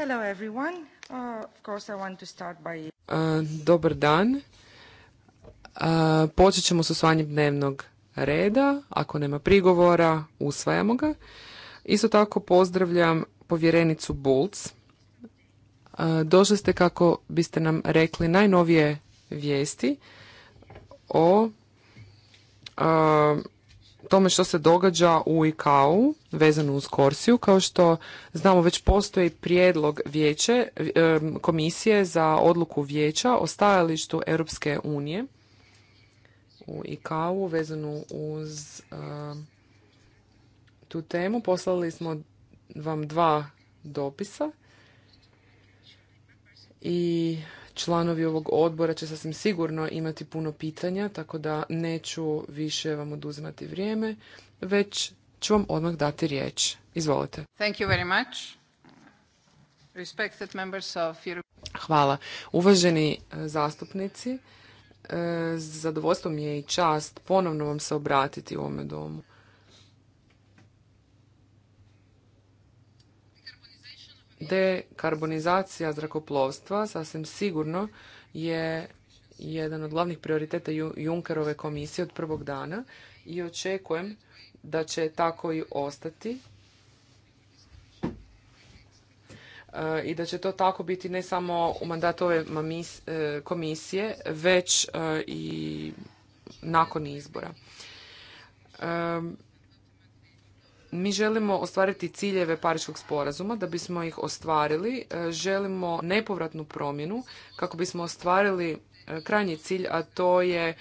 Hello dobar dan. Uh, počet ćemo s usvajanjem dnevnog reda. Ako nema prigovora, usvajamo ga. Isto tako pozdravljam povjerenicu Bulc. Uh, došli ste kako biste nam rekli najnovije vijesti o uh, tome što se događa u ICAO vezano uz Korsiju. Kao što znamo već postoji prijedlog vijeće komisije za odluku vijeća o stajalištu Europske unije u ICAO vezano uz tu temu. Poslali smo vam dva dopisa i Članovi ovog odbora će sasvim sigurno imati puno pitanja, tako da neću više vam oduzimati vrijeme, već ću vam odmah dati riječ. Izvolite. Thank you very much. Respected members of Hvala. Uvaženi e, zastupnici, e, zadovoljstvo mi je i čast ponovno vam se obratiti u ovome domu. Dekarbonizacija zrakoplovstva sasvim sigurno je jedan od glavnih prioriteta Junkerove komisije od prvog dana i očekujem da će tako i ostati e, i da će to tako biti ne samo u mandatu ove e, komisije, već e, i nakon izbora mi želimo ostvariti ciljeve Pariškog sporazuma. Da bismo ih ostvarili, e, želimo nepovratnu promjenu kako bismo ostvarili e, krajnji cilj, a to je e,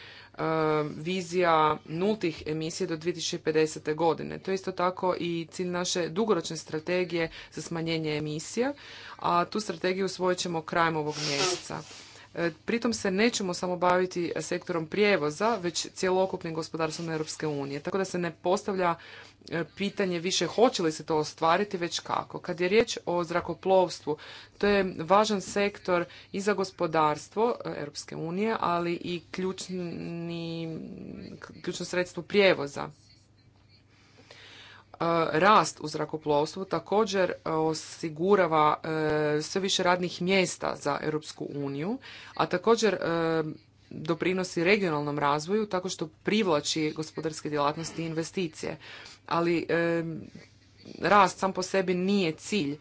vizija nultih emisija do 2050. godine. To je isto tako i cilj naše dugoročne strategije za smanjenje emisija, a tu strategiju usvojit ćemo krajem ovog mjeseca. E, pritom se nećemo samo baviti sektorom prijevoza, već cjelokupnim gospodarstvom Europske unije. Tako da se ne postavlja e, pitanje više hoće li se to ostvariti, već kako. Kad je riječ o zrakoplovstvu, to je važan sektor i za gospodarstvo e, Europske unije, ali i ključni, ključno sredstvo prijevoza E, rast u zrakoplovstvu također osigurava e, sve više radnih mjesta za Europsku uniju, a također e, doprinosi regionalnom razvoju tako što privlači gospodarske djelatnosti i investicije. Ali rast sam po sebi nije cilj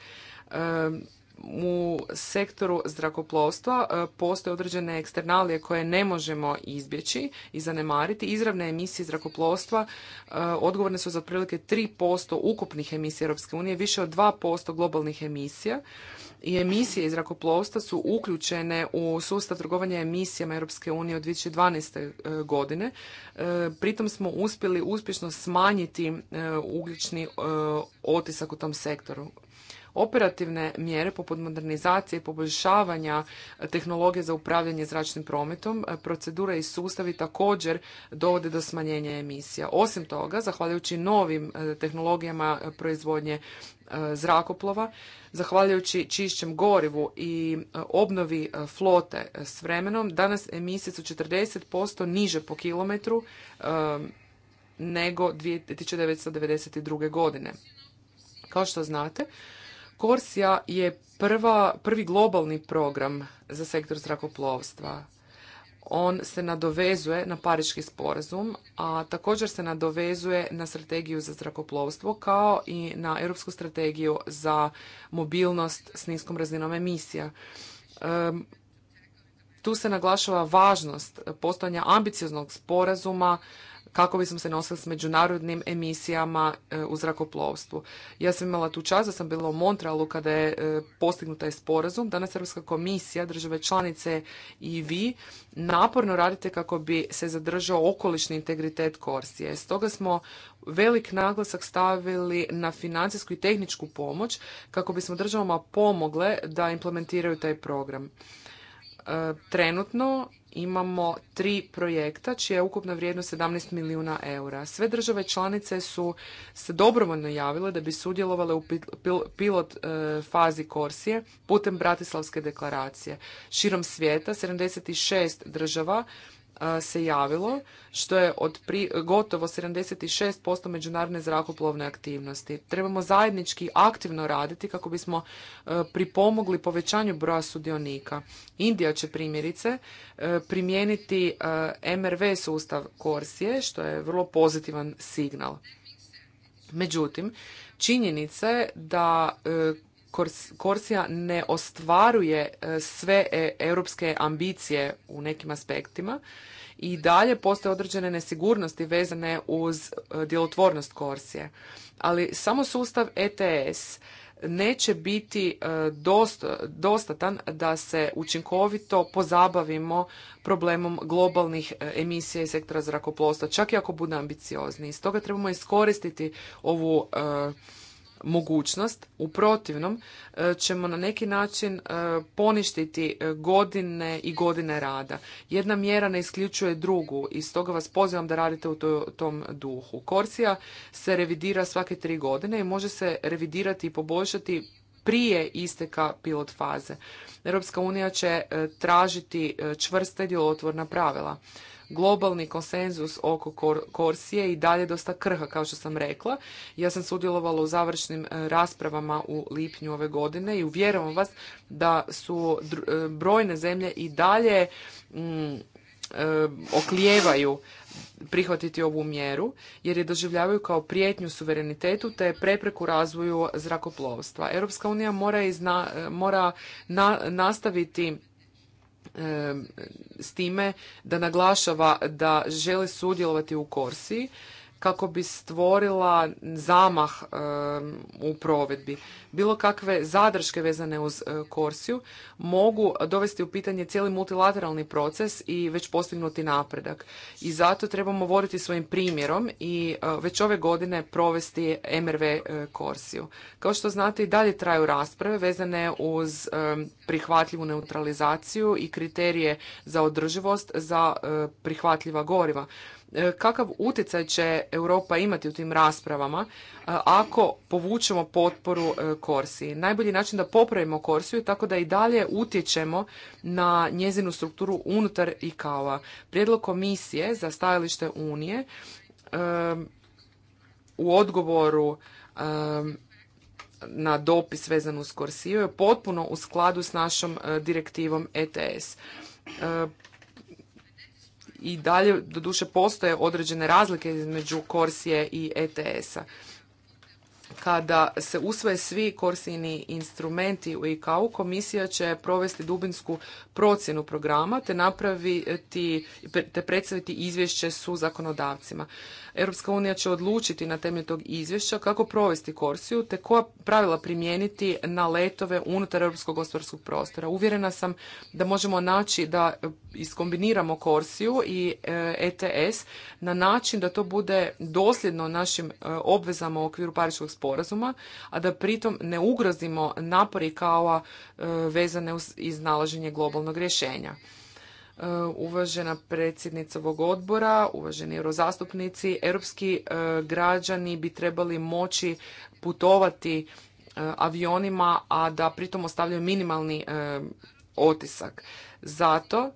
u sektoru zrakoplovstva e, postoje određene eksternalije koje ne možemo izbjeći i zanemariti. Izravne emisije zrakoplovstva e, odgovorne su za otprilike 3% ukupnih emisija Europske unije, više od 2% globalnih emisija i emisije iz zrakoplovstva su uključene u sustav trgovanja emisijama Europske unije od 2012. E, godine. Pritom smo uspjeli uspješno smanjiti ugljični otisak u tom sektoru. Operativne mjere poput modernizacije i poboljšavanja tehnologije za upravljanje zračnim prometom, e, procedure i sustavi također dovode do smanjenja emisija. Osim toga, zahvaljujući novim e, tehnologijama e, proizvodnje zrakoplova, zahvaljujući čišćem gorivu i obnovi flote s vremenom, danas emisije su 40% niže po kilometru nego 1992. godine. Kao što znate, Korsija je prva, prvi globalni program za sektor zrakoplovstva. On se nadovezuje na Pariški sporazum, a također se nadovezuje na strategiju za zrakoplovstvo kao i na Europsku strategiju za mobilnost s niskom razinom emisija. tu se naglašava važnost postojanja ambicioznog sporazuma kako bismo se nosili s međunarodnim emisijama e, u zrakoplovstvu. Ja sam imala tu čast da sam bila u Montrealu kada je e, postignut taj sporazum. Danas Europska komisija, države članice i vi naporno radite kako bi se zadržao okolišni integritet Korsije. Stoga smo velik naglasak stavili na financijsku i tehničku pomoć kako bismo državama pomogle da implementiraju taj program e, trenutno imamo tri projekta čija je ukupna vrijednost 17 milijuna eura. Sve države članice su se dobrovoljno javile da bi sudjelovale u pilot e, fazi Korsije putem Bratislavske deklaracije. Širom svijeta 76 država se javilo, što je od pri, gotovo 76% međunarodne zrakoplovne aktivnosti. Trebamo zajednički aktivno raditi kako bismo pripomogli povećanju broja sudionika. Indija će primjerice primijeniti MRV sustav Korsije, što je vrlo pozitivan signal. Međutim, činjenica je da e, Korsija ne ostvaruje e, sve e, europske ambicije u nekim aspektima i dalje postoje određene nesigurnosti vezane uz e, djelotvornost Korsije. Ali samo sustav ETS neće biti dostatan da se učinkovito pozabavimo problemom globalnih emisija iz sektora zrakoplovstva, čak i ako bude ambiciozni. Stoga trebamo iskoristiti ovu mogućnost. U protivnom e, ćemo na neki način e, poništiti e, godine i godine rada. Jedna mjera ne isključuje drugu i stoga vas pozivam da radite u tom duhu. Korsija se revidira svake tri godine i može se revidirati i poboljšati prije isteka pilot faze. Europska unija će tražiti čvrste i djelotvorna pravila globalni konsenzus oko Korsije i dalje dosta krha, kao što sam rekla. Ja sam sudjelovala u završnim e, raspravama u lipnju ove godine i uvjeravam vas da su e, brojne zemlje i dalje mm, e, oklijevaju prihvatiti ovu mjeru jer je doživljavaju kao prijetnju suverenitetu te prepreku razvoju zrakoplovstva. Europska unija mora, mora nastaviti s time da naglašava da želi sudjelovati u Korsiji kako bi stvorila zamah u provedbi. Bilo kakve zadrške vezane uz korsiju e, mogu dovesti u pitanje cijeli multilateralni proces i već postignuti napredak. I zato trebamo voditi svojim primjerom i e, već ove godine provesti MRV korsiju. E, Kao što znate i dalje traju rasprave vezane uz prihvatljivu neutralizaciju i kriterije za održivost za prihvatljiva goriva. E, kakav utjecaj će Europa imati u tim raspravama e, ako povučemo potporu e, Korsiji. Najbolji način da popravimo Korsiju tako da i dalje utječemo na njezinu strukturu unutar i a Prijedlog komisije za stajalište Unije u odgovoru na dopis vezan uz Korsiju je potpuno u skladu s našom direktivom ETS i dalje doduše postoje određene razlike između Korsije i ETS-a. Kada se usvoje svi korsini instrumenti u IKU, komisija će provesti dubinsku procjenu programa te napraviti, te predstaviti izvješće su zakonodavcima. Europska unija će odlučiti na temelju tog izvješća kako provesti korsiju te koja pravila primijeniti na letove unutar europskog gospodarskog prostora. Uvjerena sam da možemo naći da iskombiniramo korsiju i ETS e na način da to bude dosljedno našim e, obvezama u okviru Pariškog sporazuma, a da pritom ne ugrozimo napori kao e, vezane uz iznalaženje globalnog rješenja. E, uvažena predsjednica ovog odbora, uvaženi eurozastupnici, europski e, građani bi trebali moći putovati e, avionima, a da pritom ostavljaju minimalni otisak. Zato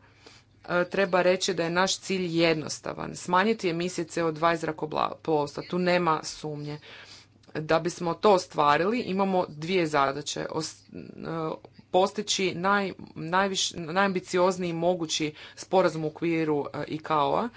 treba reći da je naš cilj jednostavan. Smanjiti emisije CO2 iz zrakoplovstva. Tu nema sumnje. Da bismo to ostvarili, imamo dvije zadaće postići naj, najambiciozniji mogući sporazum u okviru e, ICAO-a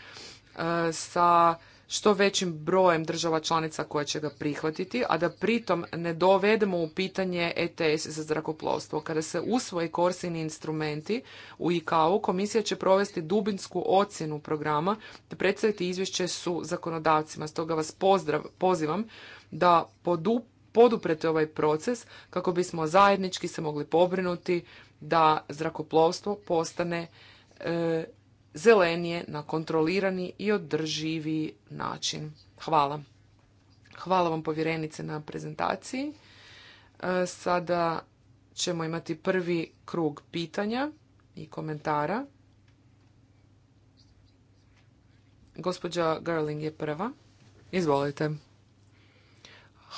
e, sa što većim brojem država članica koje će ga prihvatiti, a da pritom ne dovedemo u pitanje ETS za zrakoplovstvo. Kada se usvoje korsini instrumenti u ICAO, komisija će provesti dubinsku ocjenu programa te predstaviti izvješće su zakonodavcima. Stoga vas pozdrav, pozivam da podup poduprete ovaj proces kako bismo zajednički se mogli pobrinuti da zrakoplovstvo postane e, zelenije na kontrolirani i održivi način. Hvala. Hvala vam povjerenice na prezentaciji. E, sada ćemo imati prvi krug pitanja i komentara. Gospođa Gerling je prva. Izvolite.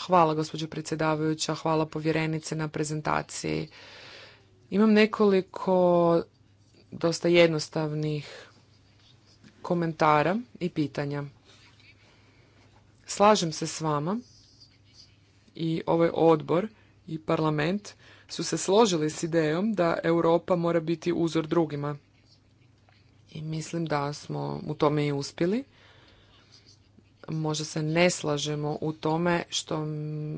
Hvala gospođo predsjedavajuća, hvala povjerenice na prezentaciji. Imam nekoliko dosta jednostavnih komentara i pitanja. Slažem se s vama i ovaj odbor i parlament su se složili s idejom da Europa mora biti uzor drugima. I mislim da smo u tome i uspjeli možda se ne slažemo u tome što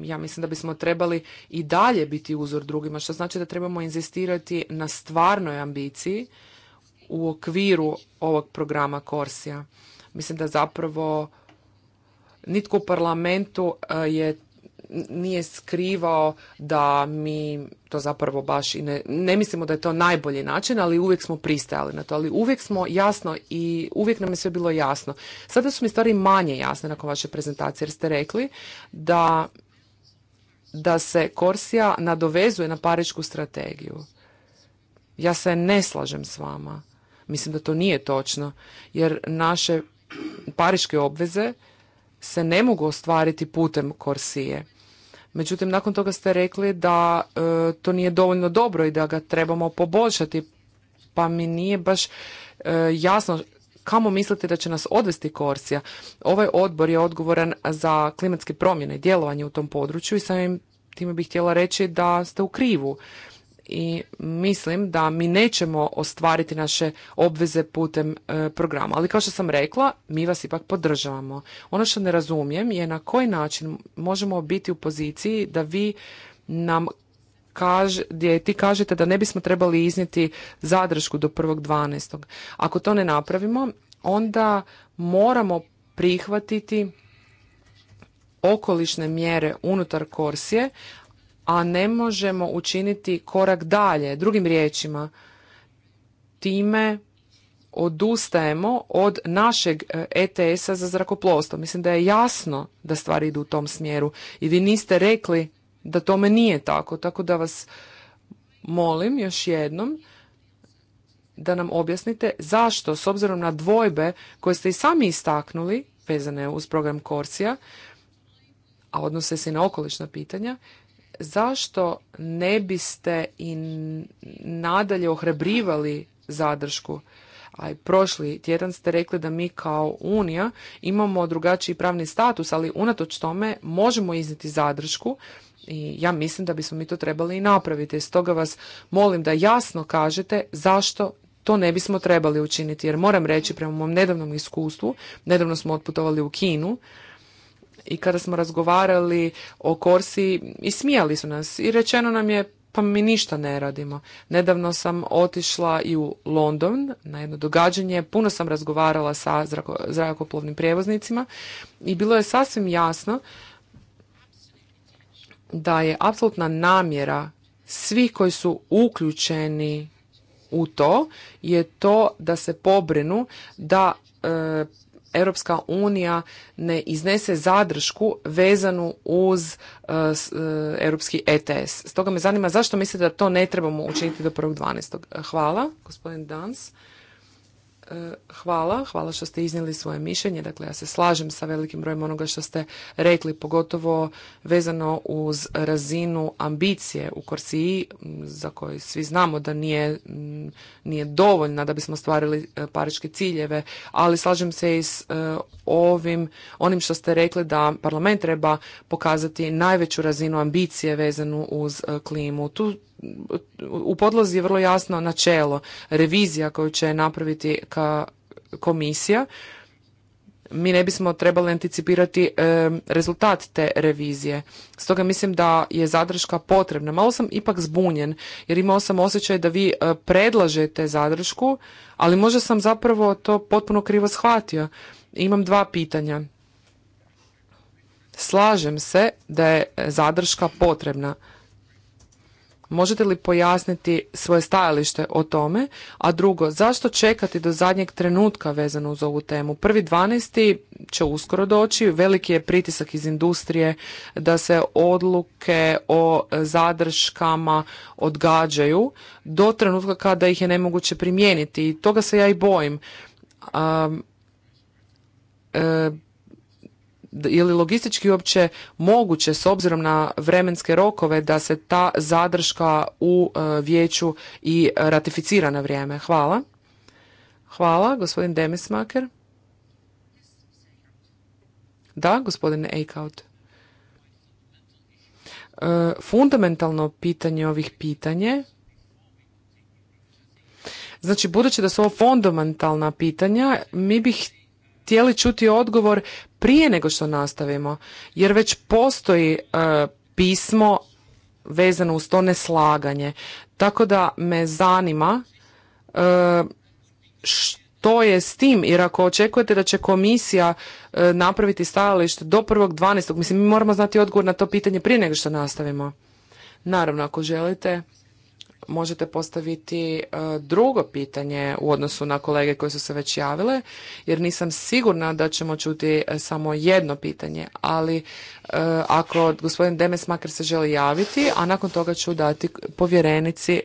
ja mislim da bismo trebali i dalje biti uzor drugima, što znači da trebamo inzistirati na stvarnoj ambiciji u okviru ovog programa Korsija. Mislim da zapravo nitko u parlamentu e, je nije skrivao da mi to zapravo baš i ne, ne mislimo da je to najbolji način, ali uvijek smo pristajali na to, ali uvijek smo jasno i uvijek nam je sve bilo jasno. Sada su mi stvari manje jasne nakon vaše prezentacije jer ste rekli da, da se Korsija nadovezuje na paričku strategiju. Ja se ne slažem s vama. Mislim da to nije točno, jer naše pariške obveze se ne mogu ostvariti putem Korsije. Međutim, nakon toga ste rekli da e, to nije dovoljno dobro i da ga trebamo poboljšati. Pa mi nije baš e, jasno kamo mislite da će nas odvesti Korsija. Ovaj odbor je odgovoran za klimatske promjene i djelovanje u tom području i samim time bih htjela reći da ste u krivu i mislim da mi nećemo ostvariti naše obveze putem e, programa. Ali kao što sam rekla, mi vas ipak podržavamo. Ono što ne razumijem je na koji način možemo biti u poziciji da vi nam kaž, ti kažete da ne bismo trebali iznijeti zadršku do 1.12. Ako to ne napravimo, onda moramo prihvatiti okolišne mjere unutar Korsije, a ne možemo učiniti korak dalje. Drugim riječima, time odustajemo od našeg ETS-a e za zrakoplovstvo. Mislim da je jasno da stvari idu u tom smjeru i vi niste rekli da tome nije tako. Tako da vas molim još jednom da nam objasnite zašto, s obzirom na dvojbe koje ste i sami istaknuli, vezane uz program Korsija, a odnose se i na okolična pitanja, zašto ne biste i nadalje ohrabrivali zadršku? A prošli tjedan ste rekli da mi kao Unija imamo drugačiji pravni status, ali unatoč tome možemo izniti zadršku i ja mislim da bismo mi to trebali i napraviti. Stoga vas molim da jasno kažete zašto to ne bismo trebali učiniti. Jer moram reći prema mom nedavnom iskustvu, nedavno smo otputovali u Kinu, i kada smo razgovarali o Korsi smijali su nas i rečeno nam je pa mi ništa ne radimo. Nedavno sam otišla i u London na jedno događanje, puno sam razgovarala sa zrakoplovnim prijevoznicima i bilo je sasvim jasno da je apsolutna namjera svih koji su uključeni u to je to da se pobrinu da e, Europska unija ne iznese zadršku vezanu uz e, e, europski ETS. Stoga me zanima zašto mislite da to ne trebamo učiniti do 1.12. Hvala, gospodin Dans. E, hvala, hvala što ste iznijeli svoje mišljenje. Dakle, ja se slažem sa velikim brojem onoga što ste rekli, pogotovo vezano uz razinu ambicije u Korsiji, za koju svi znamo da nije, nije dovoljna da bismo stvarili e, pariške ciljeve, ali slažem se i s e, ovim, onim što ste rekli da parlament treba pokazati najveću razinu ambicije vezanu uz klimu. Tu u podlozi je vrlo jasno načelo. Revizija koju će napraviti ka komisija, mi ne bismo trebali anticipirati rezultat te revizije. Stoga mislim da je zadrška potrebna. Malo sam ipak zbunjen jer imao sam osjećaj da vi e, predlažete zadršku, ali možda sam zapravo to potpuno krivo shvatio. Imam dva pitanja. Slažem se da je e, zadrška potrebna. Možete li pojasniti svoje stajalište o tome? A drugo, zašto čekati do zadnjeg trenutka vezano uz ovu temu? Prvi 12. će uskoro doći, veliki je pritisak iz industrije da se odluke o zadrškama odgađaju do trenutka kada ih je nemoguće primijeniti i toga se ja i bojim. Um, um, je li logistički uopće moguće s obzirom na vremenske rokove da se ta zadrška u e, vijeću i ratificira na vrijeme? Hvala. Hvala, gospodin Demismaker. Da, gospodine Eichhout. E, fundamentalno pitanje ovih pitanje Znači, budući da su ovo fundamentalna pitanja, mi bih htjeli čuti odgovor prije nego što nastavimo, jer već postoji e, pismo vezano uz to neslaganje. Tako da me zanima e, što je s tim, jer ako očekujete da će komisija e, napraviti stajalište do 1.12., mislim mi moramo znati odgovor na to pitanje prije nego što nastavimo. Naravno, ako želite možete postaviti e, drugo pitanje u odnosu na kolege koje su se već javile, jer nisam sigurna da ćemo čuti e, samo jedno pitanje, ali e, ako gospodin Demes makar se želi javiti, a nakon toga ću dati povjerenici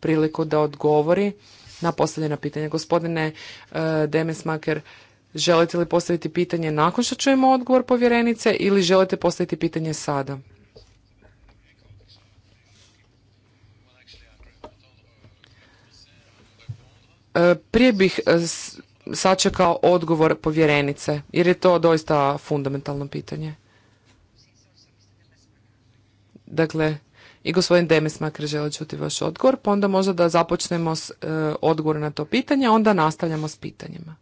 priliku da odgovori na postavljena pitanja. Gospodine Demesmaker, želite li postaviti pitanje nakon što čujemo odgovor povjerenice ili želite postaviti pitanje sada? Prije bih e, sačekao odgovor povjerenice, jer je to doista fundamentalno pitanje. Dakle, i gospodin makar želi čuti vaš odgovor, pa onda možda da započnemo s e, odgovor na to pitanje, onda nastavljamo s pitanjima.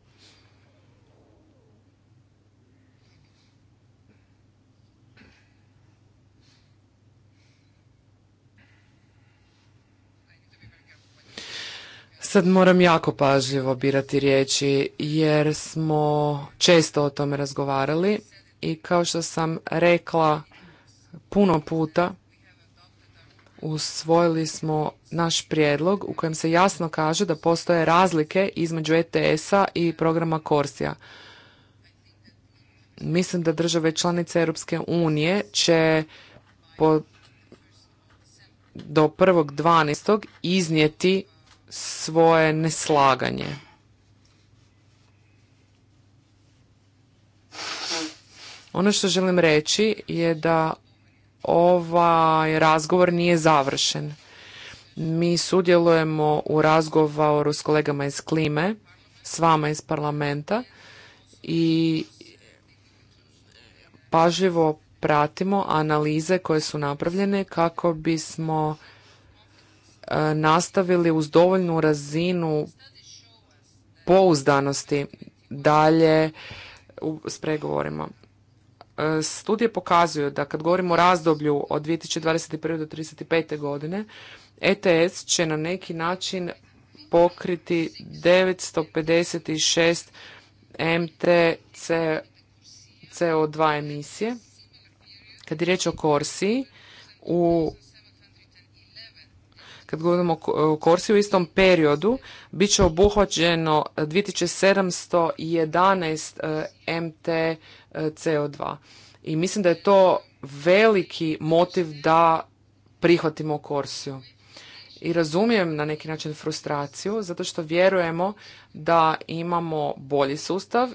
Sad moram jako pažljivo birati riječi jer smo često o tome razgovarali i kao što sam rekla puno puta usvojili smo naš prijedlog u kojem se jasno kaže da postoje razlike između ETS-a i programa Korsija. Mislim da države članice Europske unije će po, do 1.12. iznijeti svoje neslaganje. Ono što želim reći je da ovaj razgovor nije završen. Mi sudjelujemo u razgovoru s kolegama iz klime, s vama iz parlamenta i pažljivo pratimo analize koje su napravljene kako bismo E, nastavili uz dovoljnu razinu pouzdanosti dalje s pregovorima. E, studije pokazuju da kad govorimo o razdoblju od 2021. do 35. godine, ETS će na neki način pokriti 956 MT CO2 emisije. Kad je riječ o Korsiji, u kad govorimo o Korsi, u istom periodu bit će obuhvaćeno 2711 MT CO2. I mislim da je to veliki motiv da prihvatimo Korsiju. I razumijem na neki način frustraciju, zato što vjerujemo da imamo bolji sustav e,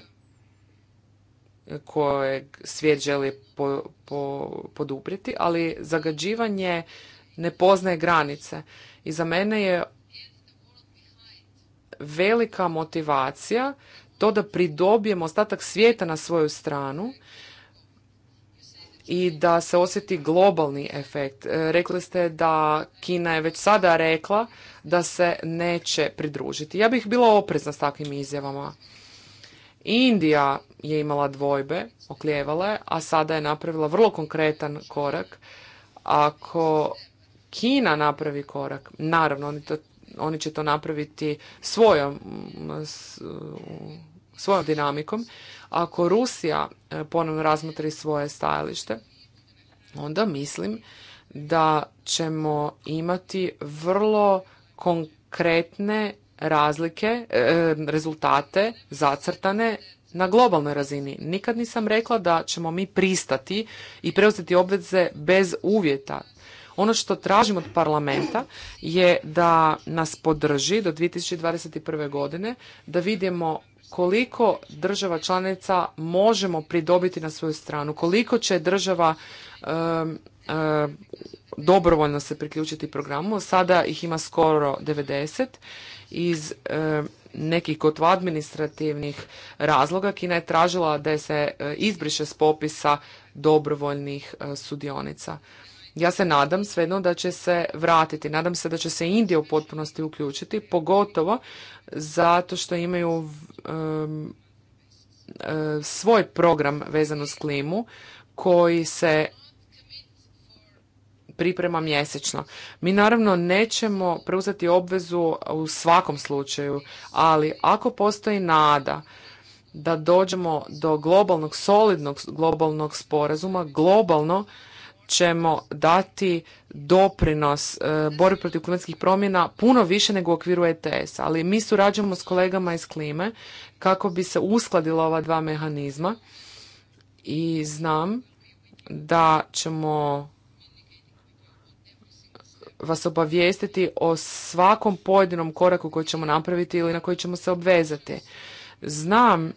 kojeg svijet želi poduprijeti, ali zagađivanje ne poznaje granice. I za mene je velika motivacija to da pridobijemo ostatak svijeta na svoju stranu i da se osjeti globalni efekt. E, rekli ste da Kina je već sada rekla da se neće pridružiti. Ja bih bila oprezna s takvim izjavama. Indija je imala dvojbe, okljevala je, a sada je napravila vrlo konkretan korak. Ako Kina napravi korak, naravno oni, to, oni će to napraviti svojom, svojom dinamikom, ako Rusija e, ponovno razmotri svoje stajalište, onda mislim da ćemo imati vrlo konkretne razlike, e, rezultate zacrtane na globalnoj razini. Nikad nisam rekla da ćemo mi pristati i preuzeti obveze bez uvjeta. Ono što tražim od parlamenta je da nas podrži do 2021. godine, da vidimo koliko država članica možemo pridobiti na svoju stranu, koliko će država dobrovoljno se priključiti programu. Sada ih ima skoro 90 iz nekih kod administrativnih razloga. Kina je tražila da se e, izbriše s popisa dobrovoljnih e, sudionica. Ja se nadam svejedno da će se vratiti. Nadam se da će se Indija u potpunosti uključiti, pogotovo zato što imaju svoj program vezano s klimu koji se priprema mjesečno. Mi naravno nećemo preuzeti obvezu u svakom slučaju, ali ako postoji nada da dođemo do globalnog, solidnog globalnog sporazuma, globalno ćemo dati doprinos e, borbi protiv klimatskih promjena puno više nego u okviru ETS. Ali mi surađujemo s kolegama iz klime kako bi se uskladila ova dva mehanizma i znam da ćemo vas obavijestiti o svakom pojedinom koraku koji ćemo napraviti ili na koji ćemo se obvezati. Znam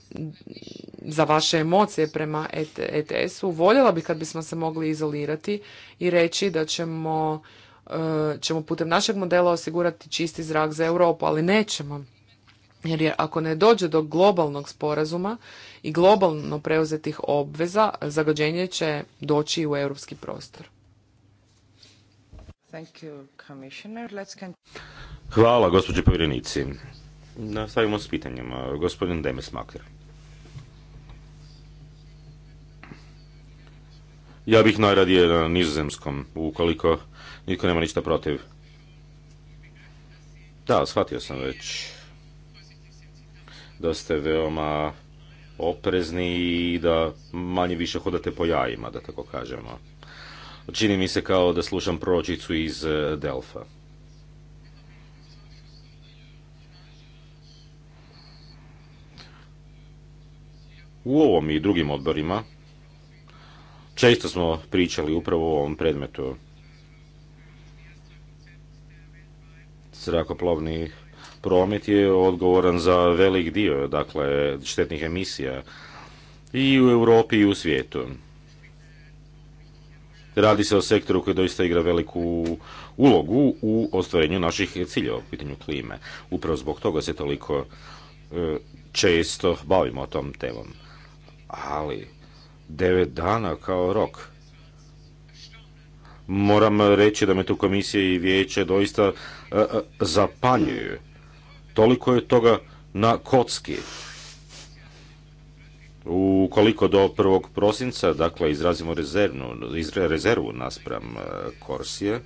za vaše emocije prema ETS-u. Voljela bih kad bismo se mogli izolirati i reći da ćemo, e, ćemo putem našeg modela osigurati čisti zrak za Europu, ali nećemo. Jer ako ne dođe do globalnog sporazuma i globalno preuzetih obveza, zagađenje će doći u europski prostor. Hvala, gospođi povjerenici. Nastavimo s pitanjem. Gospodin Demesmaker. Ja bih najradije na nizozemskom, ukoliko niko nema ništa protiv. Da, shvatio sam već da ste veoma oprezni i da manje više hodate po jajima, da tako kažemo. Čini mi se kao da slušam pročicu iz Delfa. U ovom i drugim odborima često smo pričali upravo o ovom predmetu. Zrakoplovni promet je odgovoran za velik dio dakle, štetnih emisija i u Europi i u svijetu. Radi se o sektoru koji doista igra veliku ulogu u ostvarenju naših ciljeva u pitanju klime. Upravo zbog toga se toliko e, često bavimo tom temom ali devet dana kao rok. Moram reći da me tu komisije i vijeće doista e, e, zapanjuju. Toliko je toga na kocki. Ukoliko do prvog prosinca, dakle, izrazimo rezervu naspram e, Korsije,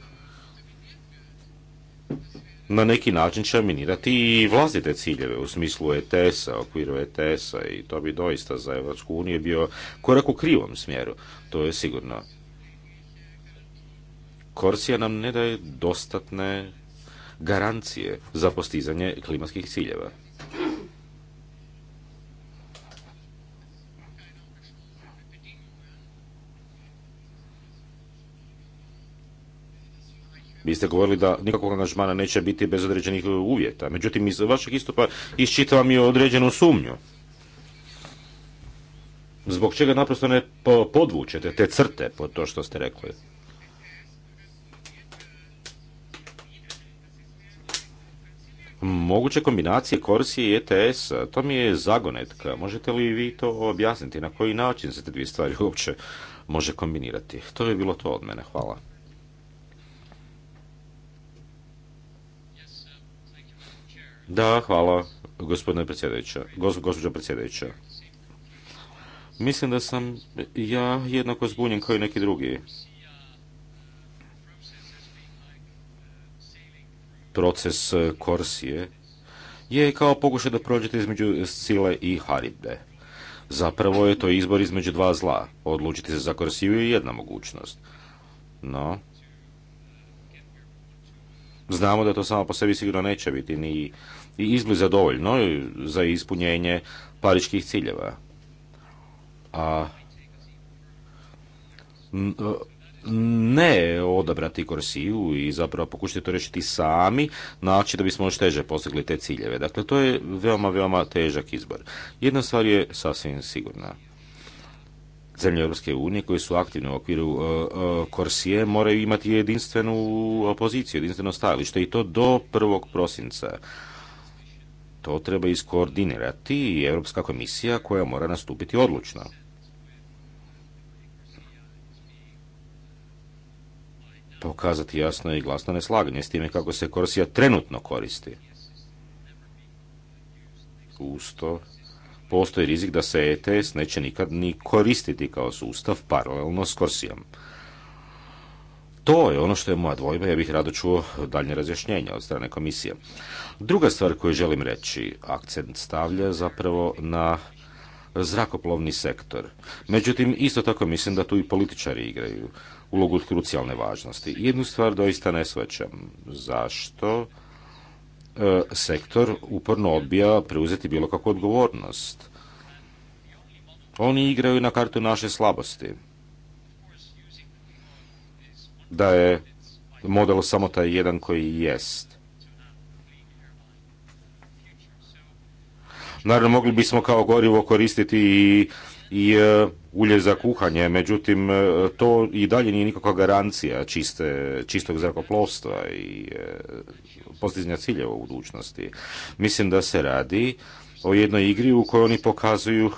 na neki način će minirati i vlastite ciljeve u smislu ETS-a, okviru ETS-a i to bi doista za Evropsku uniju bio korak u krivom smjeru, to je sigurno. Korsija nam ne daje dostatne garancije za postizanje klimatskih ciljeva. Vi ste govorili da nikakvog angažmana neće biti bez određenih e, uvjeta. Međutim, iz vašeg istupa iščitavam i određenu sumnju. Zbog čega naprosto ne podvučete te crte pod to što ste rekli? Moguće kombinacije korsije i ETS, to mi je zagonetka. Možete li vi to objasniti? Na koji način se te dvije stvari uopće može kombinirati? To je bilo to od mene. Hvala. Da, hvala gospodine predsjedeća, gospođo predsjedeća. Mislim da sam ja jednako zbunjen kao i neki drugi. Proces e, Korsije je kao pokušaj da prođete između Sile i Haribde. Zapravo je to izbor između dva zla. Odlučiti se za Korsiju je jedna mogućnost. No, znamo da to samo po sebi sigurno neće biti ni i izbliza dovoljno za ispunjenje paričkih ciljeva. A e, ne odabrati korsiju i zapravo pokušati to riješiti sami, način da bismo još teže postigli te ciljeve. Dakle, to je veoma, veoma težak izbor. Jedna stvar je sasvim sigurna. Zemlje Europske unije koje su aktivne u okviru e, e, Korsije moraju imati jedinstvenu opoziciju, jedinstveno stajalište i to do 1. prosinca. To treba iskoordinirati i Europska komisija koja mora nastupiti odlučno. Pokazati jasno i glasno neslaganje s time kako se korsija trenutno koristi. Usto postoji rizik da se ETS neće nikad ni koristiti kao sustav paralelno s korsijom. To je ono što je moja dvojba, ja bih rado čuo daljnje razjašnjenja od strane komisije. Druga stvar koju želim reći, akcent stavlja zapravo na zrakoplovni sektor. Međutim, isto tako mislim da tu i političari igraju ulogu od krucijalne važnosti. Jednu stvar doista ne svećam. Zašto e, sektor uporno odbija preuzeti bilo kakvu odgovornost? Oni igraju na kartu naše slabosti da je model samo taj jedan koji jest. Naravno, mogli bismo kao gorivo koristiti i, i e, ulje za kuhanje, međutim, e, to i dalje nije nikakva garancija čiste, čistog zrakoplovstva i e, postiznja ciljeva u budućnosti. Mislim da se radi o jednoj igri u kojoj oni pokazuju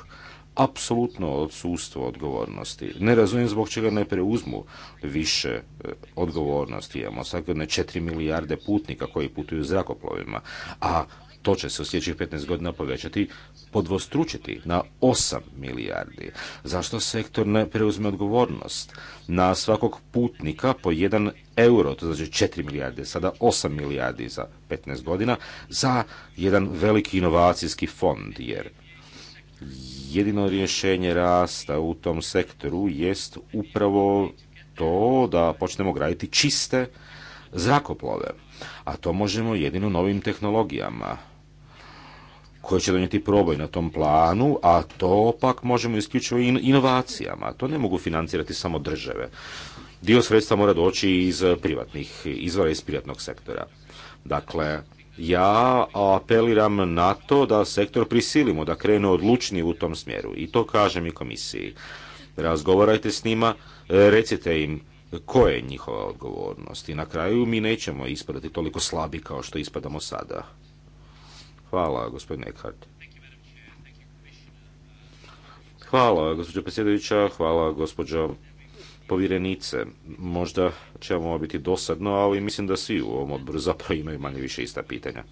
apsolutno odsustvo odgovornosti. Ne razumijem zbog čega ne preuzmu više e, odgovornosti. Imamo svakodne 4 milijarde putnika koji putuju zrakoplovima, a to će se u sljedećih 15 godina povećati, podvostručiti na 8 milijardi. Zašto sektor ne preuzme odgovornost? Na svakog putnika po 1 euro, to znači 4 milijarde, sada 8 milijardi za 15 godina, za jedan veliki inovacijski fond, jer jedino rješenje rasta u tom sektoru jest upravo to da počnemo graditi čiste zrakoplove. A to možemo jedino novim tehnologijama koje će donijeti proboj na tom planu, a to pak možemo isključivo inovacijama. To ne mogu financirati samo države. Dio sredstva mora doći iz privatnih izvora, iz privatnog sektora. Dakle, ja apeliram na to da sektor prisilimo da krene odlučnije u tom smjeru i to kažem i komisiji. Razgovarajte s njima, recite im koja je njihova odgovornost i na kraju mi nećemo ispadati toliko slabi kao što ispadamo sada. Hvala, gospodine Eckhart. Hvala, gospođo predsjedovića. hvala, gospođo povjerenice. Možda će ovo biti dosadno, ali mislim da svi u ovom odboru zapravo imaju manje više ista pitanja.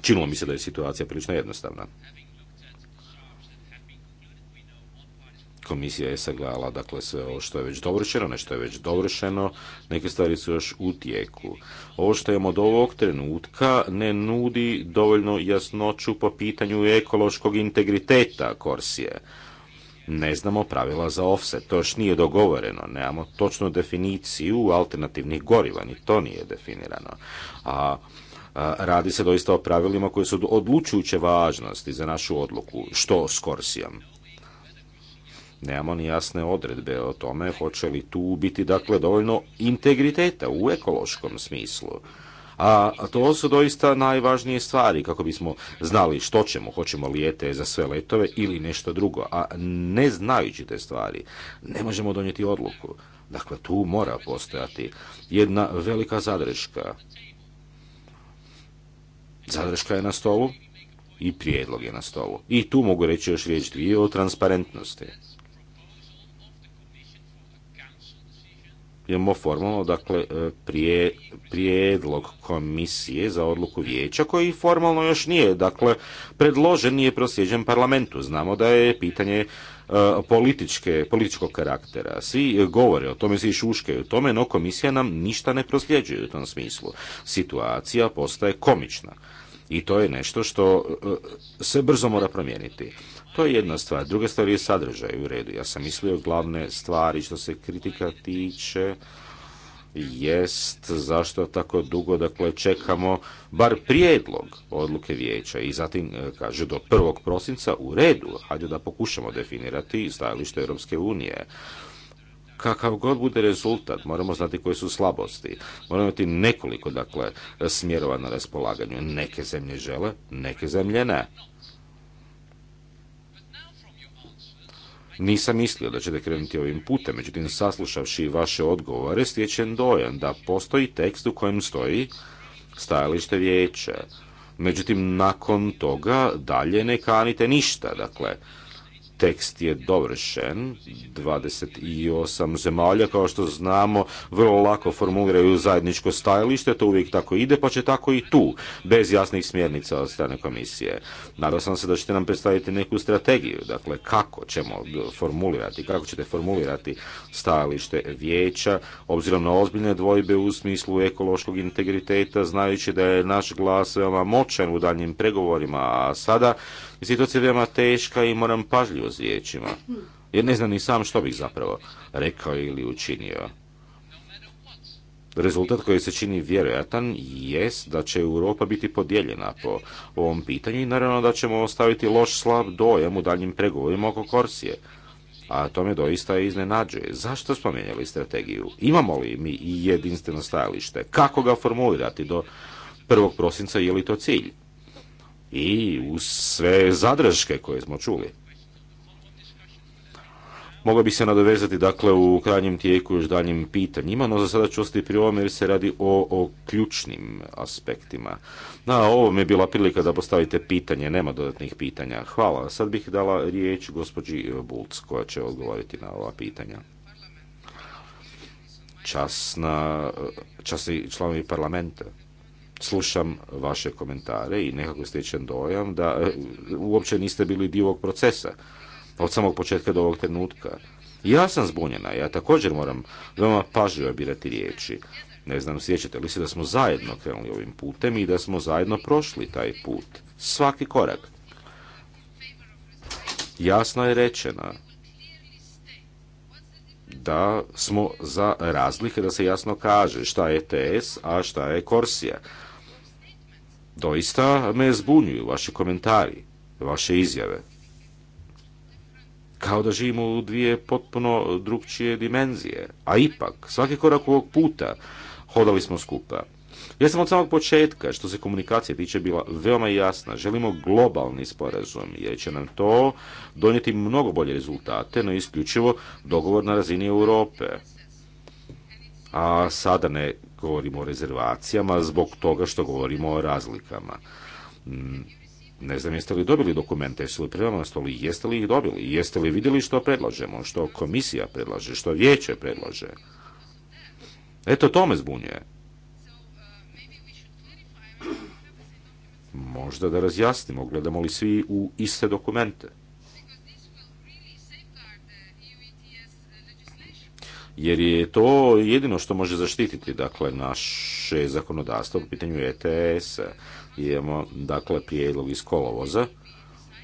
Činilo mi se da je situacija prilično jednostavna. Komisija je sagledala dakle sve ovo što je već dovršeno, nešto je već dovršeno, neke stvari su još u tijeku. Ovo što imamo od ovog trenutka ne nudi dovoljno jasnoću po pitanju ekološkog integriteta Korsije ne znamo pravila za offset, to još nije dogovoreno, nemamo točnu definiciju alternativnih goriva, ni to nije definirano. A radi se doista o pravilima koji su odlučujuće važnosti za našu odluku, što s Korsijom. Nemamo ni jasne odredbe o tome hoće li tu biti dakle dovoljno integriteta u ekološkom smislu. A to su doista najvažnije stvari kako bismo znali što ćemo, hoćemo lijete za sve letove ili nešto drugo. A ne znajući te stvari ne možemo donijeti odluku. Dakle, tu mora postojati jedna velika zadrška. Zadrška je na stolu i prijedlog je na stolu. I tu mogu reći još riječ dvije o transparentnosti. imamo formalno dakle e, prije, prijedlog komisije za odluku vijeća koji formalno još nije dakle predložen nije prosjeđen parlamentu znamo da je pitanje e, političke, političkog karaktera. Svi govore o tome, svi šuškaju o tome, no komisija nam ništa ne prosljeđuje u tom smislu. Situacija postaje komična. I to je nešto što e, se brzo mora promijeniti. To je jedna stvar. Druga stvar je sadržaj u redu. Ja sam mislio glavne stvari što se kritika tiče jest zašto tako dugo dakle čekamo bar prijedlog odluke vijeća i zatim e, kaže do 1. prosinca u redu, hajde da pokušamo definirati stajalište Europske unije. Kakav god bude rezultat, moramo znati koje su slabosti. Moramo imati nekoliko dakle smjerova na raspolaganju. Neke zemlje žele, neke zemlje ne. Nisam mislio da ćete krenuti ovim putem, međutim saslušavši vaše odgovore stječem dojam da postoji tekst u kojem stoji stajalište vijeća. Međutim, nakon toga dalje ne kanite ništa. Dakle, tekst je dovršen. 28 zemalja, kao što znamo, vrlo lako formuliraju zajedničko stajalište, to uvijek tako ide, pa će tako i tu, bez jasnih smjernica od strane komisije. Nadao sam se da ćete nam predstaviti neku strategiju, dakle kako ćemo formulirati, kako ćete formulirati stajalište vijeća, obzirom na ozbiljne dvojbe u smislu ekološkog integriteta, znajući da je naš glas veoma moćan u daljnjim pregovorima, a sada Situacija je veoma teška i moram pažljivo s riječima, jer ne znam ni sam što bih zapravo rekao ili učinio. Rezultat koji se čini vjerojatan jest da će Europa biti podijeljena po ovom pitanju i naravno da ćemo ostaviti loš slab dojem u daljnjim pregovorima oko Korsije. A to me doista iznenađuje. Zašto smo mijenjali strategiju? Imamo li mi jedinstveno stajalište? Kako ga formulirati do 1. prosinca? Je li to cilj? i uz sve zadrške koje smo čuli. Mogao bi se nadovezati dakle u krajnjem tijeku još daljim pitanjima, no za sada ću ostati pri ovome jer se radi o, ključnim aspektima. Na, ovo mi je bila prilika da postavite pitanje, nema dodatnih pitanja. Hvala. Sad bih dala riječ gospođi Bulc koja će odgovoriti na ova pitanja. Časna, časni članovi parlamenta slušam vaše komentare i nekako stečen dojam da e, uopće niste bili dio ovog procesa od samog početka do ovog trenutka. Ja sam zbunjena, ja također moram veoma pažljivo birati riječi. Ne znam, sjećate li se da smo zajedno krenuli ovim putem i da smo zajedno prošli taj put. Svaki korak. Jasno je rečeno da smo za razlike da se jasno kaže šta je TS, a šta je Korsija. Doista me zbunjuju vaši komentari, vaše izjave. Kao da živimo u dvije potpuno drukčije dimenzije. A ipak, svaki korak ovog puta hodali smo skupa. Ja sam od samog početka, što se komunikacije tiče, bila veoma jasna. Želimo globalni sporazum, jer će nam to donijeti mnogo bolje rezultate, no isključivo dogovor na razini Europe a sada ne govorimo o rezervacijama zbog toga što govorimo o razlikama. Mm, ne znam jeste li dobili dokumente, jesu li predali na stoli, jeste li ih dobili, jeste li vidjeli što predlažemo, što komisija predlaže, što vijeće predlaže. Eto, to me zbunjuje. Možda da razjasnimo, gledamo li svi u iste dokumente. jer je to jedino što može zaštititi dakle naše zakonodavstvo u pitanju ETS. Imamo dakle prijedlog iz kolovoza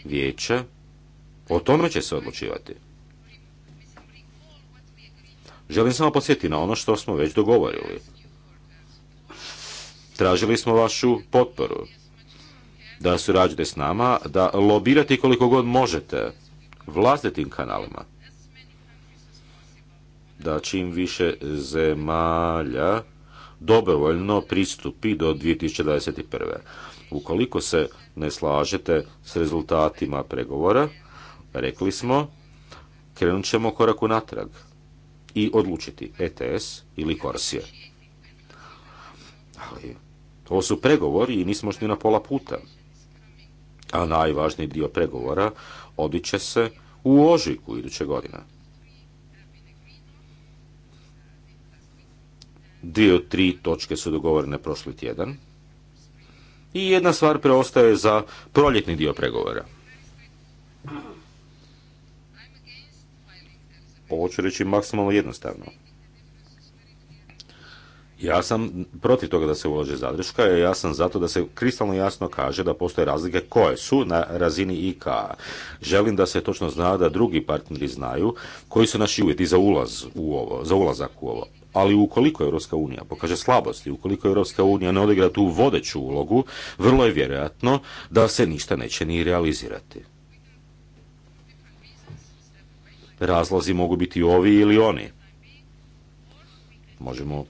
vijeća. O tome će se odlučivati. Želim samo podsjetiti na ono što smo već dogovorili. Tražili smo vašu potporu da surađujete s nama, da lobirate koliko god možete vlastitim kanalima da čim više zemalja dobrovoljno pristupi do 2021. Ukoliko se ne slažete s rezultatima pregovora, rekli smo, krenut ćemo korak unatrag i odlučiti ETS ili Korsije. Ali ovo su pregovori i nismo šli na pola puta. A najvažniji dio pregovora odiće će se u ožujku iduće godine. Dio tri točke su dogovorene prošli tjedan. I jedna stvar preostaje za proljetni dio pregovora. Ovo ću reći maksimalno jednostavno. Ja sam protiv toga da se ulože zadrška, ja sam zato da se kristalno jasno kaže da postoje razlike koje su na razini IK. Želim da se točno zna da drugi partneri znaju koji su naši uvjeti za ulaz u ovo, za ulazak u ovo ali ukoliko Europska unija pokaže slabosti, ukoliko Europska unija ne odigra tu vodeću ulogu, vrlo je vjerojatno da se ništa neće ni realizirati. Razlozi mogu biti ovi ili oni. Možemo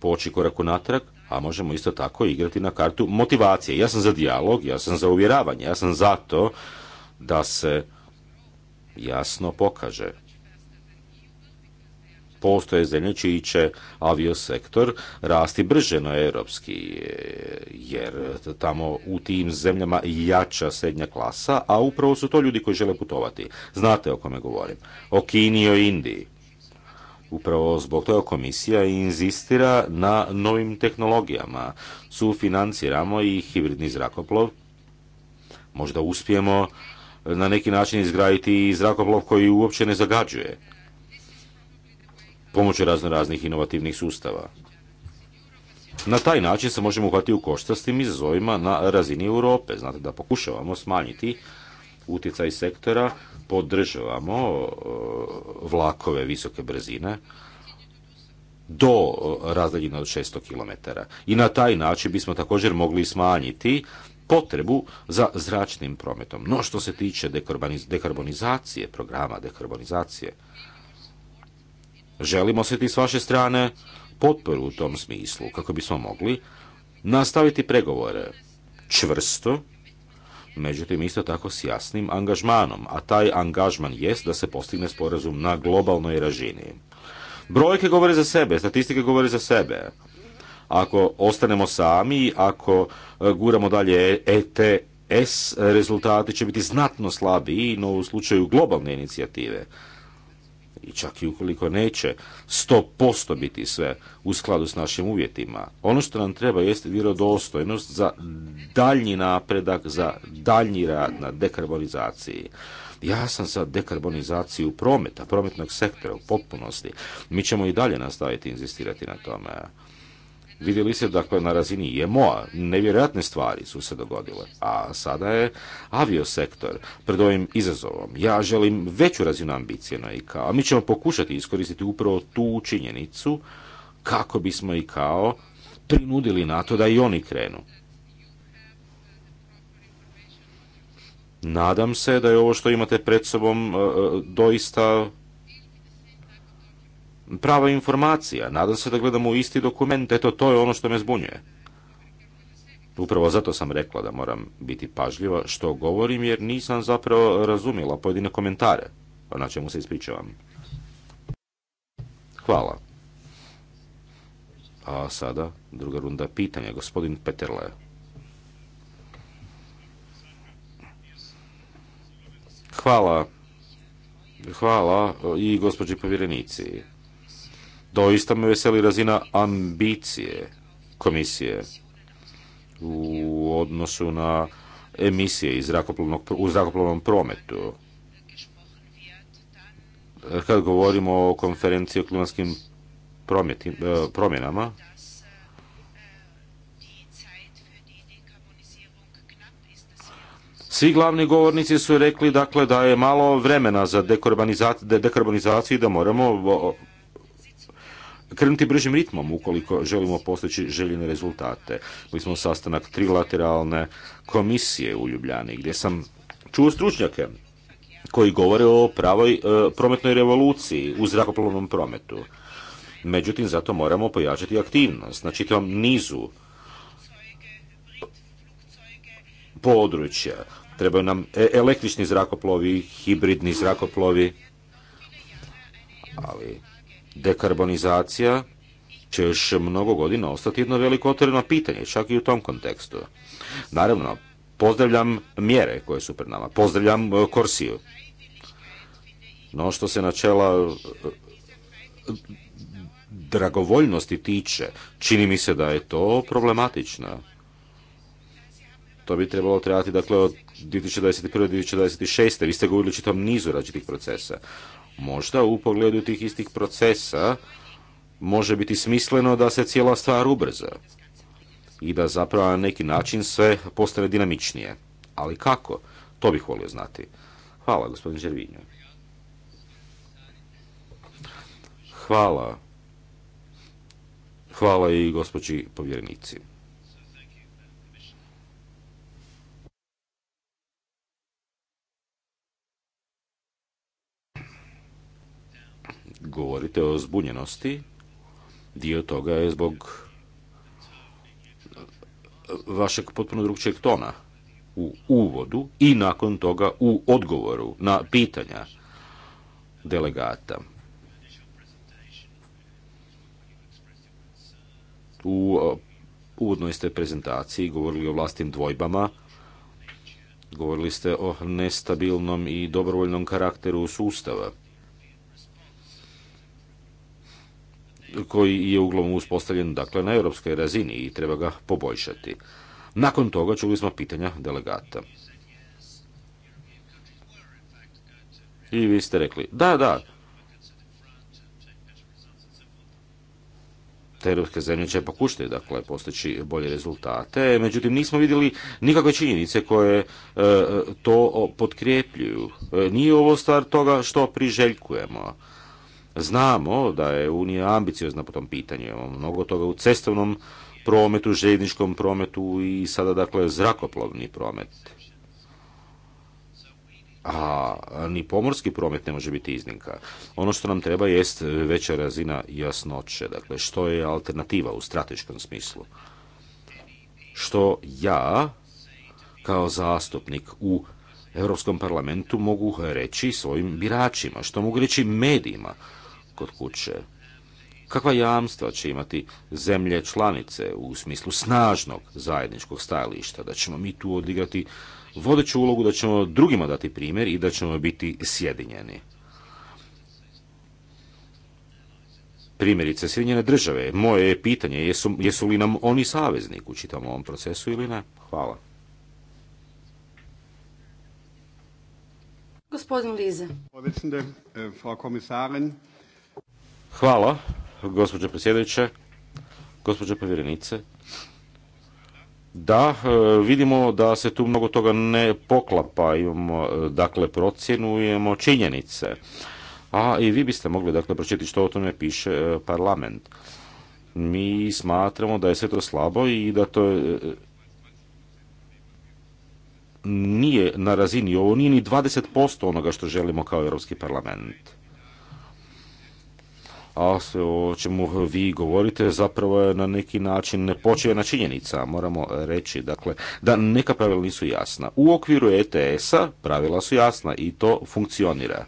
poći korak unatrag, a možemo isto tako igrati na kartu motivacije. Ja sam za dijalog, ja sam za uvjeravanje, ja sam za to da se jasno pokaže postoje zemlje čiji će aviosektor rasti brže na europski, jer tamo u tim zemljama jača srednja klasa, a upravo su to ljudi koji žele putovati. Znate o kome govorim. O Kini i o Indiji. Upravo zbog toga komisija inzistira na novim tehnologijama. Sufinanciramo i hibridni zrakoplov. Možda uspijemo na neki način izgraditi i zrakoplov koji uopće ne zagađuje pomoću razno raznih inovativnih sustava. Na taj način se možemo uhvatiti u košta s tim izazovima na razini Europe. Znate da pokušavamo smanjiti utjecaj sektora, podržavamo e, vlakove visoke brzine do e, razdaljina od 600 km. I na taj način bismo također mogli smanjiti potrebu za zračnim prometom. No što se tiče dekarbonizacije, programa dekarbonizacije, Želimo se ti s vaše strane potporu u tom smislu kako bismo mogli nastaviti pregovore čvrsto, međutim isto tako s jasnim angažmanom, a taj angažman jest da se postigne sporazum na globalnoj razini. Brojke govore za sebe, statistike govore za sebe. Ako ostanemo sami, ako e, guramo dalje ETS, rezultati će biti znatno slabiji, no u slučaju globalne inicijative i čak i ukoliko neće 100% biti sve u skladu s našim uvjetima. Ono što nam treba jeste vjerodostojnost za daljnji napredak, za daljnji rad na dekarbonizaciji. Ja sam za dekarbonizaciju prometa, prometnog sektora u potpunosti. Mi ćemo i dalje nastaviti inzistirati na tome. Vidjeli ste dakle na razini IMO-a, e nevjerojatne stvari su se dogodile, a sada je aviosektor pred ovim izazovom. Ja želim veću razinu ambicije na kao, a mi ćemo pokušati iskoristiti upravo tu činjenicu kako bismo i kao prinudili na to da i oni krenu. Nadam se da je ovo što imate pred sobom e, e, doista prava informacija. Nadam se da gledamo isti dokument. Eto, to je ono što me zbunjuje. Upravo zato sam rekla da moram biti pažljiva što govorim, jer nisam zapravo razumjela pojedine komentare. Na čemu se ispričavam. Hvala. A sada druga runda pitanja. Gospodin Peterle. Hvala. Hvala i gospođi povjerenici. Doista me veseli razina ambicije komisije u odnosu na emisije iz u zrakoplovnom prometu. Kad govorimo o konferenciji o klimatskim e, promjenama, Svi glavni govornici su rekli dakle da je malo vremena za dekarbonizaciju i da moramo krenuti bržim ritmom ukoliko želimo postići željene rezultate. Mi smo sastanak trilateralne komisije u Ljubljani gdje sam čuo stručnjake koji govore o pravoj e, prometnoj revoluciji u zrakoplovnom prometu. Međutim, zato moramo pojačati aktivnost na čitavom nizu područja. Trebaju nam e, električni zrakoplovi, hibridni zrakoplovi, ali Dekarbonizacija će još mnogo godina ostati jedno veliko otvoreno pitanje, čak i u tom kontekstu. Naravno, pozdravljam mjere koje su pred nama, pozdravljam e, Korsiju. No što se načela e, dragovoljnosti tiče, čini mi se da je to problematično. To bi trebalo trebati, dakle, od 2021. do 2026. Vi ste govorili o čitom nizu različitih procesa. Možda u pogledu tih istih procesa može biti smisleno da se cijela stvar ubrza i da zapravo na neki način sve postane dinamičnije. Ali kako? To bih volio znati. Hvala, gospodin Žervinjo. Hvala. Hvala i gospođi povjerenici. govorite o zbunjenosti, dio toga je zbog vašeg potpuno drugčijeg tona u uvodu i nakon toga u odgovoru na pitanja delegata. U uvodnoj ste prezentaciji govorili o vlastim dvojbama, govorili ste o nestabilnom i dobrovoljnom karakteru sustava. koji je uglavnom uspostavljen dakle na europskoj razini i treba ga poboljšati. Nakon toga čuli smo pitanja delegata. I vi ste rekli, da, da, te europske zemlje će pokušati dakle postići bolje rezultate, međutim nismo vidjeli nikakve činjenice koje e, to potkrijepljuju. E, nije ovo stvar toga što priželjkujemo. Znamo da je Unija ambiciozna po tom pitanju. Imamo mnogo toga u cestovnom prometu, željezničkom prometu i sada dakle zrakoplovni promet. A ni pomorski promet ne može biti iznimka. Ono što nam treba jest veća razina jasnoće, dakle što je alternativa u strateškom smislu. Što ja kao zastupnik u Europskom parlamentu mogu reći svojim biračima, što mogu reći medijima, kod kuće? Kakva jamstva će imati zemlje članice u smislu snažnog zajedničkog stajališta, da ćemo mi tu odigrati vodeću ulogu, da ćemo drugima dati primjer i da ćemo biti sjedinjeni? Primjerice, Sjedinjene države, moje je pitanje, jesu, jesu li nam oni saveznik u čitavom ovom procesu ili ne? Hvala. Gospodin Lize. Hvala. Eh, Hvala, gospođo predsjedniče, gospođo povjerenice. Da, e, vidimo da se tu mnogo toga ne poklapa, imamo, e, dakle, procjenujemo činjenice. A i vi biste mogli, dakle, pročitati što o tome piše e, parlament. Mi smatramo da je sve to slabo i da to je nije na razini, ovo nije ni 20% onoga što želimo kao Europski parlament a o čemu vi govorite zapravo je na neki način ne počeo na činjenica, moramo reći dakle, da neka pravila nisu jasna. U okviru ETS-a pravila su jasna i to funkcionira.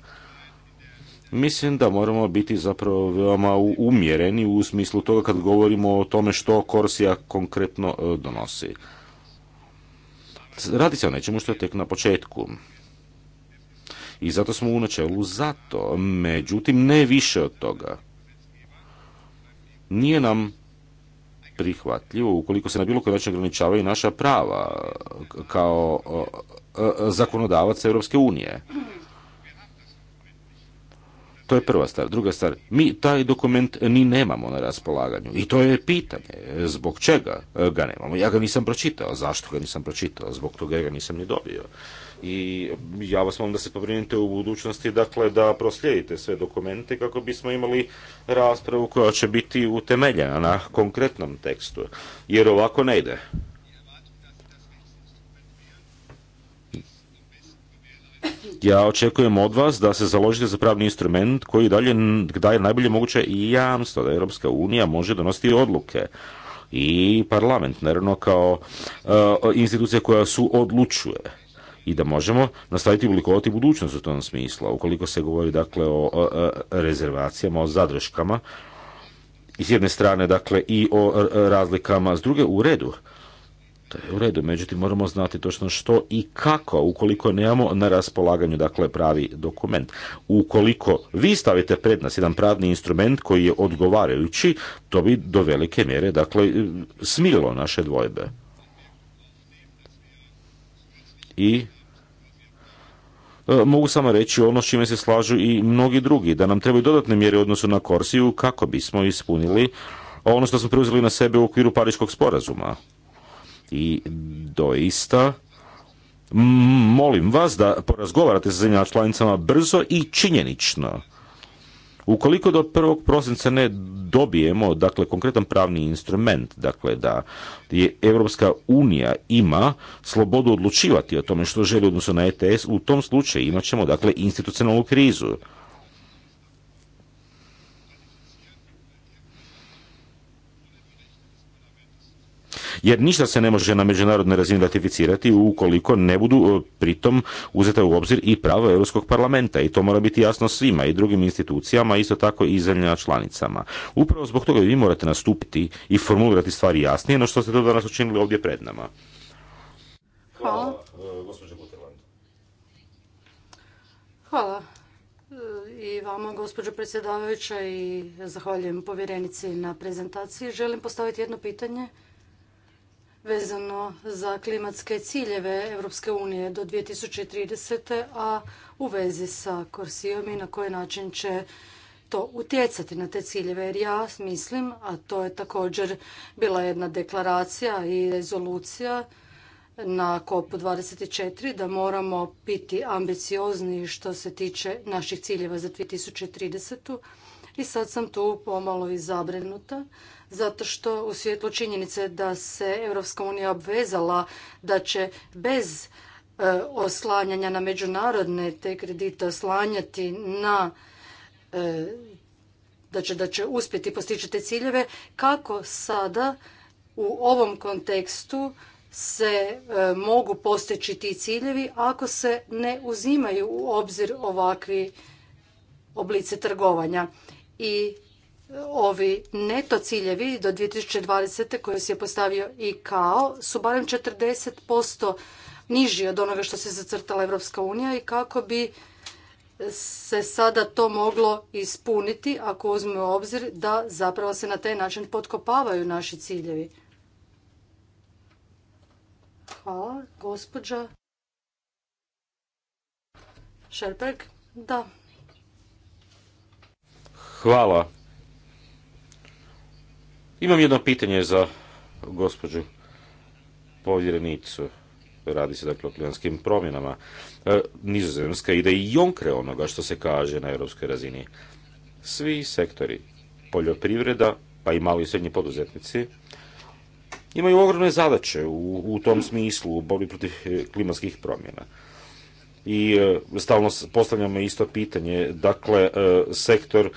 Mislim da moramo biti zapravo veoma umjereni u smislu toga kad govorimo o tome što Korsija konkretno e, donosi. Radi se o nečemu što je tek na početku i zato smo u načelu zato. Međutim, ne više od toga nije nam prihvatljivo ukoliko se na bilo koji način ograničavaju naša prava kao e, e, zakonodavac Europske unije. To je prva stvar. Druga stvar, mi taj dokument ni nemamo na raspolaganju. I to je pitanje. Zbog čega e, ga nemamo? Ja ga nisam pročitao. Zašto ga nisam pročitao? Zbog toga ga nisam ni dobio. I ja vas molim da se pobrinite u budućnosti, dakle, da proslijedite sve dokumente kako bismo imali raspravu koja će biti utemeljena na konkretnom tekstu. Jer ovako ne ide. Ja očekujem od vas da se založite za pravni instrument koji dalje daje najbolje moguće i jamstvo da Europska unija može donositi odluke i parlament, naravno kao e, institucija koja su odlučuje i da možemo nastaviti oblikovati budućnost u tom smislu. Ukoliko se govori dakle o, e, rezervacijama, o zadrškama, s jedne strane dakle i o e, razlikama, s druge u redu. To je u redu, međutim moramo znati točno što i kako, ukoliko nemamo na raspolaganju dakle pravi dokument. Ukoliko vi stavite pred nas jedan pravni instrument koji je odgovarajući, to bi do velike mjere dakle smilo naše dvojbe. I e, mogu samo reći ono s čime se slažu i mnogi drugi, da nam trebaju dodatne mjere odnosu na Korsiju kako bismo ispunili ono što smo preuzeli na sebe u okviru Pariškog sporazuma. I doista molim vas da porazgovarate sa zemljama članicama brzo i činjenično. Ukoliko do prvog prosinca ne dobijemo dakle konkretan pravni instrument, dakle da je Europska unija ima slobodu odlučivati o tome što želi odnosno na ETS, u tom slučaju imat ćemo dakle institucionalnu krizu. jer ništa se ne može na međunarodnoj razini ratificirati ukoliko ne budu e, pritom uzete u obzir i pravo Europskog parlamenta i to mora biti jasno svima i drugim institucijama, isto tako i zemljama članicama. Upravo zbog toga vi morate nastupiti i formulirati stvari jasnije no što ste to danas učinili ovdje pred nama. Hvala. Hvala e, e, i vama, gospođo predsjedavajuća, i zahvaljujem povjerenici na prezentaciji. Želim postaviti jedno pitanje vezano za klimatske ciljeve Europske unije do 2030. a u vezi sa Korsijom i na koji način će to utjecati na te ciljeve. Jer ja mislim, a to je također bila jedna deklaracija i rezolucija na COP24 da moramo biti ambiciozni što se tiče naših ciljeva za 2030. I sad sam tu pomalo i zabrinuta zato što u svjetlu činjenice da se Europska unija obvezala da će bez e, oslanjanja na međunarodne te kredite oslanjati na e, da će, da će uspjeti postići te ciljeve, kako sada u ovom kontekstu se e, mogu postići ti ciljevi ako se ne uzimaju u obzir ovakvi oblici trgovanja. I ovi neto ciljevi do 2020. koje si je postavio i kao su barem 40% niži od onoga što se zacrtala Europska unija i kako bi se sada to moglo ispuniti ako uzmemo u obzir da zapravo se na taj način potkopavaju naši ciljevi. Hvala, gospođa Da. Hvala imam jedno pitanje za gospođu povjerenicu. Radi se dakle o klimatskim promjenama. E, nizozemska ide i jonkre onoga što se kaže na europskoj razini. Svi sektori, poljoprivreda, pa i mali i srednji poduzetnici, imaju ogromne zadaće u, u tom smislu u borbi protiv e, klimatskih promjena i e, stalno postavljamo isto pitanje, dakle, e, sektor e,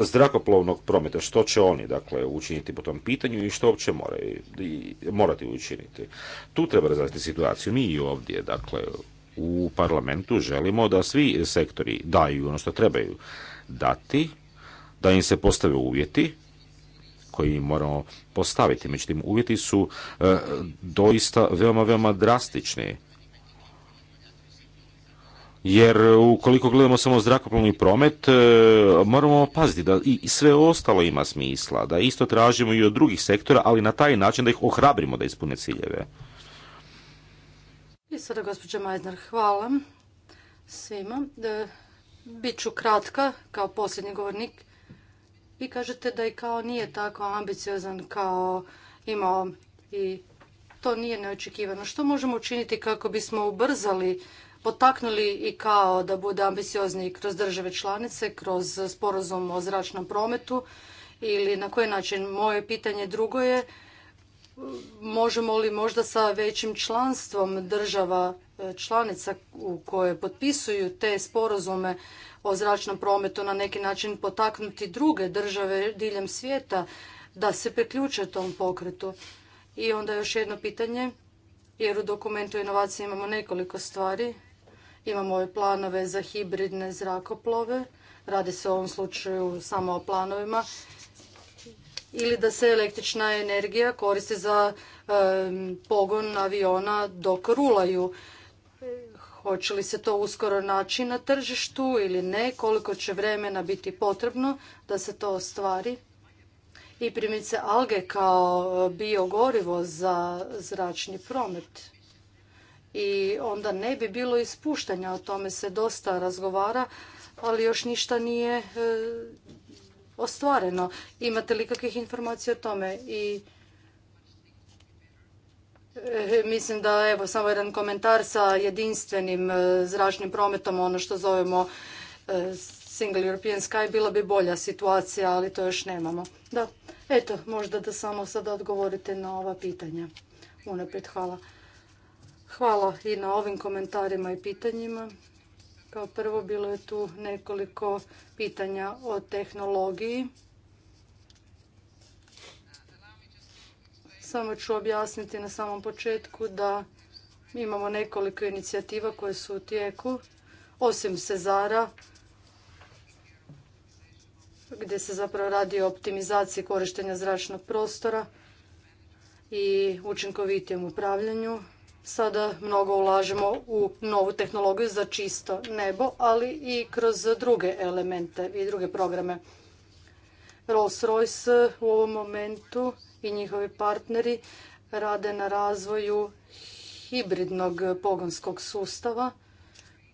zrakoplovnog prometa, što će oni, dakle, učiniti po tom pitanju i što uopće moraju, morati učiniti. Tu treba razvijati situaciju, mi i ovdje, dakle, u parlamentu želimo da svi sektori daju ono što trebaju dati, da im se postave uvjeti, koji moramo postaviti. Međutim, uvjeti su doista veoma, veoma drastični jer e, ukoliko gledamo samo zrakoplovni promet, e, moramo paziti da i sve ostalo ima smisla, da isto tražimo i od drugih sektora, ali na taj način da ih ohrabrimo da ispune ciljeve. I sada, gospođa Majzner, hvala svima. E, Biću kratka kao posljednji govornik. Vi kažete da i kao nije tako ambiciozan kao imao i to nije neočekivano. Što možemo učiniti kako bismo ubrzali potaknuli i kao da bude ambiciozni kroz države članice, kroz sporazum o zračnom prometu ili na koji način? Moje pitanje drugo je, možemo li možda sa većim članstvom država e, članica u koje potpisuju te sporazume o zračnom prometu na neki način potaknuti druge države diljem svijeta da se priključe tom pokretu. I onda još jedno pitanje, jer u dokumentu inovacije imamo nekoliko stvari Imamo i planove za hibridne zrakoplove. Radi se u ovom slučaju samo o planovima. Ili da se električna energija koristi za pogon aviona dok rulaju. Hoće li se to uskoro naći na tržištu ili ne? Koliko će vremena biti potrebno da se to ostvari? I primjerice alge kao biogorivo za zračni promet i onda ne bi bilo ispuštanja. O tome se dosta razgovara, ali još ništa nije e, ostvareno. Imate li kakvih informacija o tome? I e, Mislim da evo samo jedan komentar sa jedinstvenim e, zračnim prometom, ono što zovemo Single European Sky, bila bi bolja situacija, ali to još nemamo. Da, eto, možda da samo sada odgovorite na ova pitanja. Unaprijed hvala. Hvala i na ovim komentarima i pitanjima. Kao prvo bilo je tu nekoliko pitanja o tehnologiji. Samo ću objasniti na samom početku da imamo nekoliko inicijativa koje su u tijeku, osim Sezara, gdje se zapravo radi o optimizaciji korištenja zračnog prostora i učinkovitijem upravljanju. Sada mnogo ulažemo u novu tehnologiju za čisto nebo, ali i kroz druge elemente i druge programe. Rolls-Royce u ovom momentu i njihovi partneri rade na razvoju hibridnog pogonskog sustava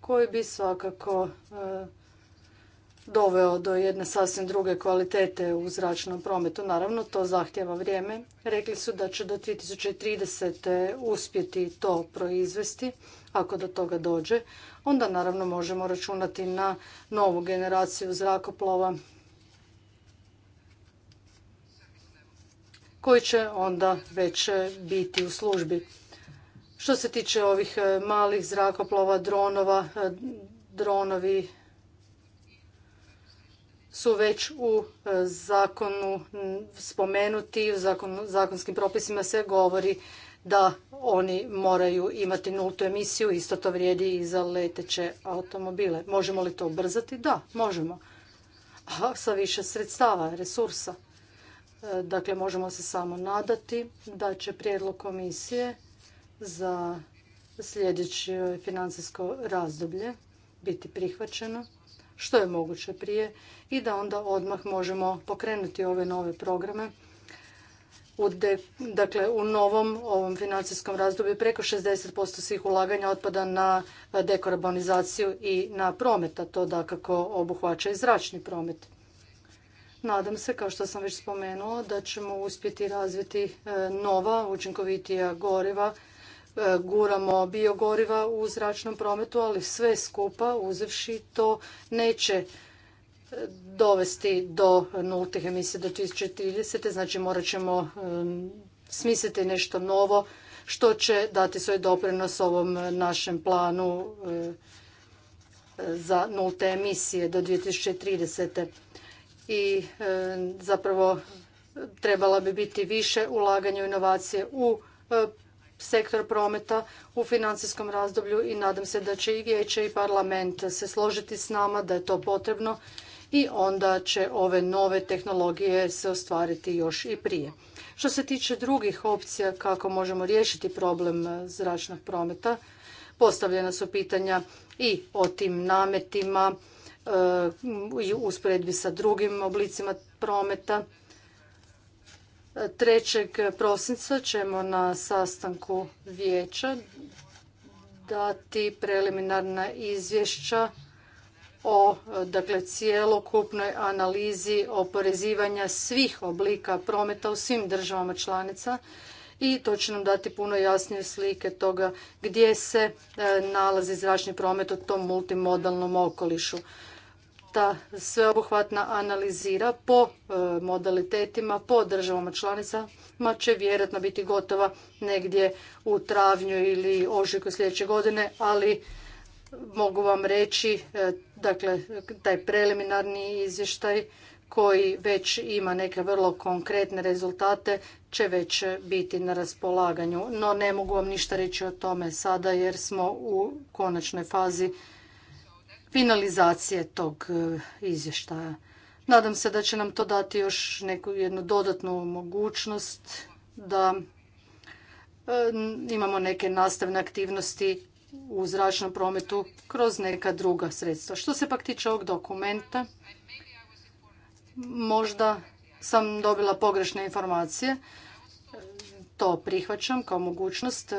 koji bi svakako e, doveo do jedne sasvim druge kvalitete u zračnom prometu. Naravno, to zahtjeva vrijeme. Rekli su da će do 2030. uspjeti to proizvesti, ako do toga dođe. Onda naravno možemo računati na novu generaciju zrakoplova koji će onda već biti u službi. Što se tiče ovih eh, malih zrakoplova, dronova, eh, dronovi, su već u e, zakonu spomenuti, u zakonskim propisima se govori da oni moraju imati nultu emisiju, isto to vrijedi i za leteće automobile. Možemo li to ubrzati? Da, možemo. A sa više sredstava, resursa. E, dakle, možemo se samo nadati da će prijedlog komisije za sljedeće financijsko razdoblje biti prihvaćeno što je moguće prije i da onda odmah možemo pokrenuti ove nove programe dakle u novom ovom financijskom razdoblju preko 60% svih ulaganja otpada na dekarbonizaciju i na promet, a to dakako obuhvaća i zračni promet. Nadam se, kao što sam već spomenula, da ćemo uspjeti razviti e, nova učinkovitija goriva E, guramo biogoriva u zračnom prometu, ali sve skupa uzevši to neće e, dovesti do nultih emisije do 2030. Znači morat ćemo e, smisliti nešto novo što će dati svoj doprinos ovom našem planu za nulte emisije do 2030. I zapravo trebala bi biti više ulaganja u inovacije u sektor prometa u financijskom razdoblju i nadam se da će i vijeće i parlament se složiti s nama da je to potrebno i onda će ove nove tehnologije se ostvariti još i prije. Što se tiče drugih opcija kako možemo riješiti problem zračnog prometa, postavljena su pitanja i o tim nametima e, i usporedbi sa drugim oblicima prometa. 3. prosinca ćemo na sastanku vijeća dati preliminarna izvješća o dakle cjelokupnoj analizi oporezivanja svih oblika prometa u svim državama članica i to će nam dati puno jasnije slike toga gdje se e, nalazi zračni promet u tom multimodalnom okolišu ta sveobuhvatna analizira po e, modalitetima, po državama članicama će vjerojatno biti gotova negdje u travnju ili ožujku sljedeće godine, ali mogu vam reći, e, dakle, taj preliminarni izvještaj koji već ima neke vrlo konkretne rezultate će već biti na raspolaganju. No ne mogu vam ništa reći o tome sada jer smo u konačnoj fazi finalizacije tog e, izvještaja. Nadam se da će nam to dati još neku jednu dodatnu mogućnost da e, imamo neke nastavne aktivnosti u zračnom prometu kroz neka druga sredstva. Što se pak tiče ovog dokumenta, možda sam dobila pogrešne informacije to prihvaćam kao mogućnost.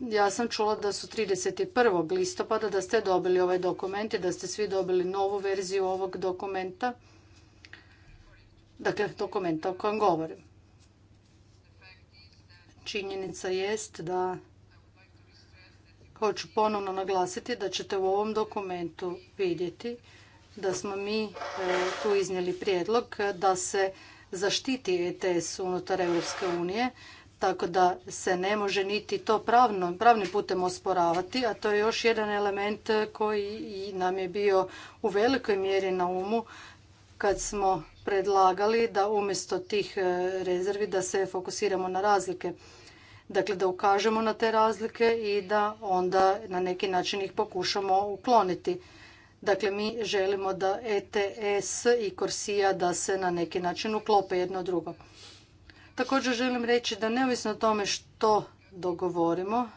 Ja sam čula da su 31. listopada da ste dobili ovaj dokument i da ste svi dobili novu verziju ovog dokumenta. Dakle, dokumenta o kojem govorim. Činjenica jest da hoću ponovno naglasiti da ćete u ovom dokumentu vidjeti da smo mi e, tu iznijeli prijedlog da se zaštiti ETS unutar Europske unije tako da se ne može niti to pravno, pravnim putem osporavati, a to je još jedan element koji nam je bio u velikoj mjeri na umu kad smo predlagali da umjesto tih e, rezervi da se fokusiramo na razlike. Dakle, da ukažemo na te razlike i da onda na neki način ih pokušamo ukloniti. Dakle, mi želimo da ETS i Korsija da se na neki način uklope jedno drugo. Također želim reći da neovisno o tome što dogovorimo,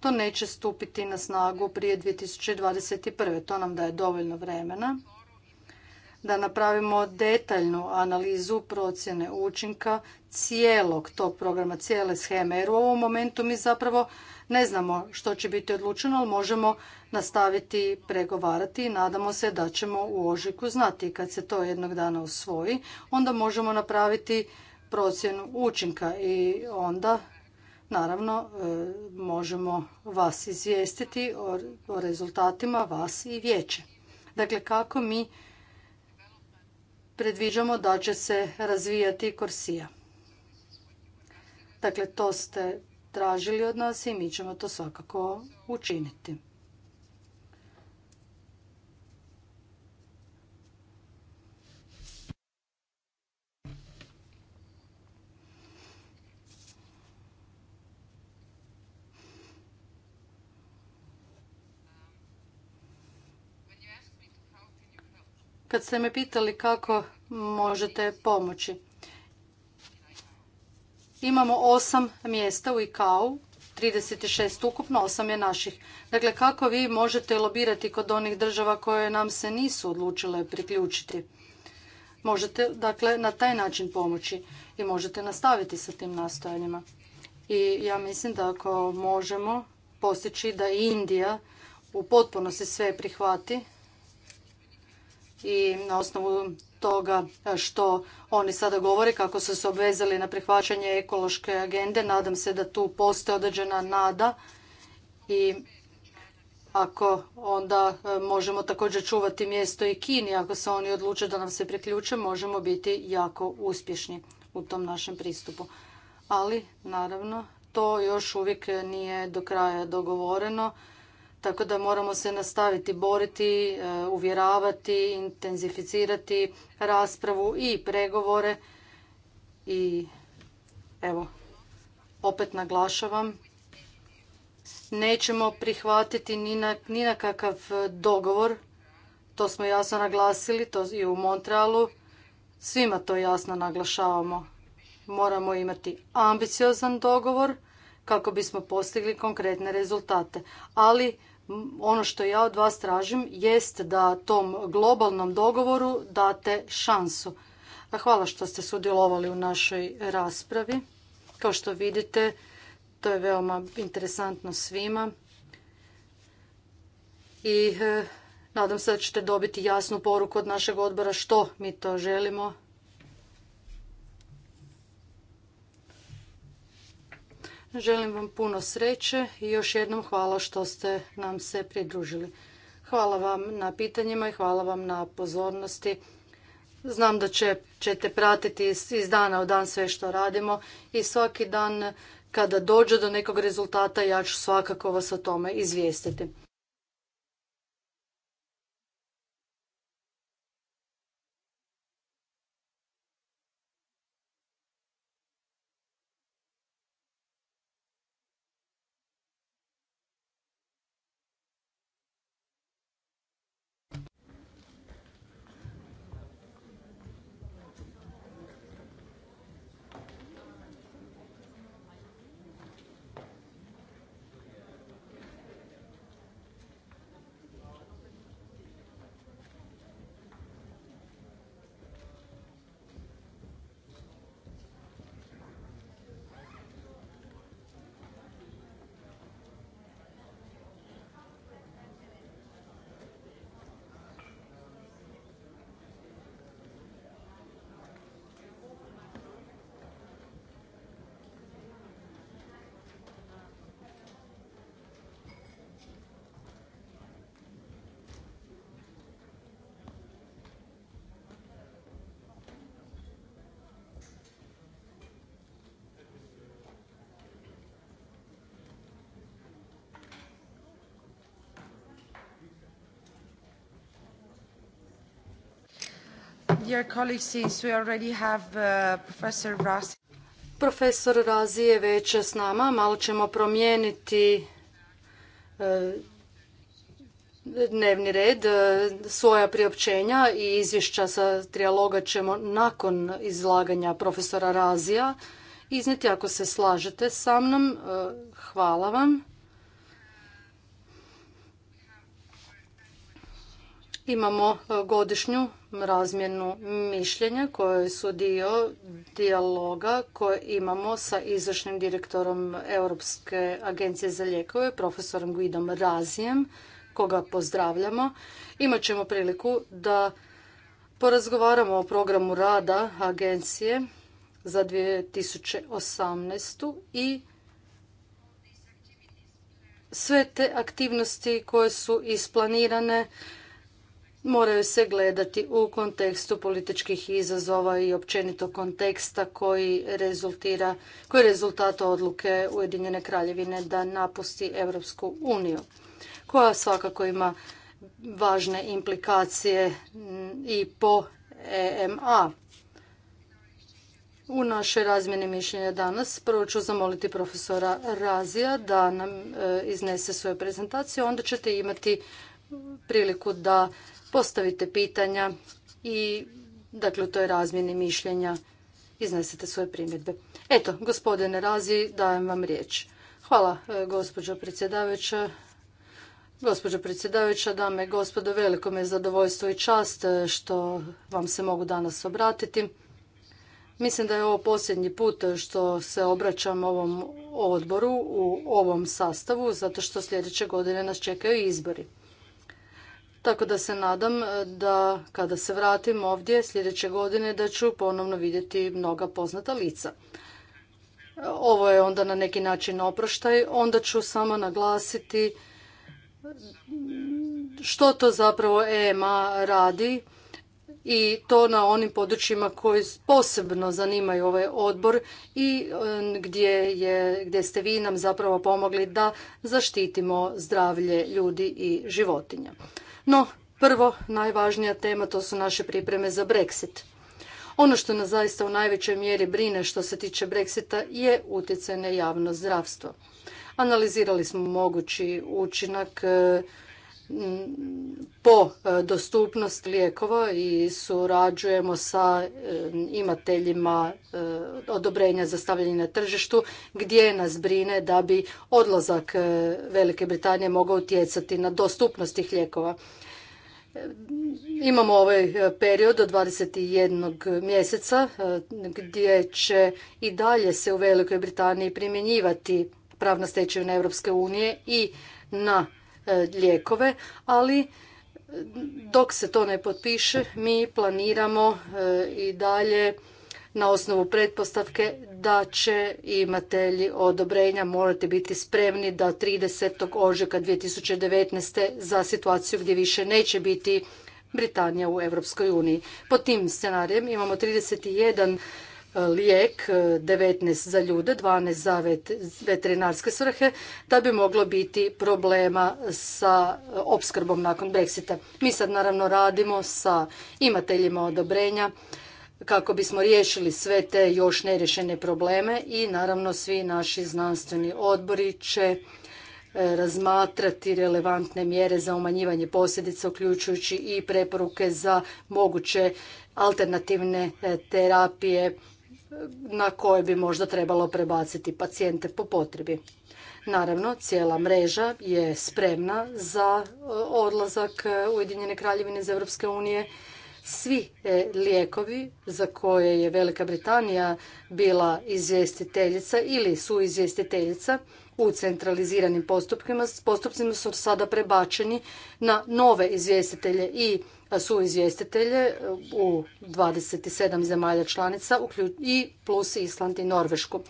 to neće stupiti na snagu prije 2021. To nam daje dovoljno vremena da napravimo detaljnu analizu procjene učinka cijelog tog programa, cijele scheme. Jer u ovom momentu mi zapravo ne znamo što će biti odlučeno, ali možemo nastaviti pregovarati i nadamo se da ćemo u ožiku znati. Kad se to jednog dana usvoji, onda možemo napraviti procjenu učinka i onda naravno e, možemo vas izvijestiti o rezultatima vas i vijeće. Dakle, kako mi predviđamo da će se razvijati korsija. Dakle, to ste tražili od nas i mi ćemo to svakako učiniti. kad ste me pitali kako možete pomoći. Imamo osam mjesta u ICAO, 36 ukupno, osam je naših. Dakle, kako vi možete lobirati kod onih država koje nam se nisu odlučile priključiti? Možete, dakle, na taj način pomoći i možete nastaviti sa tim nastojanjima. I ja mislim da ako možemo postići da Indija u potpunosti sve prihvati, i na osnovu toga što oni sada govore kako su se obvezali na prihvaćanje ekološke agende. Nadam se da tu postoji određena nada i ako onda e, možemo također čuvati mjesto i Kini, ako se oni odluče da nam se priključe, možemo biti jako uspješni u tom našem pristupu. Ali, naravno, to još uvijek nije do kraja dogovoreno tako da moramo se nastaviti boriti, e, uvjeravati, intenzificirati raspravu i pregovore. I evo, opet naglašavam, nećemo prihvatiti ni na, ni kakav dogovor, to smo jasno naglasili, to i u Montrealu, svima to jasno naglašavamo. Moramo imati ambiciozan dogovor, kako bismo postigli konkretne rezultate. Ali ono što ja od vas tražim jest da tom globalnom dogovoru date šansu. Hvala što ste sudjelovali u našoj raspravi. Kao što vidite, to je veoma interesantno svima. I eh, nadam se da ćete dobiti jasnu poruku od našeg odbora što mi to želimo Želim vam puno sreće i još jednom hvala što ste nam se pridružili. Hvala vam na pitanjima i hvala vam na pozornosti. Znam da ćete pratiti iz dana u dan sve što radimo i svaki dan kada dođe do nekog rezultata ja ću svakako vas o tome izvijestiti. dear uh, Profesor Razi je već s nama, malo ćemo promijeniti e, dnevni red, e, svoja priopćenja i izvješća sa trijaloga ćemo nakon izlaganja profesora Razija izniti ako se slažete sa mnom. E, hvala vam. Imamo e, godišnju razmjenu mišljenja koje su dio dijaloga koje imamo sa izvršnim direktorom Europske agencije za lijekove, profesorom Guidom Razijem, koga pozdravljamo. Imat ćemo priliku da porazgovaramo o programu rada agencije za 2018. i sve te aktivnosti koje su isplanirane moraju se gledati u kontekstu političkih izazova i općenito konteksta koji rezultira, koji je rezultat odluke Ujedinjene kraljevine da napusti Europsku uniju, koja svakako ima važne implikacije i po EMA. U našoj razmjeni mišljenja danas prvo ću zamoliti profesora Razija da nam e, iznese svoju prezentaciju, onda ćete imati priliku da postavite pitanja i dakle u toj razmjeni mišljenja iznesete svoje primjedbe. Eto, gospodine Razi, dajem vam riječ. Hvala, e, gospođo predsjedavajuća. Gospođo predsjedavajuća, dame i gospodo, veliko me zadovoljstvo i čast e, što vam se mogu danas obratiti. Mislim da je ovo posljednji put e, što se obraćam ovom odboru u ovom sastavu, zato što sljedeće godine nas čekaju izbori. Tako da se nadam e, da kada se vratim ovdje sljedeće godine da ću ponovno vidjeti mnoga poznata lica. Ovo je onda na neki način oproštaj. Onda ću samo naglasiti što to zapravo EMA radi i to na onim područjima koji posebno zanimaju ovaj odbor i e, gdje, je, gdje ste vi nam zapravo pomogli da zaštitimo zdravlje ljudi i životinja. No, prvo, najvažnija tema to su naše pripreme za Brexit. Ono što nas zaista u najvećoj mjeri brine što se tiče Brexita je utjecaj na javno zdravstvo. Analizirali smo mogući učinak eh, po e, dostupnost lijekova i surađujemo sa e, imateljima e, odobrenja za stavljanje na tržištu gdje nas brine da bi odlazak Velike Britanije mogao utjecati na dostupnost tih lijekova. Imamo ovaj period od 21 mjeseca gdje će i dalje se u Velikoj Britaniji primjenjivati pravna stečevina Europske unije i na E, lijekove, ali dok se to ne potpiše, mi planiramo e, i dalje na osnovu pretpostavke da će imatelji odobrenja morati biti spremni da 30. ožujka 2019. za situaciju gdje više neće biti Britanija u Europskoj uniji. Po tim scenarijem imamo 31 lijek 19 e, za ljude, 12 za veterinarske svrhe, da bi moglo biti problema sa e, opskrbom nakon Brexita. Mi sad naravno radimo sa imateljima odobrenja kako bismo riješili sve te još nerješene probleme i naravno svi naši znanstveni odbori će e, razmatrati relevantne mjere za umanjivanje posljedica, uključujući i preporuke za moguće alternativne terapije na koje bi možda trebalo prebaciti pacijente po potrebi. Naravno, cijela mreža je spremna za e, odlazak e, Ujedinjene kraljevine iz Europske unije. Svi e, lijekovi za koje je Velika Britanija bila izvjestiteljica ili su izvjestiteljica u centraliziranim postupcima, postupcima su sada prebačeni na nove izvjestitelje i su izvjestitelje e, u 27 zemalja članica i plus Island i Norvešku.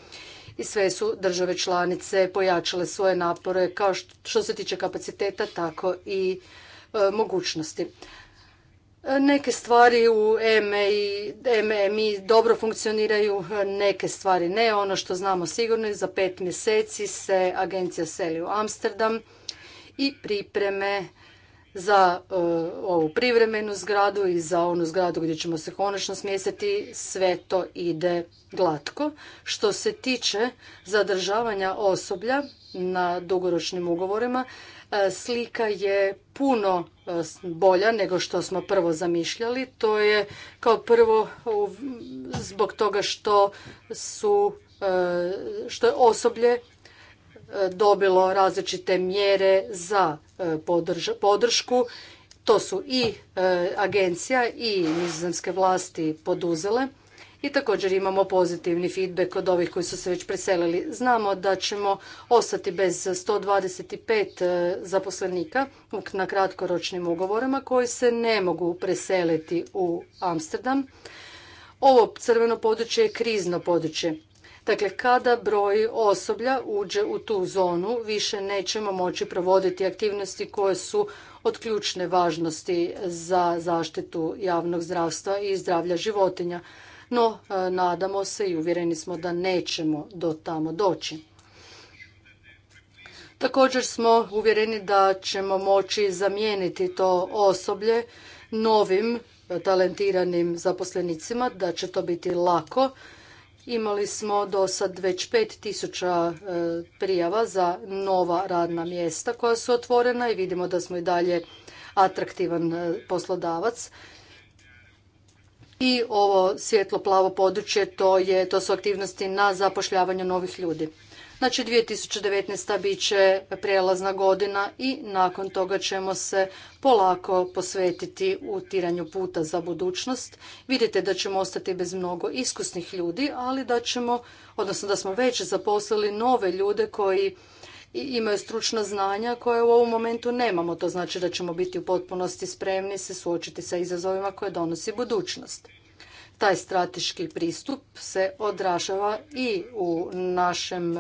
I sve su države članice pojačale svoje napore kao što se tiče kapaciteta, tako i e, mogućnosti. E, neke stvari u MMI dobro funkcioniraju, neke stvari ne. Ono što znamo sigurno je za pet mjeseci se agencija seli u Amsterdam i pripreme za e, ovu privremenu zgradu i za onu zgradu gdje ćemo se konačno smjestiti, sve to ide glatko. Što se tiče zadržavanja osoblja na dugoročnim ugovorima, e, slika je puno e, bolja nego što smo prvo zamišljali. To je kao prvo zbog toga što su što je osoblje E, dobilo različite mjere za e, podršku. To su i e, agencija i nizozemske vlasti poduzele. I također imamo pozitivni feedback od ovih koji su se već preselili. Znamo da ćemo ostati bez 125 zaposlenika na kratkoročnim ugovorima koji se ne mogu preseliti u Amsterdam. Ovo crveno područje je krizno područje. Dakle, kada broj osoblja uđe u tu zonu, više nećemo moći provoditi aktivnosti koje su od ključne važnosti za zaštitu javnog zdravstva i zdravlja životinja. No, e, nadamo se i uvjereni smo da nećemo do tamo doći. Također smo uvjereni da ćemo moći zamijeniti to osoblje novim talentiranim zaposlenicima, da će to biti lako Imali smo do sad već 5000 e, prijava za nova radna mjesta koja su otvorena i vidimo da smo i dalje atraktivan e, poslodavac. I ovo svjetlo plavo područje to je to su aktivnosti na zapošljavanju novih ljudi. Znači 2019. bit će prijelazna godina i nakon toga ćemo se polako posvetiti u tiranju puta za budućnost. Vidite da ćemo ostati bez mnogo iskusnih ljudi, ali da ćemo, odnosno da smo već zaposlili nove ljude koji imaju stručna znanja koje u ovom momentu nemamo. To znači da ćemo biti u potpunosti spremni se suočiti sa izazovima koje donosi budućnost. Taj strateški pristup se odražava i u našem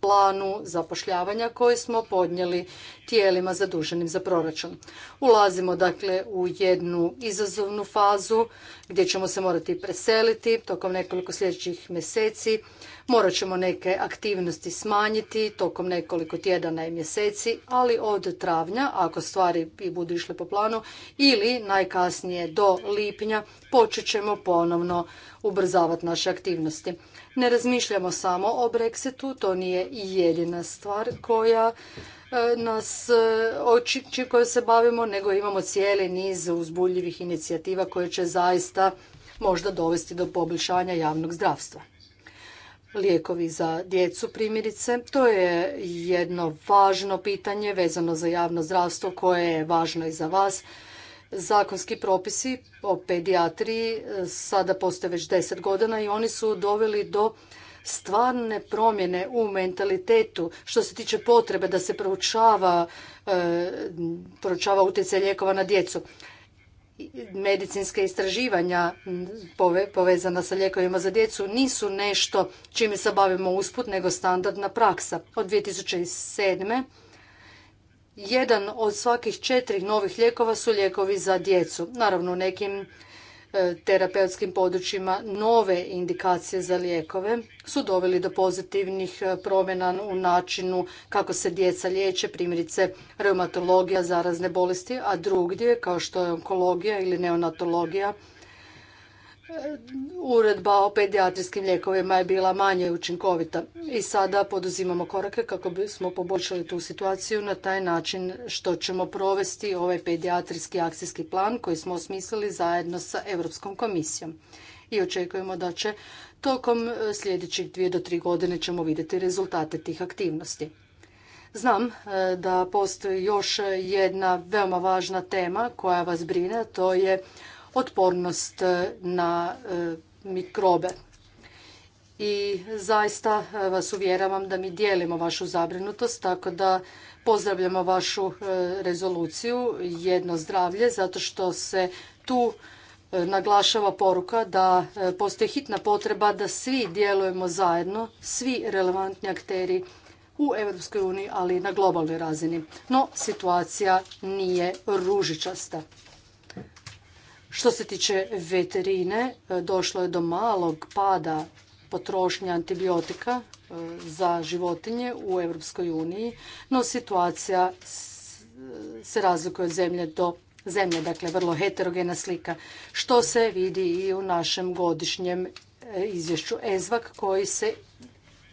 planu zapošljavanja koji smo podnijeli tijelima zaduženim za proračun. Ulazimo dakle u jednu izazovnu fazu gdje ćemo se morati preseliti tokom nekoliko sljedećih mjeseci. Morat ćemo neke aktivnosti smanjiti tokom nekoliko tjedana i mjeseci, ali od travnja, ako stvari i budu išle po planu, ili najkasnije do lipnja, počet ćemo ponovno ubrzavati naše aktivnosti. Ne razmišljamo samo o Brexitu, to nije jedina stvar koja e, nas e, očiči, koje se bavimo, nego imamo cijeli niz uzbuljivih inicijativa koje će zaista možda dovesti do poboljšanja javnog zdravstva. Lijekovi za djecu primjerice, to je jedno važno pitanje vezano za javno zdravstvo koje je važno i za vas zakonski propisi o pedijatriji e, sada postoje već deset godina i oni su doveli do stvarne promjene u mentalitetu što se tiče potrebe da se proučava, e, utjecaj lijekova na djecu. Medicinske istraživanja povezana sa lijekovima za djecu nisu nešto čime se bavimo usput, nego standardna praksa. Od 2007 jedan od svakih četiri novih lijekova su lijekovi za djecu. Naravno, u nekim e, terapeutskim područjima nove indikacije za lijekove su doveli do pozitivnih e, promjena u načinu kako se djeca liječe, primjerice reumatologija, zarazne bolesti, a drugdje kao što je onkologija ili neonatologija uredba o pedijatrijskim ljekovima je bila manje učinkovita i sada poduzimamo korake kako bismo poboljšali tu situaciju na taj način što ćemo provesti ovaj pedijatrijski akcijski plan koji smo osmislili zajedno sa Europskom komisijom. I očekujemo da će tokom e, sljedećih dvije do tri godine ćemo vidjeti rezultate tih aktivnosti. Znam e, da postoji još jedna veoma važna tema koja vas brine, to je otpornost e, na e, mikrobe. I zaista e, vas uvjeravam da mi dijelimo vašu zabrinutost, tako da pozdravljamo vašu rezoluciju Jedno zdravlje, zato što se tu naglašava poruka da postoji hitna potreba da svi djelujemo zajedno, svi relevantni akteri u EU, ali i na globalnoj razini. No, situacija nije ružičasta. Što se tiče veterine, e, došlo je do malog pada potrošnje antibiotika e, za životinje u Europskoj uniji, no situacija e, se razlikuje od zemlje do zemlje, dakle vrlo heterogena slika, što se vidi i u našem godišnjem izvješću EZVAK koji se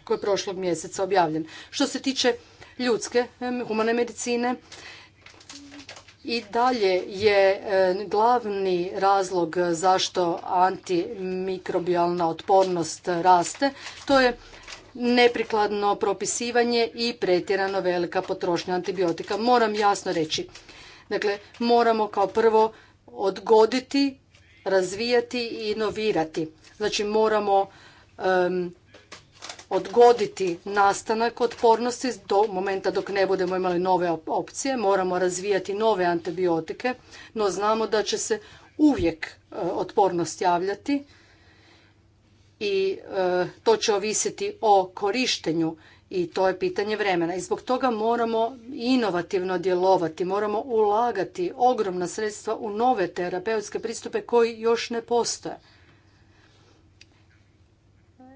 koji je prošlog mjeseca objavljen. Što se tiče ljudske humane medicine, i dalje je e, glavni razlog zašto antimikrobijalna otpornost raste, to je neprikladno propisivanje i pretjerano velika potrošnja antibiotika. Moram jasno reći, dakle moramo kao prvo odgoditi, razvijati i inovirati. Znači moramo odgoditi nastanak otpornosti do momenta dok ne budemo imali nove opcije, moramo razvijati nove antibiotike, no znamo da će se uvijek e, otpornost javljati i e, to će ovisiti o korištenju i to je pitanje vremena. I zbog toga moramo inovativno djelovati, moramo ulagati ogromna sredstva u nove terapeutske pristupe koji još ne postoje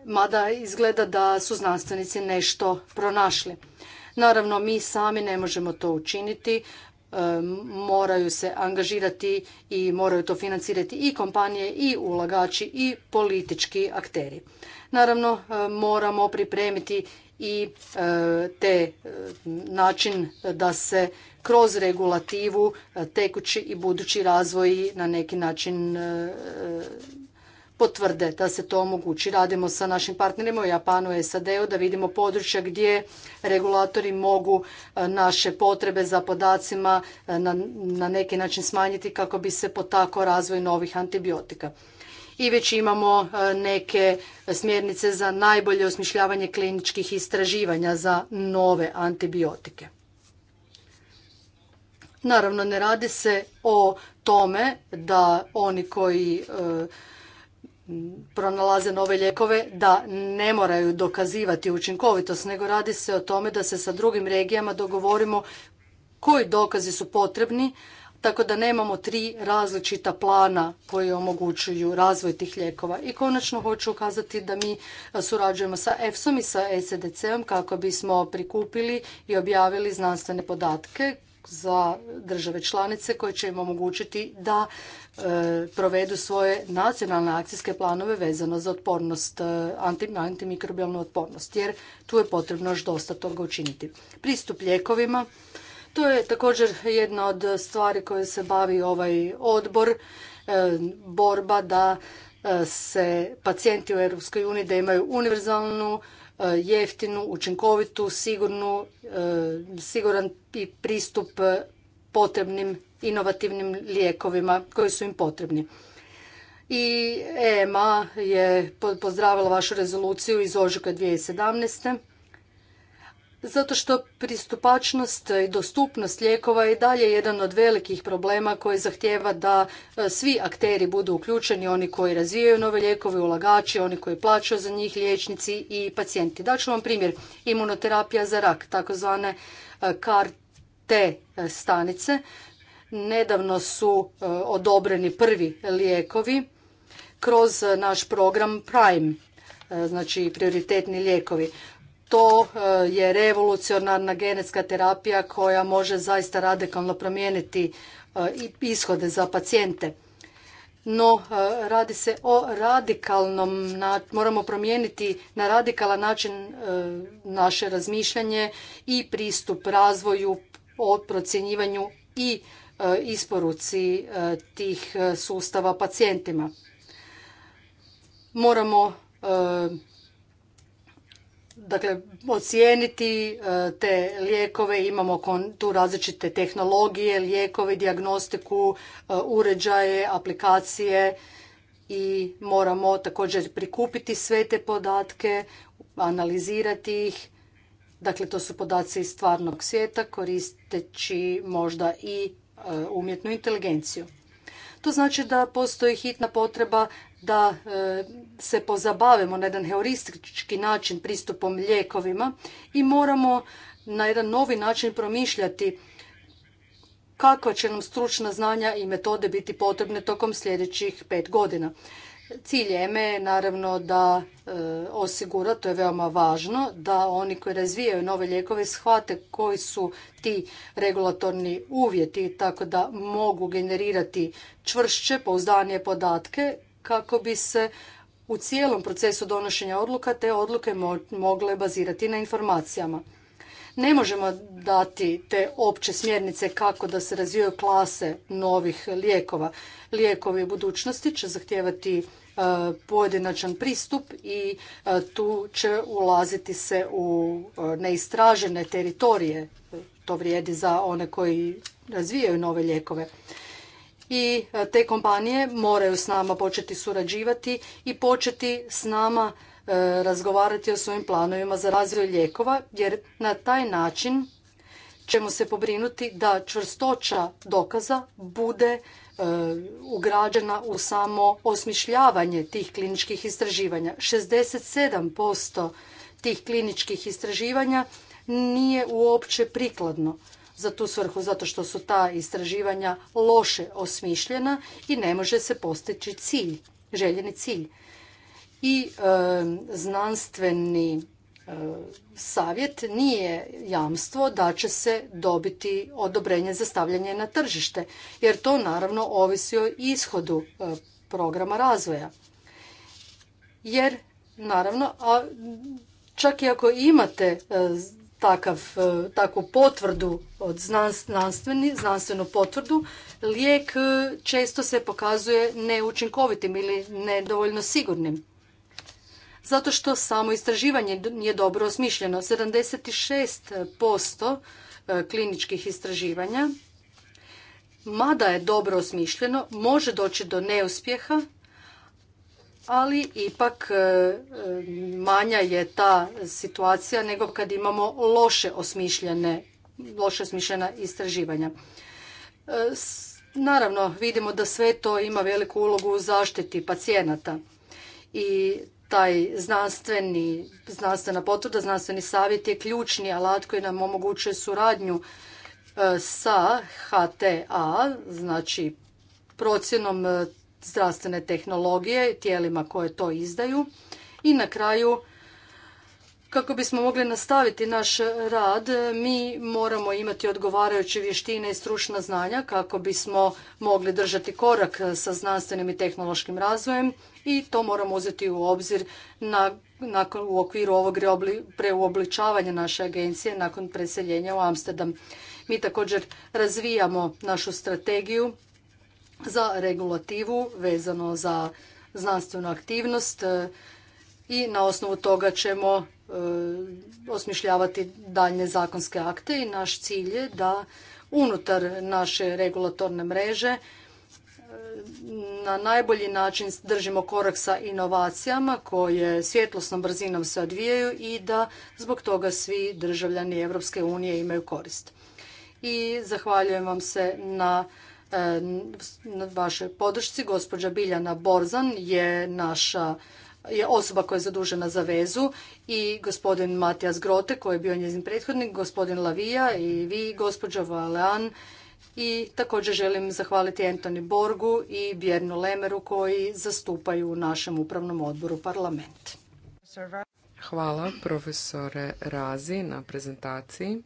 mada izgleda da su znanstvenici nešto pronašli. Naravno, mi sami ne možemo to učiniti, e, moraju se angažirati i moraju to financirati i kompanije i ulagači i politički akteri. Naravno, e, moramo pripremiti i e, te način da se kroz regulativu tekući i budući razvoj na neki način potvrde da se to omogući. Radimo sa našim partnerima u Japanu i SAD-u da vidimo područja gdje regulatori mogu e, naše potrebe za podacima e, na, neki način smanjiti kako bi se potakao razvoj novih antibiotika i već imamo e, neke smjernice za najbolje osmišljavanje kliničkih istraživanja za nove antibiotike. Naravno, ne radi se o tome da oni koji pronalaze nove lijekove da ne moraju dokazivati učinkovitost, nego radi se o tome da se sa drugim regijama dogovorimo koji dokazi su potrebni, tako da nemamo tri različita plana koji omogućuju razvoj tih lijekova. I konačno hoću ukazati da mi surađujemo sa EFSOM i sa ecdc om kako bismo prikupili i objavili znanstvene podatke za države članice koje će im omogućiti da e, provedu svoje nacionalne akcijske planove vezano za otpornost, e, antimikrobijalnu otpornost, jer tu je potrebno još dosta toga učiniti. Pristup lijekovima, to je također jedna od stvari koje se bavi ovaj odbor, e, borba da se pacijenti u EU da imaju univerzalnu E, jeftinu, učinkovitu, sigurnu, e, siguran pristup potrebnim inovativnim lijekovima koji su im potrebni. I EMA je pozdravila vašu rezoluciju iz ožujka 2017 zato što pristupačnost i dostupnost lijekova je dalje jedan od velikih problema koji zahtjeva da e, svi akteri budu uključeni, oni koji razvijaju nove lijekove, ulagači, oni koji plaćaju za njih liječnici i pacijenti. Daću vam primjer, imunoterapija za rak, takozvane CAR e, T e, stanice. Nedavno su odobreni prvi lijekovi kroz naš program Prime, znači prioritetni lijekovi to e, je revolucionarna genetska terapija koja može zaista radikalno promijeniti e, ishode za pacijente. No, e, radi se o radikalnom, moramo promijeniti na radikalan način naše razmišljanje i pristup razvoju, procjenjivanju i isporuci tih sustava pacijentima. Moramo dakle, ocijeniti e, te lijekove, imamo tu različite tehnologije, lijekove, diagnostiku, e, uređaje, aplikacije i moramo također prikupiti sve te podatke, analizirati ih. Dakle, to su podaci iz stvarnog svijeta koristeći možda i e, umjetnu inteligenciju. To znači da postoji hitna potreba da e, se pozabavimo na jedan heuristički način pristupom lijekovima i moramo na jedan novi način promišljati kakva će nam stručna znanja i metode biti potrebne tokom sljedećih pet godina. Cilj EME je naravno da e, osigura, to je veoma važno, da oni koji razvijaju nove lijekove shvate koji su ti regulatorni uvjeti tako da mogu generirati čvršće, pouzdanije podatke kako bi se u cijelom procesu donošenja odluka te odluke mogle bazirati na informacijama. Ne možemo dati te opće smjernice kako da se razvijaju klase novih lijekova lijekovi u budućnosti će zahtijevati e, pojedinačan pristup i e, tu će ulaziti se u e, neistražene teritorije. To vrijedi za one koji razvijaju nove lijekove. I te kompanije moraju s nama početi surađivati i početi s nama razgovarati o svojim planovima za razvoj lijekova, jer na taj način ćemo se pobrinuti da čvrstoća dokaza bude E, ugrađena u samo osmišljavanje tih kliničkih istraživanja. 67% tih kliničkih istraživanja nije uopće prikladno za tu svrhu, zato što su ta istraživanja loše osmišljena i ne može se postići cilj, željeni cilj. I e, znanstveni savjet nije jamstvo da će se dobiti odobrenje za stavljanje na tržište, jer to naravno ovisi o ishodu e, programa razvoja. Jer, naravno, čak i ako imate e, takav, e, takvu potvrdu od znanstveni, znanstvenu potvrdu, lijek često se pokazuje neučinkovitim ili nedovoljno sigurnim zato što samo istraživanje nije dobro osmišljeno. 76% e, kliničkih istraživanja, mada je dobro osmišljeno, može doći do neuspjeha, ali ipak e, e, manja je ta situacija nego kad imamo loše osmišljene loše osmišljena istraživanja. Naravno, vidimo da sve to ima veliku ulogu u zaštiti pacijenata i taj znanstveni, znanstvena potvrda, znanstveni savjet je ključni alat koji nam omogućuje suradnju e, sa HTA, znači procjenom e, zdravstvene tehnologije, tijelima koje to izdaju i na kraju kako bismo mogli nastaviti naš rad, mi moramo imati odgovarajuće vještine i stručna znanja kako bismo mogli držati korak sa znanstvenim i tehnološkim razvojem i to moramo uzeti u obzir na, nakon, u okviru ovog preuobličavanja naše agencije nakon preseljenja u Amsterdam. Mi također razvijamo našu strategiju za regulativu vezano za znanstvenu aktivnost e, i na osnovu toga ćemo E, osmišljavati daljne zakonske akte i naš cilj je da unutar naše regulatorne mreže e, na najbolji način držimo korak sa inovacijama koje svjetlosnom brzinom se odvijaju i da zbog toga svi državljani Europske unije imaju korist. I zahvaljujem vam se na e, na vašoj podršci. Gospođa Biljana Borzan je naša je osoba koja je zadužena za vezu i gospodin Matijas Grote koji je bio njezin prethodnik, gospodin Lavija i vi, gospođa Valean. I također želim zahvaliti Antoni Borgu i Bjernu Lemeru koji zastupaju u našem upravnom odboru parlament. Hvala profesore Razi na prezentaciji.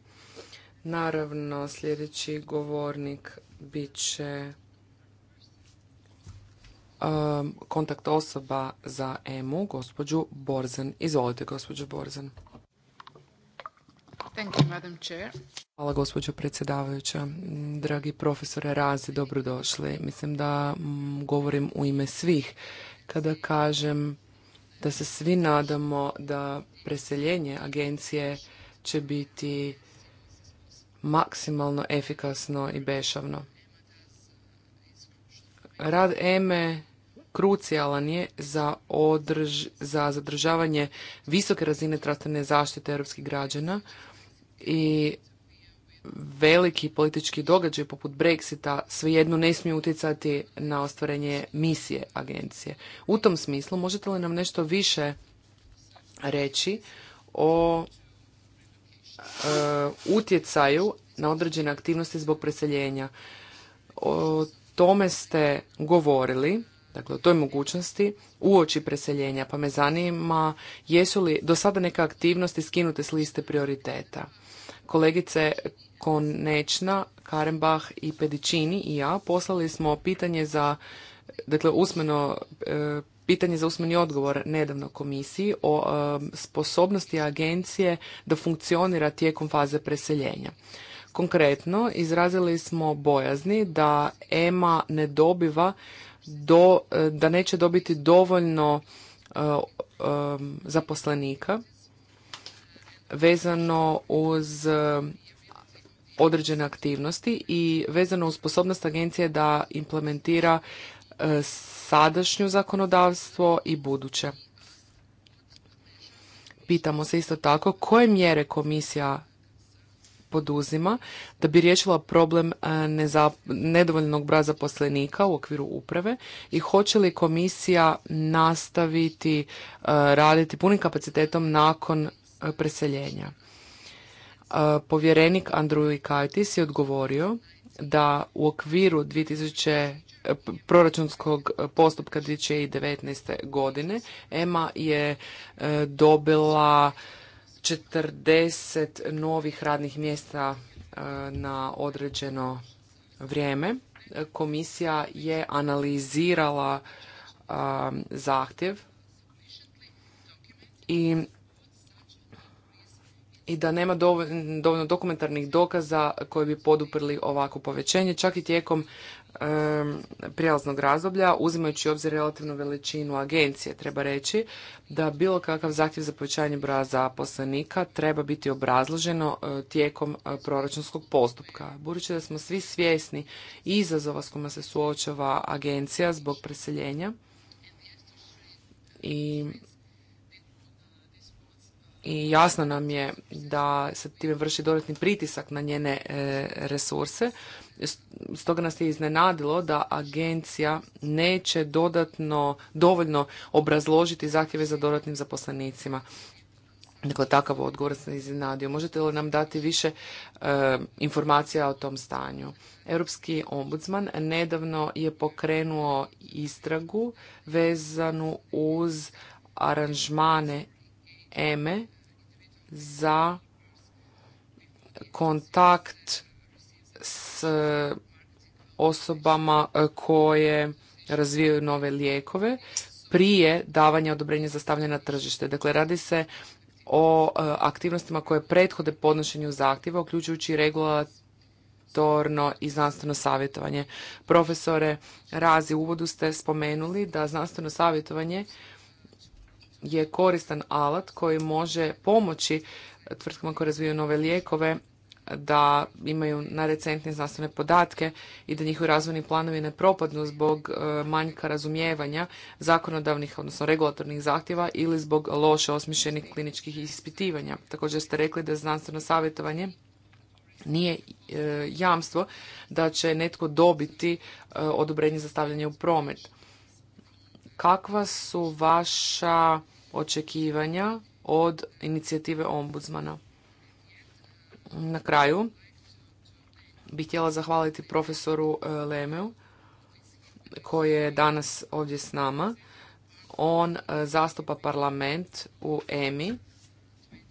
Naravno sljedeći govornik bit će kontakt osoba za EMU, gospođu Borzan. Izvolite, gospođo Borzan. Hvala gospođo predsjedavajuća. Dragi profesore Razi, dobrodošli. Mislim da mm, govorim u ime svih kada kažem da se svi nadamo da preseljenje agencije će biti maksimalno efikasno i bešavno. Rad EME krucijalan je za, održ, za zadržavanje visoke razine zdravstvene zaštite europskih građana i veliki politički događaj poput Brexita svejedno ne smije utjecati na ostvarenje misije agencije. U tom smislu možete li nam nešto više reći o e, utjecaju na određene aktivnosti zbog preseljenja? O tome ste govorili, dakle o toj mogućnosti, uoči preseljenja, pa me zanima jesu li do sada neke aktivnosti skinute s liste prioriteta. Kolegice Konečna, Karembah i Pedicini i ja poslali smo pitanje za, dakle usmeno e, pitanje za usmeni odgovor nedavno komisiji o e, sposobnosti agencije da funkcionira tijekom faze preseljenja. Konkretno, izrazili smo bojazni da EMA ne dobiva do, e, da neće dobiti dovoljno e, e, zaposlenika vezano uz određene aktivnosti i vezano uz sposobnost agencije da implementira sadašnju zakonodavstvo i buduće. Pitamo se isto tako koje mjere komisija oduzima da bi riješila problem e, nedovoljnog broja zaposlenika u okviru uprave i hoće li komisija nastaviti e, raditi punim kapacitetom nakon e, preseljenja. Povjerenik Andrew Kajtis je odgovorio da u okviru 2000 proračunskog postupka 2019. godine EMA je dobila 40 novih radnih mjesta e, na određeno vrijeme. Komisija je analizirala e, zahtjev i i da nema dovoljno dokumentarnih dokaza koji bi poduprli ovakvo povećanje, čak i tijekom prijelaznog razdoblja, uzimajući u obzir relativnu veličinu agencije, treba reći da bilo kakav zahtjev za povećanje broja zaposlenika treba biti obrazloženo e, tijekom e, proračunskog postupka. Budući da smo svi svjesni izazova s kojima se suočava agencija zbog preseljenja i i jasno nam je da se time vrši dodatni pritisak na njene e, resurse. Stoga nas je iznenadilo da agencija neće dodatno, dovoljno obrazložiti zahtjeve za dodatnim zaposlenicima. Dakle, takav odgovor sam iznenadio. Možete li nam dati više e, informacija o tom stanju? Europski ombudsman nedavno je pokrenuo istragu vezanu uz aranžmane EME za kontakt s eh, osobama eh, koje razvijaju nove lijekove prije davanja odobrenja za stavljanje na tržište. Dakle, radi se o eh, aktivnostima koje prethode podnošenju zahtjeva, uključujući regulatorno i znanstveno savjetovanje. Profesore Razi, u uvodu ste spomenuli da znanstveno savjetovanje je koristan alat koji može pomoći tvrtkama koje razvijaju nove lijekove da imaju najrecentnije znanstvene podatke i da njihovi razvojni planovi ne propadnu zbog e, manjka razumijevanja zakonodavnih, odnosno regulatornih zahtjeva ili zbog loše osmišljenih kliničkih ispitivanja. Također ste rekli da znanstveno savjetovanje nije e, jamstvo da će netko dobiti e, odobrenje za stavljanje u promet. Kakva su vaša očekivanja od inicijative ombudsmana. Na kraju bih htjela zahvaliti profesoru e, Lemeu koji je danas ovdje s nama. On e, zastupa parlament u EMI.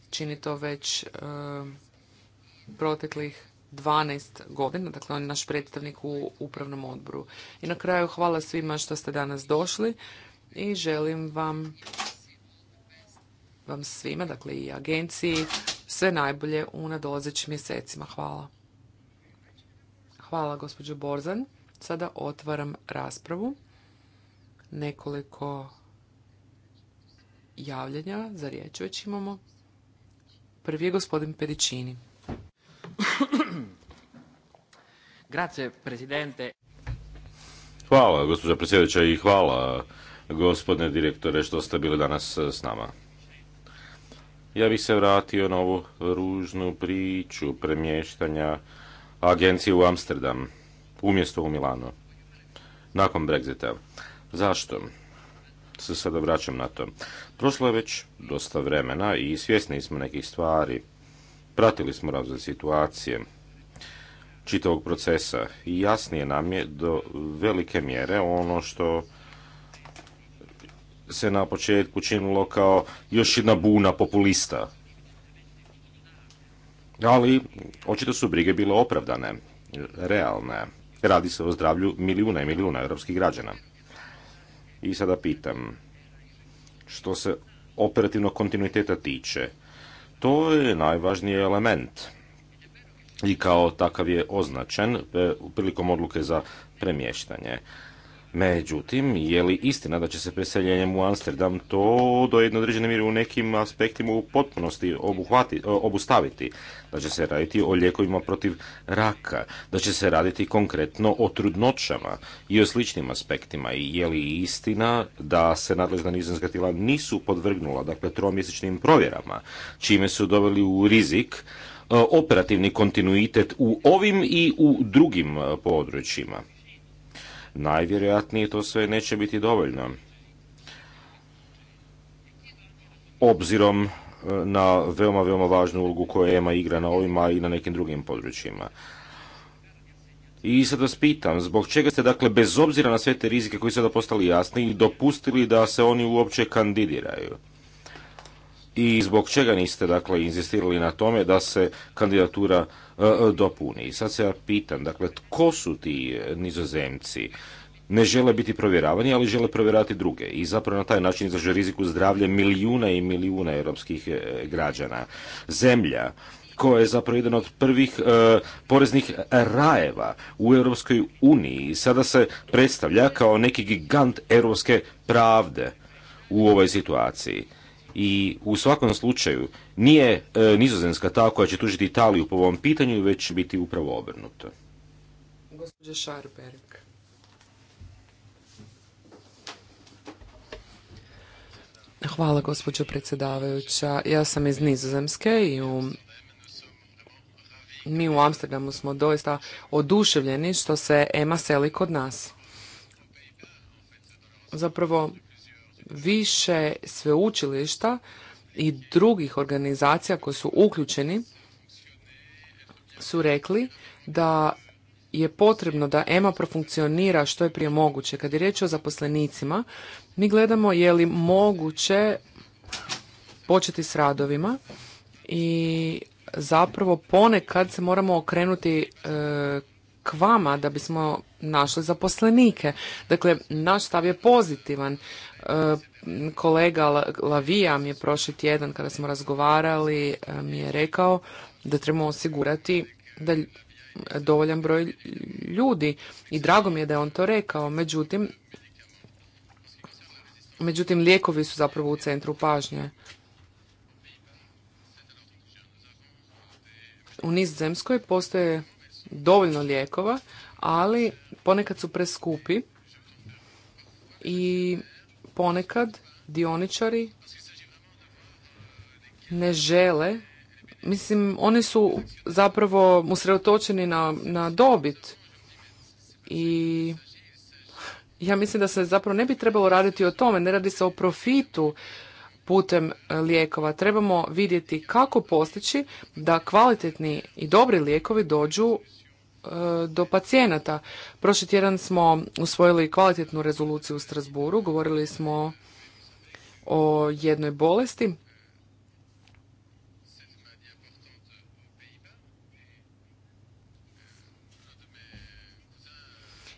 Čini to već e, proteklih 12 godina. Dakle, on je naš predstavnik u upravnom odboru. I na kraju hvala svima što ste danas došli i želim vam vam svima, dakle i agenciji, sve najbolje u nadolazećim mjesecima. Hvala. Hvala, gospođo Borzan. Sada otvaram raspravu. Nekoliko javljanja za riječ već imamo. Prvi je gospodin Pedicini. Grazie, presidente. Hvala, gospođo predsjedeća, i hvala, gospodine direktore, što ste bili danas s nama. Ja bih se vratio na ovu ružnu priču premještanja agencije u Amsterdam, umjesto u Milano, nakon Brexita. Zašto? Se sada vraćam na to. Prošlo je već dosta vremena i svjesni smo nekih stvari. Pratili smo razvoj situacije čitavog procesa i jasnije nam je do velike mjere ono što se na početku činilo kao još jedna buna populista. Ali očito su brige bile opravdane, realne. Radi se o zdravlju milijuna i milijuna europskih građana. I sada pitam, što se operativnog kontinuiteta tiče, to je najvažniji element i kao takav je označen e, prilikom odluke za premještanje. Međutim, je li istina da će se preseljenjem u Amsterdam to do jedne određene mjere u nekim aspektima u potpunosti e, obustaviti? Da će se raditi o lijekovima protiv raka, da će se raditi konkretno o trudnoćama i o sličnim aspektima. I je li istina da se nadležna nizozemska tijela nisu podvrgnula dakle, tromjesečnim provjerama, čime su doveli u rizik e, operativni kontinuitet u ovim i u drugim područjima? najvjerojatnije to sve neće biti dovoljno. Obzirom e, na veoma, veoma važnu ulogu koju EMA igra na ovima i na nekim drugim područjima. I sad vas pitam, zbog čega ste dakle, bez obzira na sve te rizike koji su sada postali jasni, dopustili da se oni uopće kandidiraju? i zbog čega niste dakle inzistirali na tome da se kandidatura e, e, dopuni. I sad se ja pitam, dakle tko su ti e, nizozemci? Ne žele biti provjeravani, ali žele provjerati druge i zapravo na taj način izlaže riziku zdravlje milijuna i milijuna europskih građana. Zemlja koja je zapravo jedan od prvih e, poreznih rajeva u Europskoj uniji. Sada se predstavlja kao neki gigant europske pravde u ovoj situaciji i u svakom slučaju nije e, nizozemska ta koja će tužiti Italiju po ovom pitanju, već biti upravo obrnuto. Gospođa Šarberg. Hvala gospođo predsjedavajuća. Ja sam iz Nizozemske i u mi u Amsterdamu smo doista oduševljeni što se Ema seli kod nas. Zapravo više sveučilišta i drugih organizacija koji su uključeni su rekli da je potrebno da EMA profunkcionira što je prije moguće. Kad je riječ o zaposlenicima, mi gledamo je li moguće početi s radovima i zapravo ponekad se moramo okrenuti e, k vama da bismo našli zaposlenike. Dakle, naš stav je pozitivan. E, kolega Lavija mi je prošli tjedan kada smo razgovarali e, mi je rekao da trebamo osigurati da dovoljan broj ljudi i drago mi je da je on to rekao. Međutim, međutim lijekovi su zapravo u centru pažnje. U zemskoj postoje dovoljno lijekova, ali ponekad su preskupi i ponekad dioničari ne žele, mislim, oni su zapravo usredotočeni na, na dobit i ja mislim da se zapravo ne bi trebalo raditi o tome, ne radi se o profitu putem e, lijekova. Trebamo vidjeti kako postići da kvalitetni i dobri lijekovi dođu E, do pacijenata. Prošli tjedan smo usvojili kvalitetnu rezoluciju u Strasburu, govorili smo o jednoj bolesti.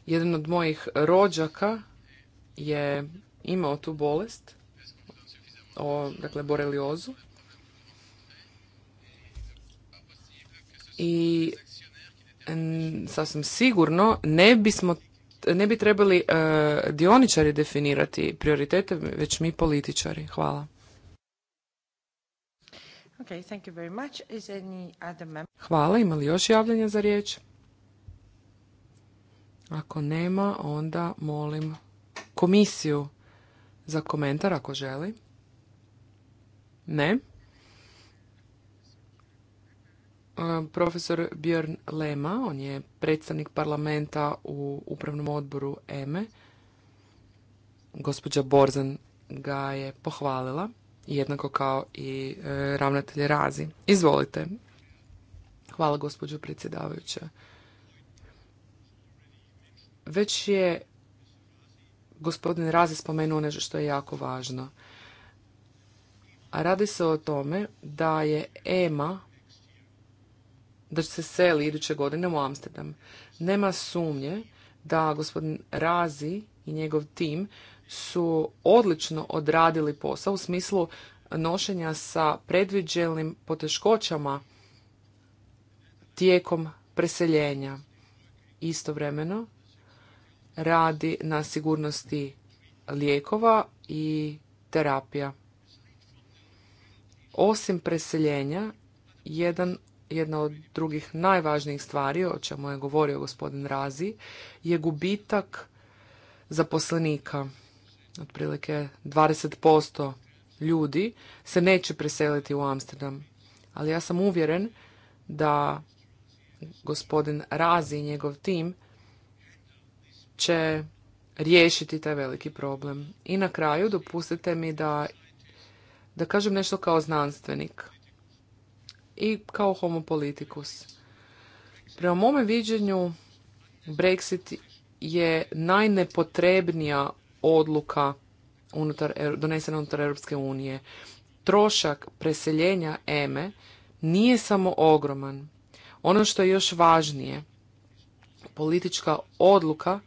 Jedan od mojih rođaka je imao tu bolest, o, dakle boreliozu. I sasvim sigurno ne bismo ne bi trebali e, dioničari definirati prioritete, već mi političari. Hvala. Okay, thank you very much. Is any other Hvala. Ima li još javljanja za riječ? Ako nema, onda molim komisiju za komentar ako želi. Ne. profesor Björn Lema, on je predstavnik parlamenta u upravnom odboru EME. E. Gospođa Borzan ga je pohvalila, jednako kao i e, ravnatelj Razi. Izvolite. Hvala gospođo predsjedavajuća. Već je gospodin Razi spomenuo nešto što je jako važno. Radi se o tome da je EMA da se seli iduće godine u Amsterdam. Nema sumnje da gospodin Razi i njegov tim su odlično odradili posao u smislu nošenja sa predviđenim poteškoćama tijekom preseljenja. Istovremeno radi na sigurnosti lijekova i terapija. Osim preseljenja, jedan jedna od drugih najvažnijih stvari, o čemu je govorio gospodin Razi, je gubitak zaposlenika. Otprilike 20% ljudi se neće preseliti u Amsterdam. Ali ja sam uvjeren da gospodin Razi i njegov tim će riješiti taj veliki problem. I na kraju dopustite mi da, da kažem nešto kao znanstvenik i kao homopolitikus. Prema mome viđenju, Brexit je najnepotrebnija odluka unutar, donesena unutar Europske unije. Trošak preseljenja EME nije samo ogroman. Ono što je još važnije, politička odluka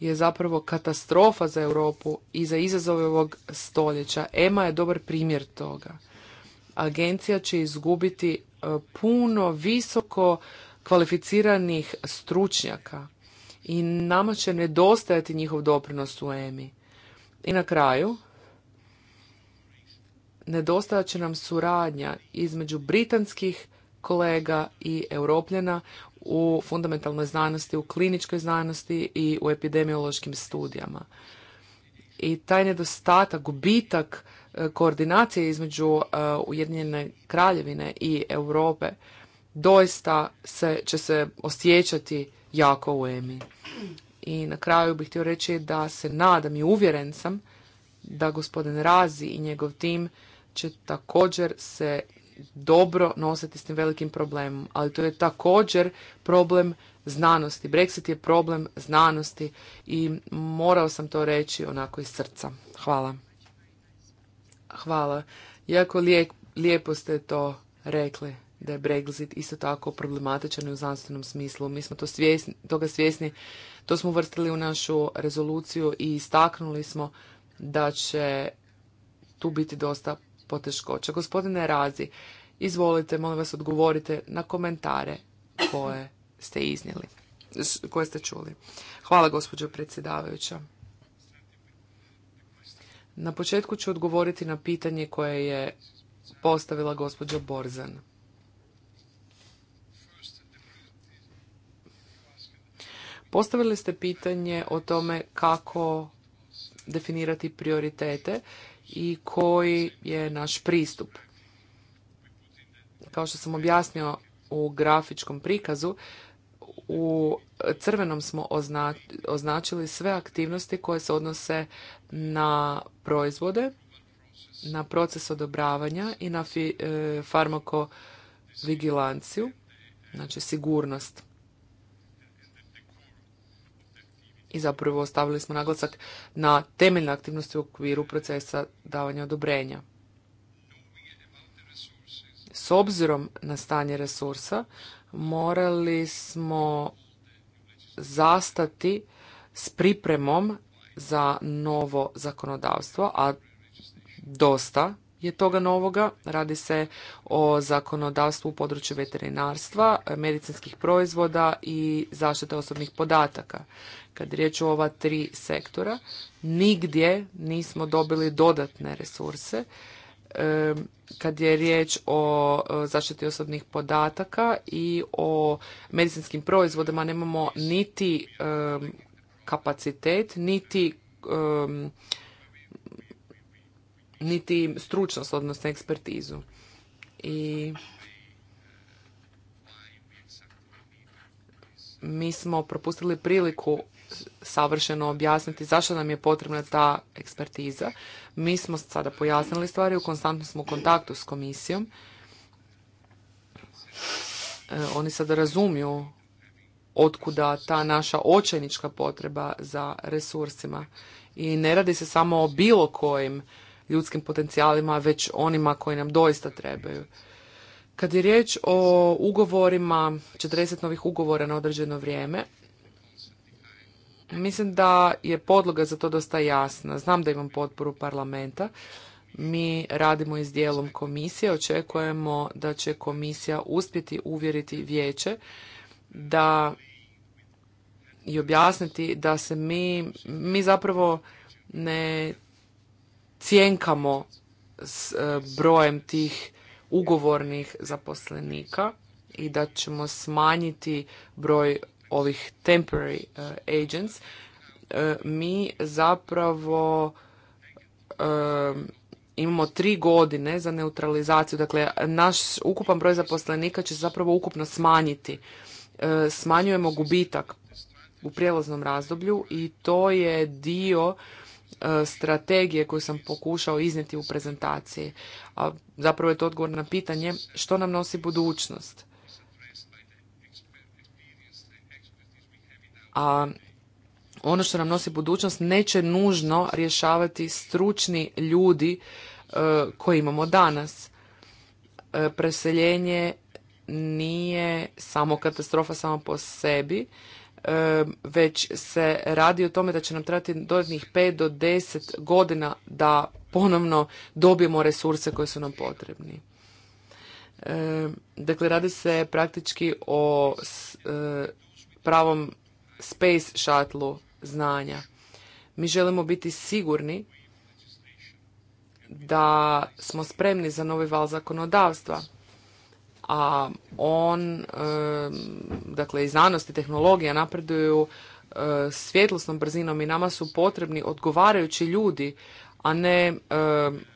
je zapravo katastrofa za Europu i za izazove ovog stoljeća. EMA je dobar primjer toga. Agencija će izgubiti E, puno visoko kvalificiranih stručnjaka i nama će nedostajati njihov doprinos u EMI. I na kraju, nedostajat će nam suradnja između britanskih kolega i europljena u fundamentalnoj znanosti, u kliničkoj znanosti i u epidemiološkim studijama. I taj nedostatak, gubitak koordinacije između e, Ujedinjene kraljevine i Europe doista se, će se osjećati jako u EMI. I na kraju bih htio reći da se nadam i uvjeren sam da gospodin Razi i njegov tim će također se dobro nositi s tim velikim problemom, ali to je također problem znanosti. Brexit je problem znanosti i morao sam to reći onako iz srca. Hvala. Hvala. Jako lijepo ste to rekli da je Brexit isto tako problematičan i u znanstvenom smislu. Mi smo to svjesni, toga svjesni, to smo uvrstili u našu rezoluciju i istaknuli smo da će tu biti dosta poteškoća. Gospodine Razi, izvolite, molim vas odgovorite na komentare koje ste iznijeli, koje ste čuli. Hvala gospođo predsjedavajuća. Na početku ću odgovoriti na pitanje koje je postavila gospođa Borzan. Postavili ste pitanje o tome kako definirati prioritete i koji je naš pristup. Kao što sam objasnio u grafičkom prikazu, u crvenom smo označili sve aktivnosti koje se odnose na proizvode, na proces odobravanja i na e, farmakovigilanciju, znači sigurnost. I zapravo ostavili smo naglasak na temeljne aktivnosti u okviru procesa davanja odobrenja. S obzirom na stanje resursa, morali smo zastati s pripremom za novo zakonodavstvo, a dosta je toga novoga. Radi se o zakonodavstvu u području veterinarstva, medicinskih proizvoda i zaštite osobnih podataka. Kad riječ o ova tri sektora, nigdje nismo dobili dodatne resurse kad je riječ o zaštiti osobnih podataka i o medicinskim proizvodima nemamo niti kapacitet, niti niti stručnost, odnosno ekspertizu. I mi smo propustili priliku savršeno objasniti zašto nam je potrebna ta ekspertiza. Mi smo sada pojasnili stvari, u konstantno smo u kontaktu s komisijom. E, oni sada razumiju otkuda ta naša očajnička potreba za resursima. I ne radi se samo o bilo kojim ljudskim potencijalima, već onima koji nam doista trebaju. Kad je riječ o ugovorima, 40 novih ugovora na određeno vrijeme, Mislim da je podloga za to dosta jasna. Znam da imam potporu parlamenta. Mi radimo i s dijelom komisije. Očekujemo da će komisija uspjeti uvjeriti vijeće da i objasniti da se mi, mi zapravo ne cjenkamo s e, brojem tih ugovornih zaposlenika i da ćemo smanjiti broj ovih temporary uh, agents, uh, mi zapravo uh, imamo tri godine za neutralizaciju. Dakle, naš ukupan broj zaposlenika će se zapravo ukupno smanjiti. Smanjujemo gubitak u prijelaznom razdoblju i to je dio strategije koju sam pokušao iznijeti u prezentaciji. A zapravo je to odgovor na pitanje što nam nosi budućnost. a ono što nam nosi budućnost neće nužno rješavati stručni ljudi e, koji imamo danas. E, preseljenje nije samo katastrofa samo po sebi, e, već se radi o tome da će nam trebati dodatnih 5 do 10 godina da ponovno dobijemo resurse koje su nam potrebni. Dakle, radi se praktički o pravom space shuttle znanja. Mi želimo biti sigurni da smo spremni za novi val zakonodavstva, a on, dakle i znanost i tehnologija napreduju eh, svjetlosnom brzinom i nama su potrebni odgovarajući ljudi, a ne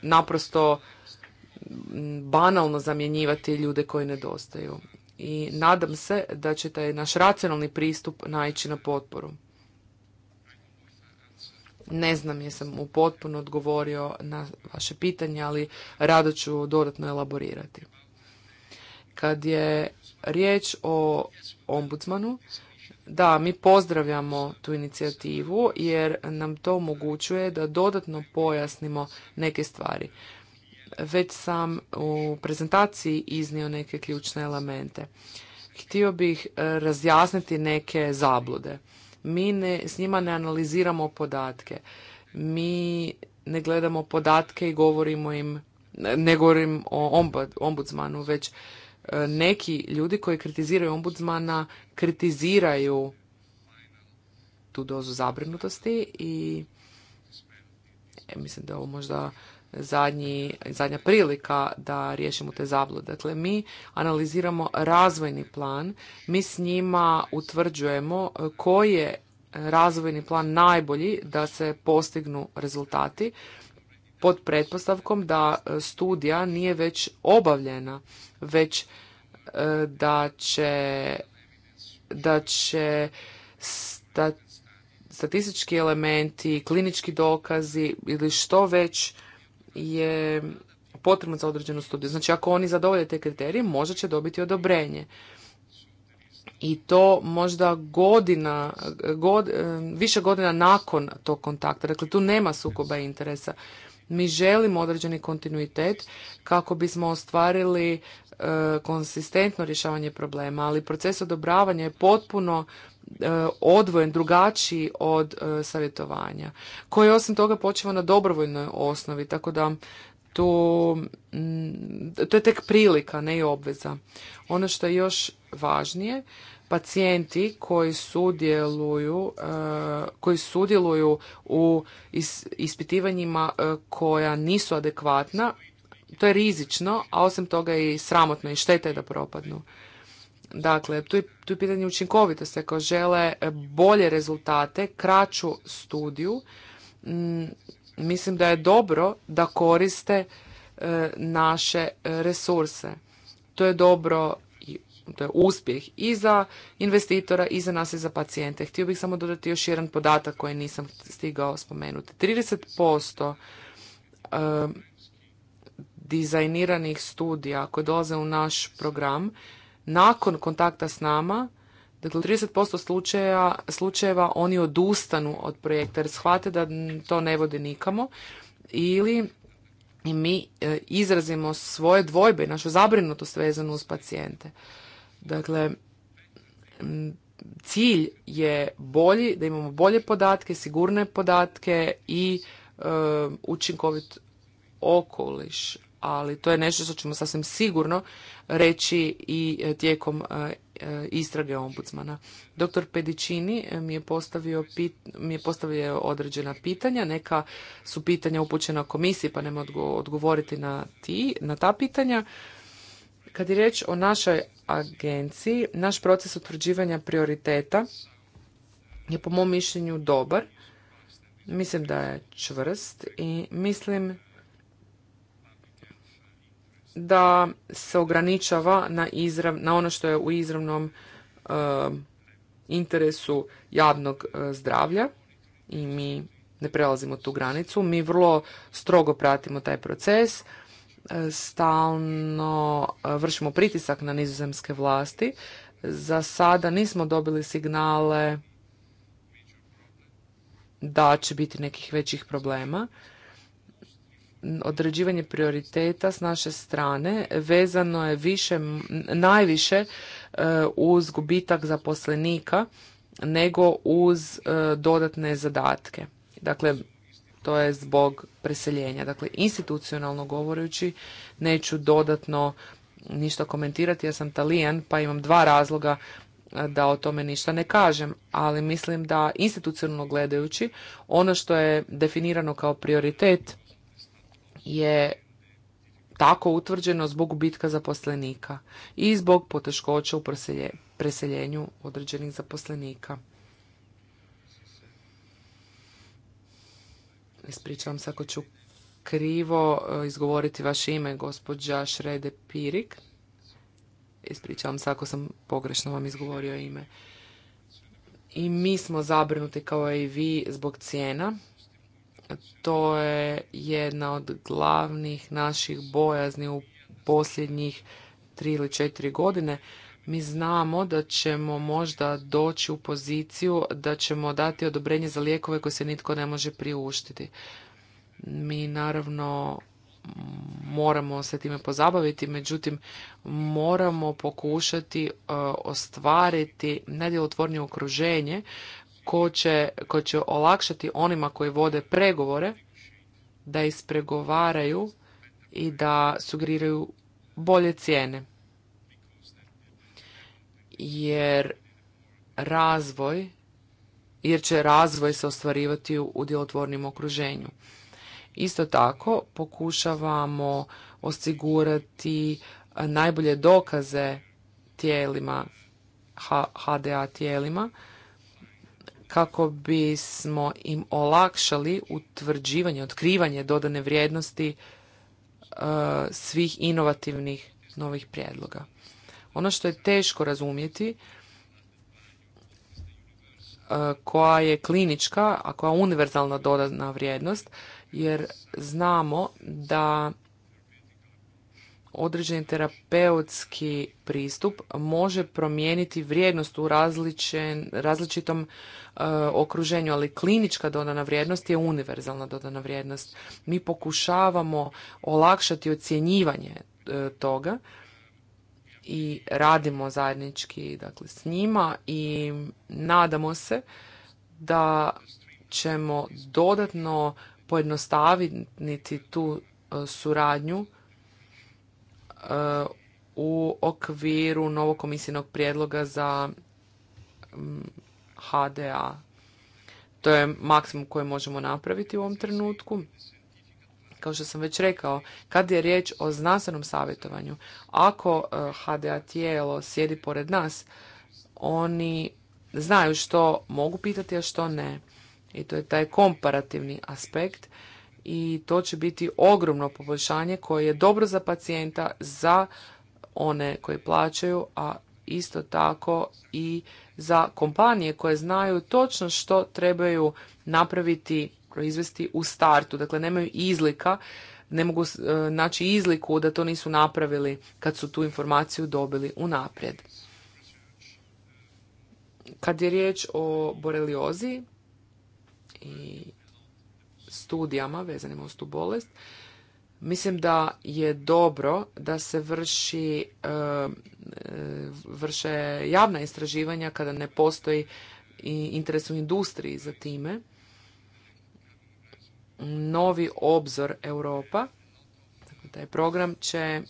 naprosto banalno zamjenjivati ljude koji nedostaju i nadam se da će taj naš racionalni pristup naići na potporu. Ne znam jesam u potpuno odgovorio na vaše pitanje, ali rado ću dodatno elaborirati. Kad je riječ o ombudsmanu, da, mi pozdravljamo tu inicijativu jer nam to omogućuje da dodatno pojasnimo neke stvari. Već sam u prezentaciji iznio neke ključne elemente. Htio bih e, razjasniti neke zablude. Mi ne, s njima ne analiziramo podatke. Mi ne gledamo podatke i govorimo im, ne govorim o ombudsmanu, već e, neki ljudi koji kritiziraju ombudsmana kritiziraju tu dozu zabrinutosti i e, mislim da ovo možda zadnji, zadnja prilika da riješimo te zablude. Dakle, mi analiziramo razvojni plan, mi s njima utvrđujemo e, koji je razvojni plan najbolji da se postignu rezultati pod pretpostavkom da e, studija nije već obavljena, već e, da će da će statistički elementi, klinički dokazi ili što već je potrebno za određenu studiju. Znači, ako oni zadovolje te kriterije, možda će dobiti odobrenje. I to možda godina, god, eh, više godina nakon tog kontakta. Dakle, tu nema sukoba interesa. Mi želimo određeni kontinuitet kako bismo ostvarili e, konsistentno rješavanje problema, ali proces odobravanja je potpuno e, odvojen, drugačiji od e, savjetovanja, koji osim toga počiva na dobrovoljnoj osnovi, tako da tu, mm, to je tek prilika, ne i obveza. Ono što je još važnije, pacijenti koji sudjeluju, e, koji sudjeluju u ispitivanjima e, koja nisu adekvatna, to je rizično, a osim toga i sramotno i šteta je da propadnu. Dakle, tu je, tu je pitanje učinkovitosti. Ako žele bolje rezultate, kraću studiju, mislim da je dobro da koriste e, naše resurse. To je dobro to je uspjeh i za investitora i za nas i za pacijente. Htio bih samo dodati još jedan podatak koji nisam stigao spomenuti. 30% eh, dizajniranih studija koje dolaze u naš program nakon kontakta s nama Dakle, u 30% slučajeva oni odustanu od projekta jer shvate da to ne vodi nikamo ili mi eh, izrazimo svoje dvojbe i našu zabrinutost vezanu uz pacijente. Dakle, cilj je bolji, da imamo bolje podatke, sigurne podatke i e, učinkovit okoliš. Ali to je nešto što ćemo sasvim sigurno reći i e, tijekom e, istrage ombudsmana. Doktor Pedicini mi je, postavio, mi je postavio određena pitanja. Neka su pitanja upućena komisiji pa nema odgovoriti na, ti, na ta pitanja. Kad je riječ o našoj agenciji, naš proces utvrđivanja prioriteta je po mom mišljenju dobar. Mislim da je čvrst i mislim da se ograničava na, izrav, na ono što je u izravnom um, interesu javnog uh, zdravlja i mi ne prelazimo tu granicu. Mi vrlo strogo pratimo taj proces stalno e, vršimo pritisak na nizozemske vlasti. Za sada nismo dobili signale da će biti nekih većih problema. Određivanje prioriteta s naše strane vezano je više, najviše e, uz gubitak zaposlenika nego uz e, dodatne zadatke. Dakle, to je zbog preseljenja. Dakle, institucionalno govoreći neću dodatno ništa komentirati, ja sam talijan pa imam dva razloga e, da o tome ništa ne kažem, ali mislim da institucionalno gledajući ono što je definirano kao prioritet je tako utvrđeno zbog gubitka zaposlenika i zbog poteškoća u preseljenju određenih zaposlenika. Ispričavam se ako ću krivo e, izgovoriti vaše ime, gospođa Šrede Pirik. Ispričavam se ako sam pogrešno vam izgovorio ime. I mi smo zabrinuti kao i vi zbog cijena. To je jedna od glavnih naših bojazni u posljednjih tri ili četiri godine mi znamo da ćemo možda doći u poziciju da ćemo dati odobrenje za lijekove koje se nitko ne može priuštiti. Mi naravno moramo se time pozabaviti, međutim moramo pokušati e, ostvariti nedjelotvornije okruženje koje će, ko će olakšati onima koji vode pregovore da ispregovaraju i da sugeriraju bolje cijene jer razvoj jer će razvoj se ostvarivati u djelotvornim okruženju. Isto tako pokušavamo osigurati eh, najbolje dokaze tijelima, HDA tijelima, kako bismo im olakšali utvrđivanje, otkrivanje dodane vrijednosti eh, svih inovativnih novih prijedloga. Ono što je teško razumjeti, e, koja je klinička, a koja je univerzalna dodana vrijednost, jer znamo da određeni terapeutski pristup može promijeniti vrijednost u različen, različitom e, okruženju, ali klinička dodana vrijednost je univerzalna dodana vrijednost. Mi pokušavamo olakšati ocjenjivanje e, toga i radimo zajednički dakle, s njima i nadamo se da ćemo dodatno pojednostaviti tu e, suradnju e, u okviru novog prijedloga za HDA. To je maksimum koji možemo napraviti u ovom trenutku. Kao što sam već rekao, kad je riječ o znanstvenom savjetovanju, ako e, HDA tijelo sjedi pored nas, oni znaju što mogu pitati, a što ne. I to je taj komparativni aspekt i to će biti ogromno poboljšanje koje je dobro za pacijenta, za one koji plaćaju, a isto tako i za kompanije koje znaju točno što trebaju napraviti proizvesti u startu. Dakle, nemaju izlika, ne mogu e, naći izliku da to nisu napravili kad su tu informaciju dobili unaprijed. Kad je riječ o boreliozi i studijama vezanim uz tu bolest, mislim da je dobro da se vrši, e, e, vrše javna istraživanja kada ne postoji interes u industriji za time novi obzor Europa. Dakle, taj program će e,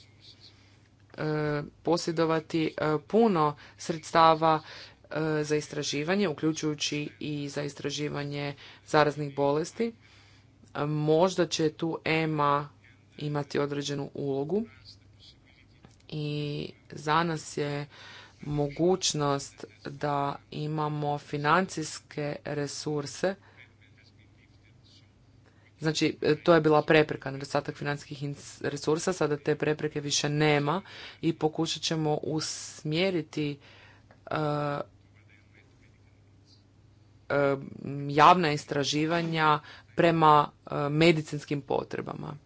posjedovati e, puno sredstava e, za istraživanje, uključujući i za istraživanje zaraznih bolesti. Možda će tu EMA imati određenu ulogu i za nas je mogućnost da imamo financijske resurse Znači, e, to je bila prepreka, nedostatak financijskih resursa, sada te prepreke više nema i pokušat ćemo usmjeriti e, e, javna istraživanja prema medicinskim potrebama.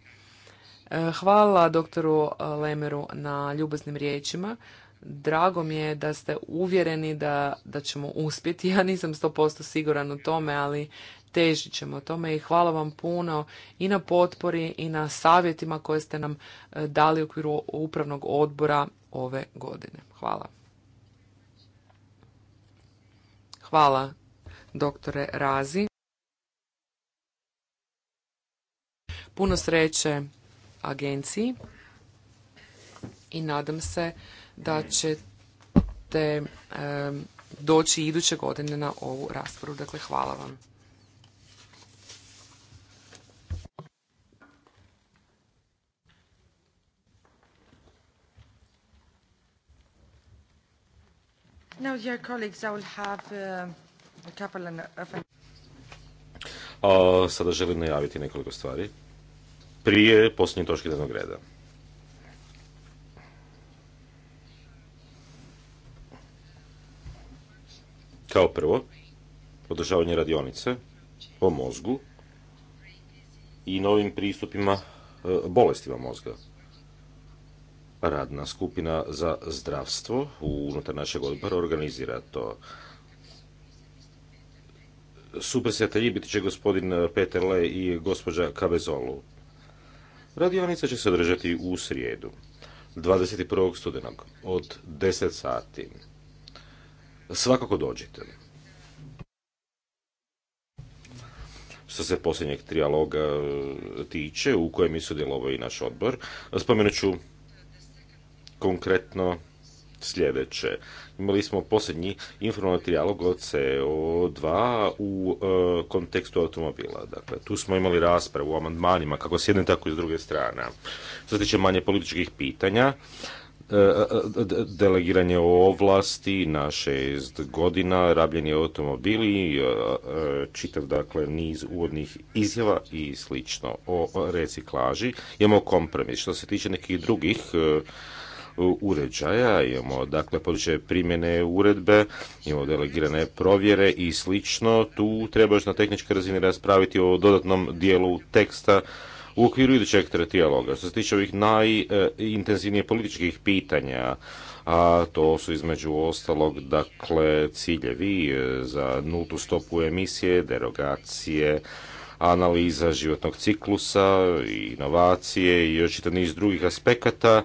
Hvala doktoru Lemeru na ljubaznim riječima. Drago mi je da ste uvjereni da, da ćemo uspjeti. Ja nisam 100% siguran u tome, ali težit ćemo tome i hvala vam puno i na potpori i na savjetima koje ste nam e, dali u okviru upravnog odbora ove godine. Hvala. Hvala, doktore Razi. Puno sreće agenciji i nadam se da ćete e, doći iduće godine na ovu raspravu. Dakle, hvala vam. sada želim najaviti nekoliko stvari. Prije posljednje točke dnevnog reda. Kao prvo, održavanje radionice o mozgu i novim pristupima e, bolestima mozga radna skupina za zdravstvo unutar našeg odbora organizira to. Supresjetelji biti će gospodin Peterle i gospođa Kabezolu. Radionica će se održati u srijedu, 21. studenog, od 10 sati. Svakako dođite. što se posljednjeg trijaloga e, tiče, u kojem je sudjelovao i naš odbor. Spomenut ću konkretno sljedeće. Imali smo posljednji informalni trijalog o CO2 u e, kontekstu automobila. Dakle, tu smo imali raspravu o amandmanima, kako s jedne, tako i s druge strane. Što se tiče manje političkih pitanja, e, e, delegiranje ovlasti na šest godina, rabljeni automobili, čitav dakle niz uvodnih izjava i slično o reciklaži. Imamo kompromis. Što se tiče nekih drugih uređaja, imamo dakle područje primjene uredbe, imamo delegirane provjere i slično. Tu treba još na tehničkoj razini raspraviti o dodatnom dijelu teksta u okviru idućeg tijeloga. Što se tiče ovih najintenzivnije političkih pitanja, a to su između ostalog dakle ciljevi e, za nultu stopu emisije, derogacije, analiza životnog ciklusa, inovacije i još čitav niz drugih aspekata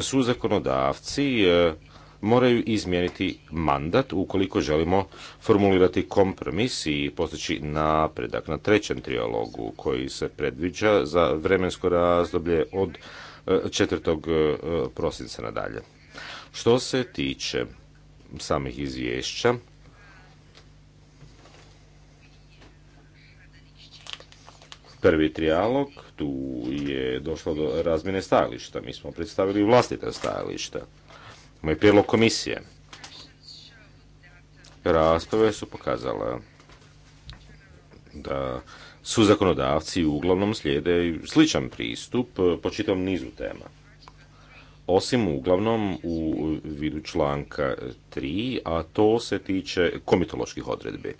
su zakonodavci e, moraju izmijeniti mandat ukoliko želimo formulirati kompromis i postići napredak na trećem trijalogu koji se predviđa za vremensko razdoblje od 4. E, e, prosinca nadalje. Što se tiče samih izvješća, prvi trijalog, tu je došlo do razmjene stajališta. Mi smo predstavili vlastite stajališta. Moj prijedlog komisije. Rasprave su pokazale da su zakonodavci uglavnom slijede sličan pristup po čitom nizu tema. Osim uglavnom u vidu članka 3, a to se tiče komitoloških odredbi.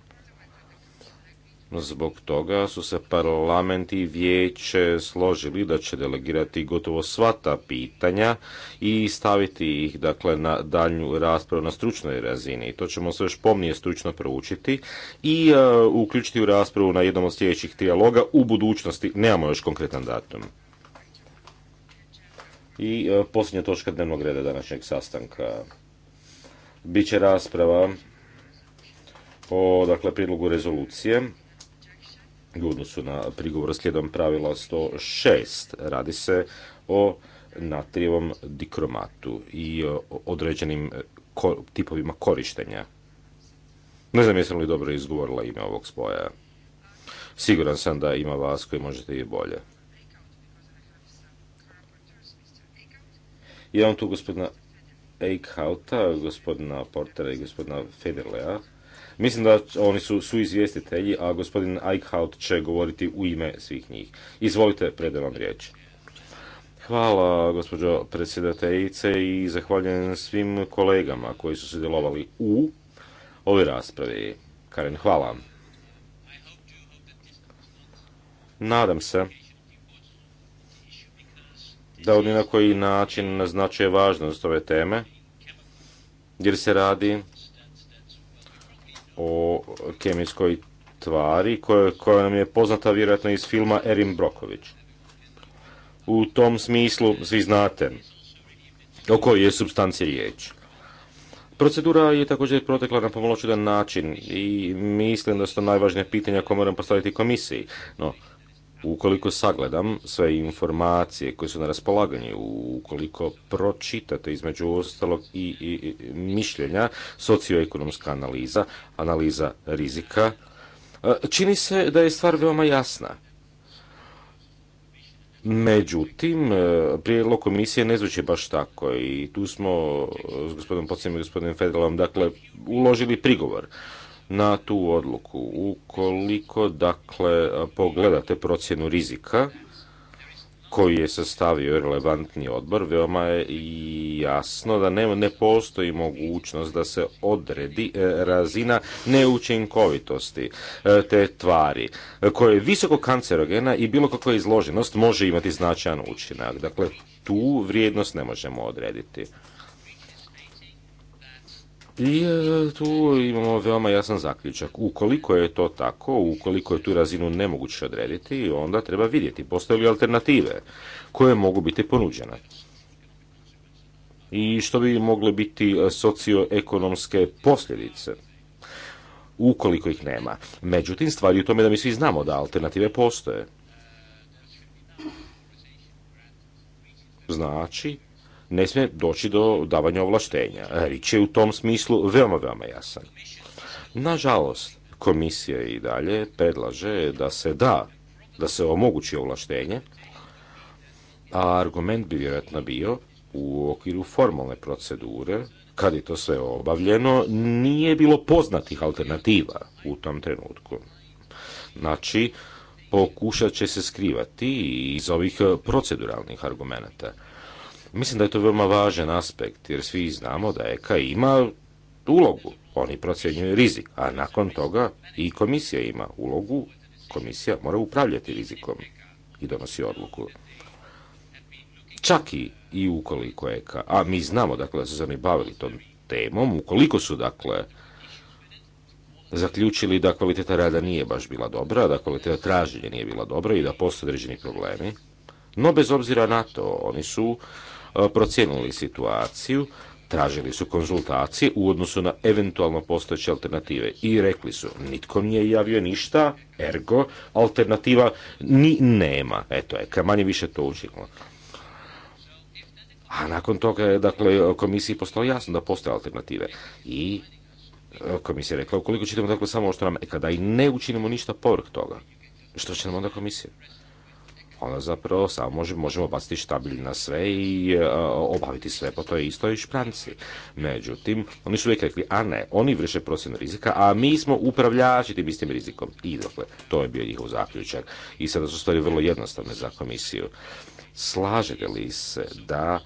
Zbog toga su se parlament i vijeće složili da će delegirati gotovo sva ta pitanja i staviti ih dakle na daljnju raspravu na stručnoj razini. to ćemo sve još pomnije stručno proučiti i e, uključiti u raspravu na jednom od sljedećih trijaloga u budućnosti. Nemamo još konkretan datum. I e, posljednja točka dnevnog reda današnjeg sastanka. Biće rasprava o dakle, prijedlogu rezolucije u odnosu na prigovor slijedom pravila 106. Radi se o natrijevom dikromatu i određenim e, tipovima korištenja. Ne znam jesam li dobro izgovorila ime ovog spoja. Siguran sam da ima vas koji možete i bolje. Imam tu gospodina Eichhauta, gospodina Portera i gospodina Federlea Mislim da oni su suizvjestitelji, a gospodin Eichhout će govoriti u ime svih njih. Izvolite, predam vam riječ. Hvala, gospođo predsjedateljice, i zahvaljujem svim kolegama koji su sudjelovali u ovoj raspravi. Karen, hvala. Nadam se da oni na koji način naznačuje važnost ove teme, jer se radi o kemijskoj tvari koja, nam je poznata vjerojatno iz filma Erin Broković. U tom smislu svi znate o kojoj je substanci riječ. Procedura je također protekla na pomalo čudan način i mislim da su to najvažnije pitanja koje moram postaviti komisiji. No, Ukoliko sagledam sve informacije koje su na raspolaganju, ukoliko pročitate između ostalog i, i, mišljenja, socioekonomska analiza, analiza rizika, e, čini se da je stvar veoma jasna. Međutim, e, prijedlog komisije ne zvuči baš tako i tu smo s gospodinom Pocijem i gospodinom Federalom dakle, uložili prigovor na tu odluku. Ukoliko, dakle, pogledate procjenu rizika koji je sastavio relevantni odbor, veoma je jasno da ne, ne postoji mogućnost da se odredi e, razina neučinkovitosti e, te tvari, koje je visoko kancerogena i bilo kakva izloženost može imati značajan učinak. Dakle, tu vrijednost ne možemo odrediti. I e, tu imamo veoma jasan zaključak. Ukoliko je to tako, ukoliko je tu razinu nemoguće odrediti, onda treba vidjeti postoje li alternative koje mogu biti ponuđene i što bi mogle biti e, socioekonomske posljedice ukoliko ih nema. Međutim, je u tome da mi svi znamo da alternative postoje. Znači, ne smije doći do davanja ovlaštenja. Rič je u tom smislu veoma, veoma jasan. Nažalost, komisija i dalje predlaže da se da, da se omogući ovlaštenje, a argument bi vjerojatno bio u okviru formalne procedure, kad je to sve obavljeno, nije bilo poznatih alternativa u tom trenutku. Znači, pokušat će se skrivati iz ovih proceduralnih argumenata. Mislim da je to veoma važan aspekt, jer svi znamo da EKA ima ulogu. Oni procjenjuju rizik, a nakon toga i komisija ima ulogu. Komisija mora upravljati rizikom i donosi odluku. Čak i, ukoliko EKA, a mi znamo dakle, da su se oni bavili tom temom, ukoliko su dakle zaključili da kvaliteta rada nije baš bila dobra, da kvaliteta traženja nije bila dobra i da postoje određeni problemi. No bez obzira na to, oni su E, procijenili situaciju, tražili su konzultacije u odnosu na eventualno postojeće alternative i rekli su nitko nije javio ništa, ergo alternativa ni nema. Eto je, manje više to učinilo. A nakon toga je, dakle, komisiji postalo jasno da postoje alternative. I e, komisija je rekla, ukoliko čitamo, dakle, samo što nam e, kada i ne učinimo ništa povrh toga, što će nam onda komisija? Ona zapravo samo možemo, možemo baciti štabilj na sve i e, obaviti sve po toj istoj špranci. Međutim, oni su uvijek rekli, a ne, oni vrše procjenu rizika, a mi smo upravljači tim istim rizikom. I dakle, to je bio njihov zaključak. I sada su stvari vrlo jednostavne za komisiju. Slažete li se da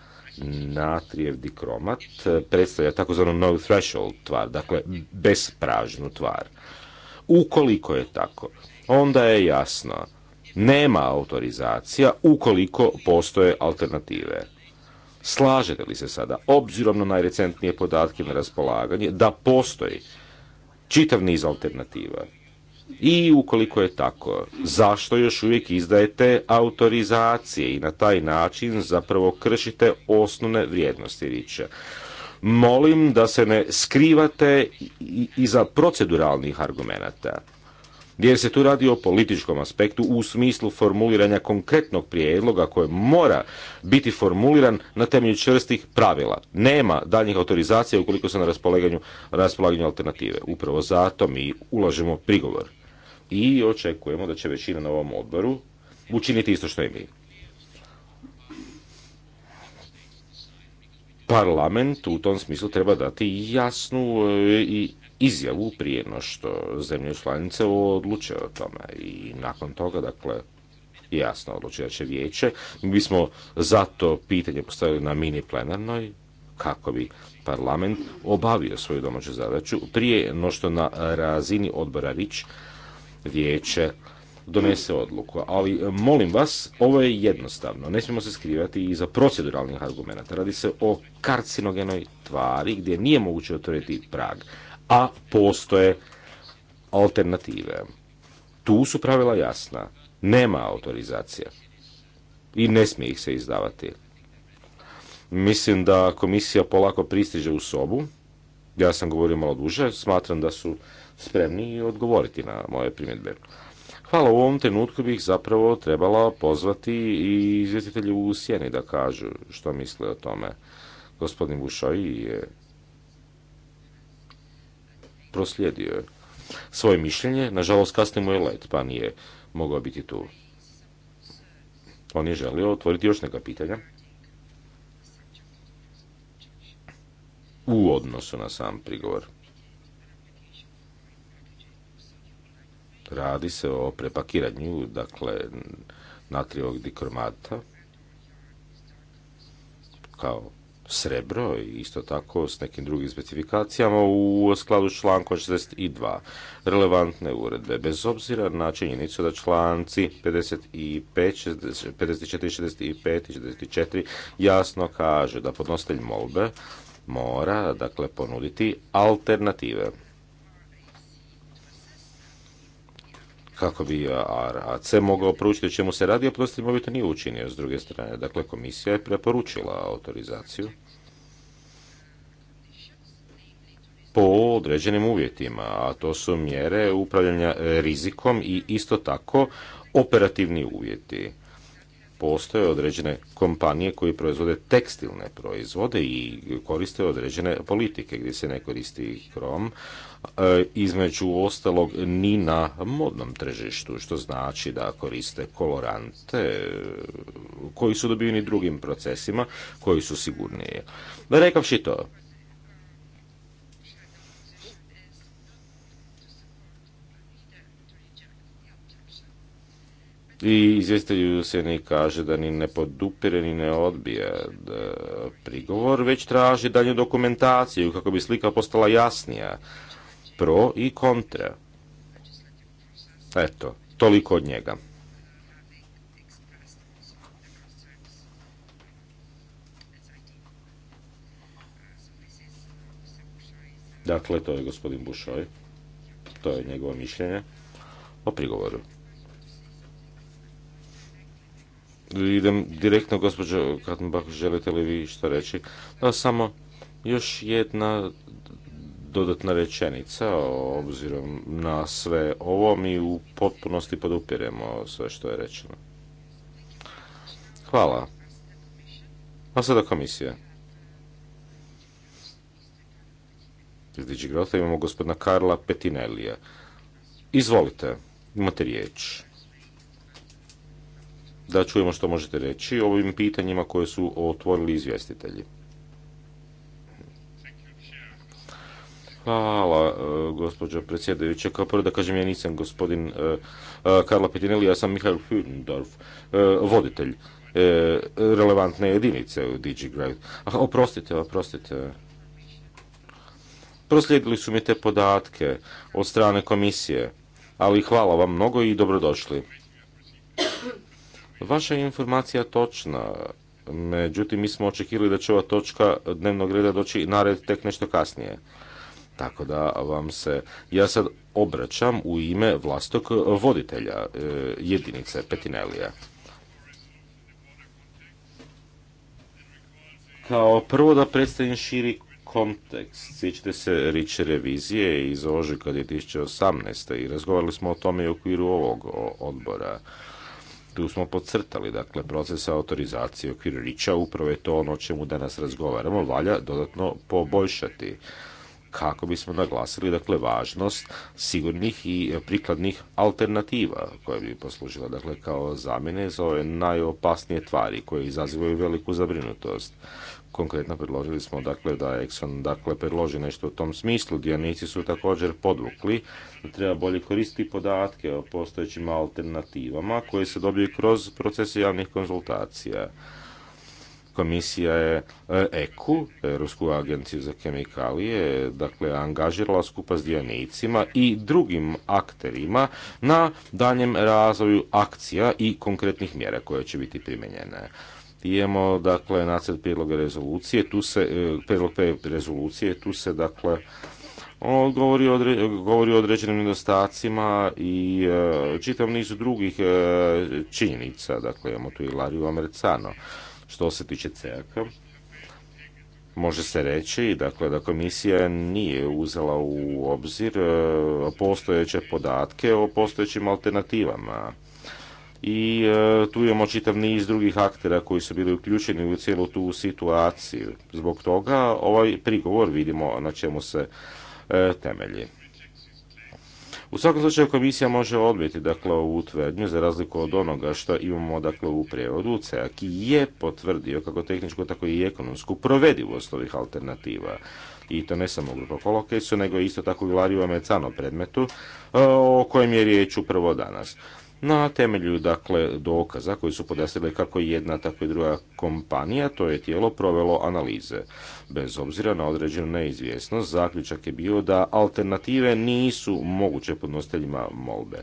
natrijev dikromat e, predstavlja takozvanu no threshold tvar, dakle bespražnu tvar. Ukoliko je tako, onda je jasno nema autorizacija ukoliko postoje alternative. Slažete li se sada, obzirom na najrecentnije podatke na raspolaganje, da postoji čitav niz alternativa? I ukoliko je tako, zašto još uvijek izdajete autorizacije i na taj način zapravo kršite osnovne vrijednosti riča? Molim da se ne skrivate iza proceduralnih argumenata. Jer se tu radi o političkom aspektu u smislu formuliranja konkretnog prijedloga koje mora biti formuliran na temelju čvrstih pravila. Nema daljih autorizacija ukoliko se na raspolaganju, raspolaganju alternative. Upravo zato mi ulažemo prigovor i očekujemo da će većina na ovom odboru učiniti isto što i mi. Parlament u tom smislu treba dati jasnu e, i izjavu prije no što zemlje članice odluče o tome i nakon toga, dakle, jasno da će vijeće. Mi bismo zato pitanje postavili na mini plenarnoj kako bi parlament obavio svoju domaću zadaću prije no što na razini odbora Rič vijeće donese odluku. Ali molim vas, ovo je jednostavno. Ne smijemo se skrivati iza proceduralnih argumenata. Radi se o karcinogenoj tvari gdje nije moguće otvoriti prag a postoje alternative. Tu su pravila jasna. Nema autorizacija. I ne smije ih se izdavati. Mislim da komisija polako pristiže u sobu. Ja sam govorio malo duže. Smatram da su spremni odgovoriti na moje primjedbe. Hvala, u ovom trenutku bih zapravo trebala pozvati i izvjetitelju u sjeni da kažu što misle o tome. Gospodin Bušoji je proslijedio je svoje mišljenje. Nažalost, kasnije mu je let, pa nije mogao biti tu. On je želio otvoriti još neka pitanja u odnosu na sam prigovor. Radi se o prepakiranju, dakle, natrijevog dikromata kao srebro i isto tako s nekim drugim specifikacijama u skladu s člankom 62 relevantne uredbe. Bez obzira na činjenicu da članci 55, 54, 65 i 64 jasno kaže da podnositelj molbe mora dakle ponuditi alternative kako bi ARAC mogao proučiti o čemu se radi, a prostorni mobil to nije učinio s druge strane. Dakle, komisija je preporučila autorizaciju po određenim uvjetima, a to su mjere upravljanja rizikom i isto tako operativni uvjeti postoje određene kompanije koje proizvode tekstilne proizvode i koriste određene politike gdje se ne koristi krom, e, između ostalog ni na modnom tržištu, što znači da koriste kolorante e, koji su dobiveni drugim procesima koji su sigurniji. Da rekavši to, i izvjestitelj se ni kaže da ni ne podupire ni ne odbija e, prigovor, već traži dalju dokumentaciju kako bi slika postala jasnija, pro i kontra. Eto, toliko od njega. Dakle, to je gospodin Bušoj. To je njegovo mišljenje o prigovoru. idem direktno, gospođo Katnbach, želite li vi što reći? Da, samo još jedna dodatna rečenica, obzirom na sve ovo, mi u potpunosti podupiremo sve što je rečeno. Hvala. A sada komisija. Iz grota imamo gospodina Karla Petinelija. Izvolite, imate riječ da čujemo što možete reći o ovim pitanjima koje su otvorili izvjestitelji. Hvala, e, gospođo predsjedajuće. Kao prvo da kažem, ja nisam gospodin e, e, Karla Petinelli, ja sam Mihail Fündorf, voditelj relevantne jedinice u DigiGrad. Oprostite, oprostite. Proslijedili su mi te podatke od strane komisije, ali hvala vam mnogo i dobrodošli. Vaša je informacija točna, međutim mi smo očekivali da će ova točka dnevnog reda doći nared tek nešto kasnije. Tako da vam se, ja sad obraćam u ime vlastog voditelja e, jedinice Petinelija. Kao prvo da predstavim širi kontekst. Sjećate se riče revizije iz ožujka 2018. i razgovarali smo o tome i u okviru ovog odbora tu smo podcrtali, dakle, proces autorizacije okviru Riča, upravo je to ono o čemu danas razgovaramo, valja dodatno poboljšati kako bismo naglasili dakle važnost sigurnih i prikladnih alternativa koje bi poslužila dakle kao zamjene za ove najopasnije tvari koje izazivaju veliku zabrinutost konkretno predložili smo dakle da Exxon dakle predloži nešto u tom smislu. Dionici su također podvukli da treba bolje koristiti podatke o postojećim alternativama koje se dobiju kroz procese javnih konzultacija. Komisija je e, EKU, Rusku agenciju za kemikalije, dakle, angažirala skupa s dionicima i drugim akterima na danjem razvoju akcija i konkretnih mjera koje će biti primenjene. Imamo dakle nacrt prijedloga rezolucije, tu se, e, prijedlog rezolucije, tu se dakle on govori o, određenim nedostacima i e, čitav niz drugih e, činjenica. Dakle, imamo tu i Lariju Americano. Što se tiče ceaka može se reći dakle, da komisija nije uzela u obzir e, postojeće podatke o postojećim alternativama i e, tu imamo čitav niz drugih aktera koji su bili uključeni u cijelu tu situaciju. Zbog toga ovaj prigovor vidimo na čemu se e, temelji. U svakom slučaju komisija može odbiti dakle ovu tvrdnju za razliku od onoga što imamo dakle u prijevodu CEAK je potvrdio kako tehničku tako i ekonomsku provedivost ovih alternativa i to ne samo u kolokesu nego isto tako i u Lariju predmetu e, o kojem je riječ upravo danas na temelju dakle dokaza koji su podastrile kako jedna tako i druga kompanija, to je tijelo provelo analize. Bez obzira na određenu neizvjesnost, zaključak je bio da alternative nisu moguće podnosteljima molbe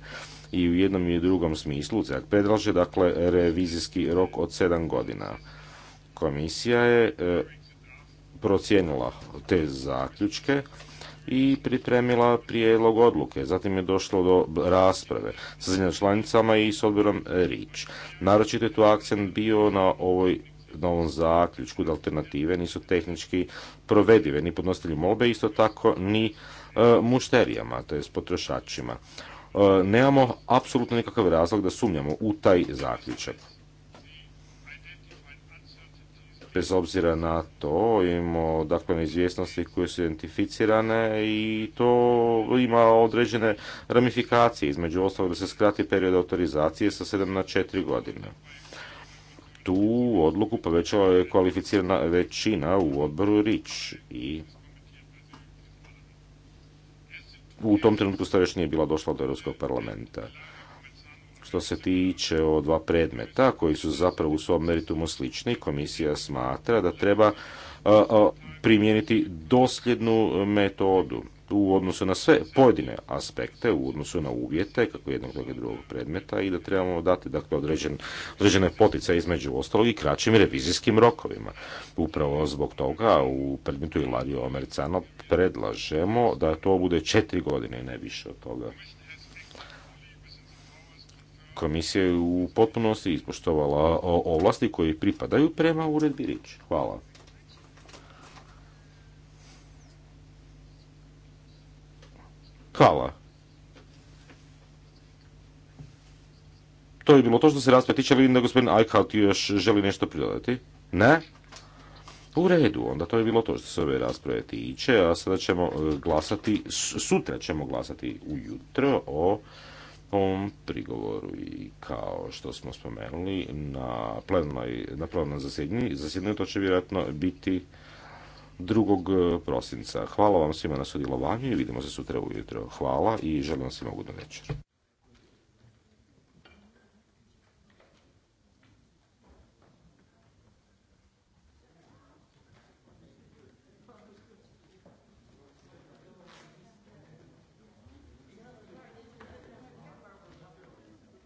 i u jednom i drugom smislu CERT predlaže dakle revizijski rok od sedam godina. Komisija je e, procijenila te zaključke i pripremila prijedlog odluke. Zatim je došlo do rasprave sa zemljama članicama i s odborom Rič. Naročito je tu akcent bio na ovoj novom zaključku da alternative nisu tehnički provedive ni podnositelju molbe, isto tako ni e, mušterijama, to je s potrošačima. E, nemamo apsolutno nikakav razlog da sumnjamo u taj zaključak bez obzira na to imamo dakle neizvjesnosti koje su identificirane i to ima određene ramifikacije između ostalog da se skrati period autorizacije sa 7 na 4 godine. Tu odluku povećala je kvalificirana većina u odboru Rič i u tom trenutku stvar još nije bila došla do Europskog parlamenta što se tiče o dva predmeta koji su zapravo u svom meritumu slični, komisija smatra da treba primijeniti dosljednu metodu u odnosu na sve pojedine aspekte, u odnosu na uvjete, kako jednog i drugog predmeta i da trebamo dati dakle, određen, određene potice između ostalog i kraćim revizijskim rokovima. Upravo zbog toga u predmetu Ilario Americano predlažemo da to bude četiri godine, ne više od toga. Komisija je u potpunosti ispoštovala ovlasti koje pripadaju prema uredbi Rič. Hvala. Hvala. To je bilo to što se rasprave tiče, vidim da gospodin Eichhout još želi nešto pridodati. Ne? U redu, onda to je bilo to što se ove rasprave tiče, a sada ćemo e, glasati, sutra ćemo glasati ujutro o ovom prigovoru i kao što smo spomenuli na plenoj, na plenoj zasjednji, zasednje to će vjerojatno biti 2. E, prosinca. Hvala vam svima na sudjelovanju i vidimo se sutra ujutro. Hvala i želim vam svima ugodnu večer.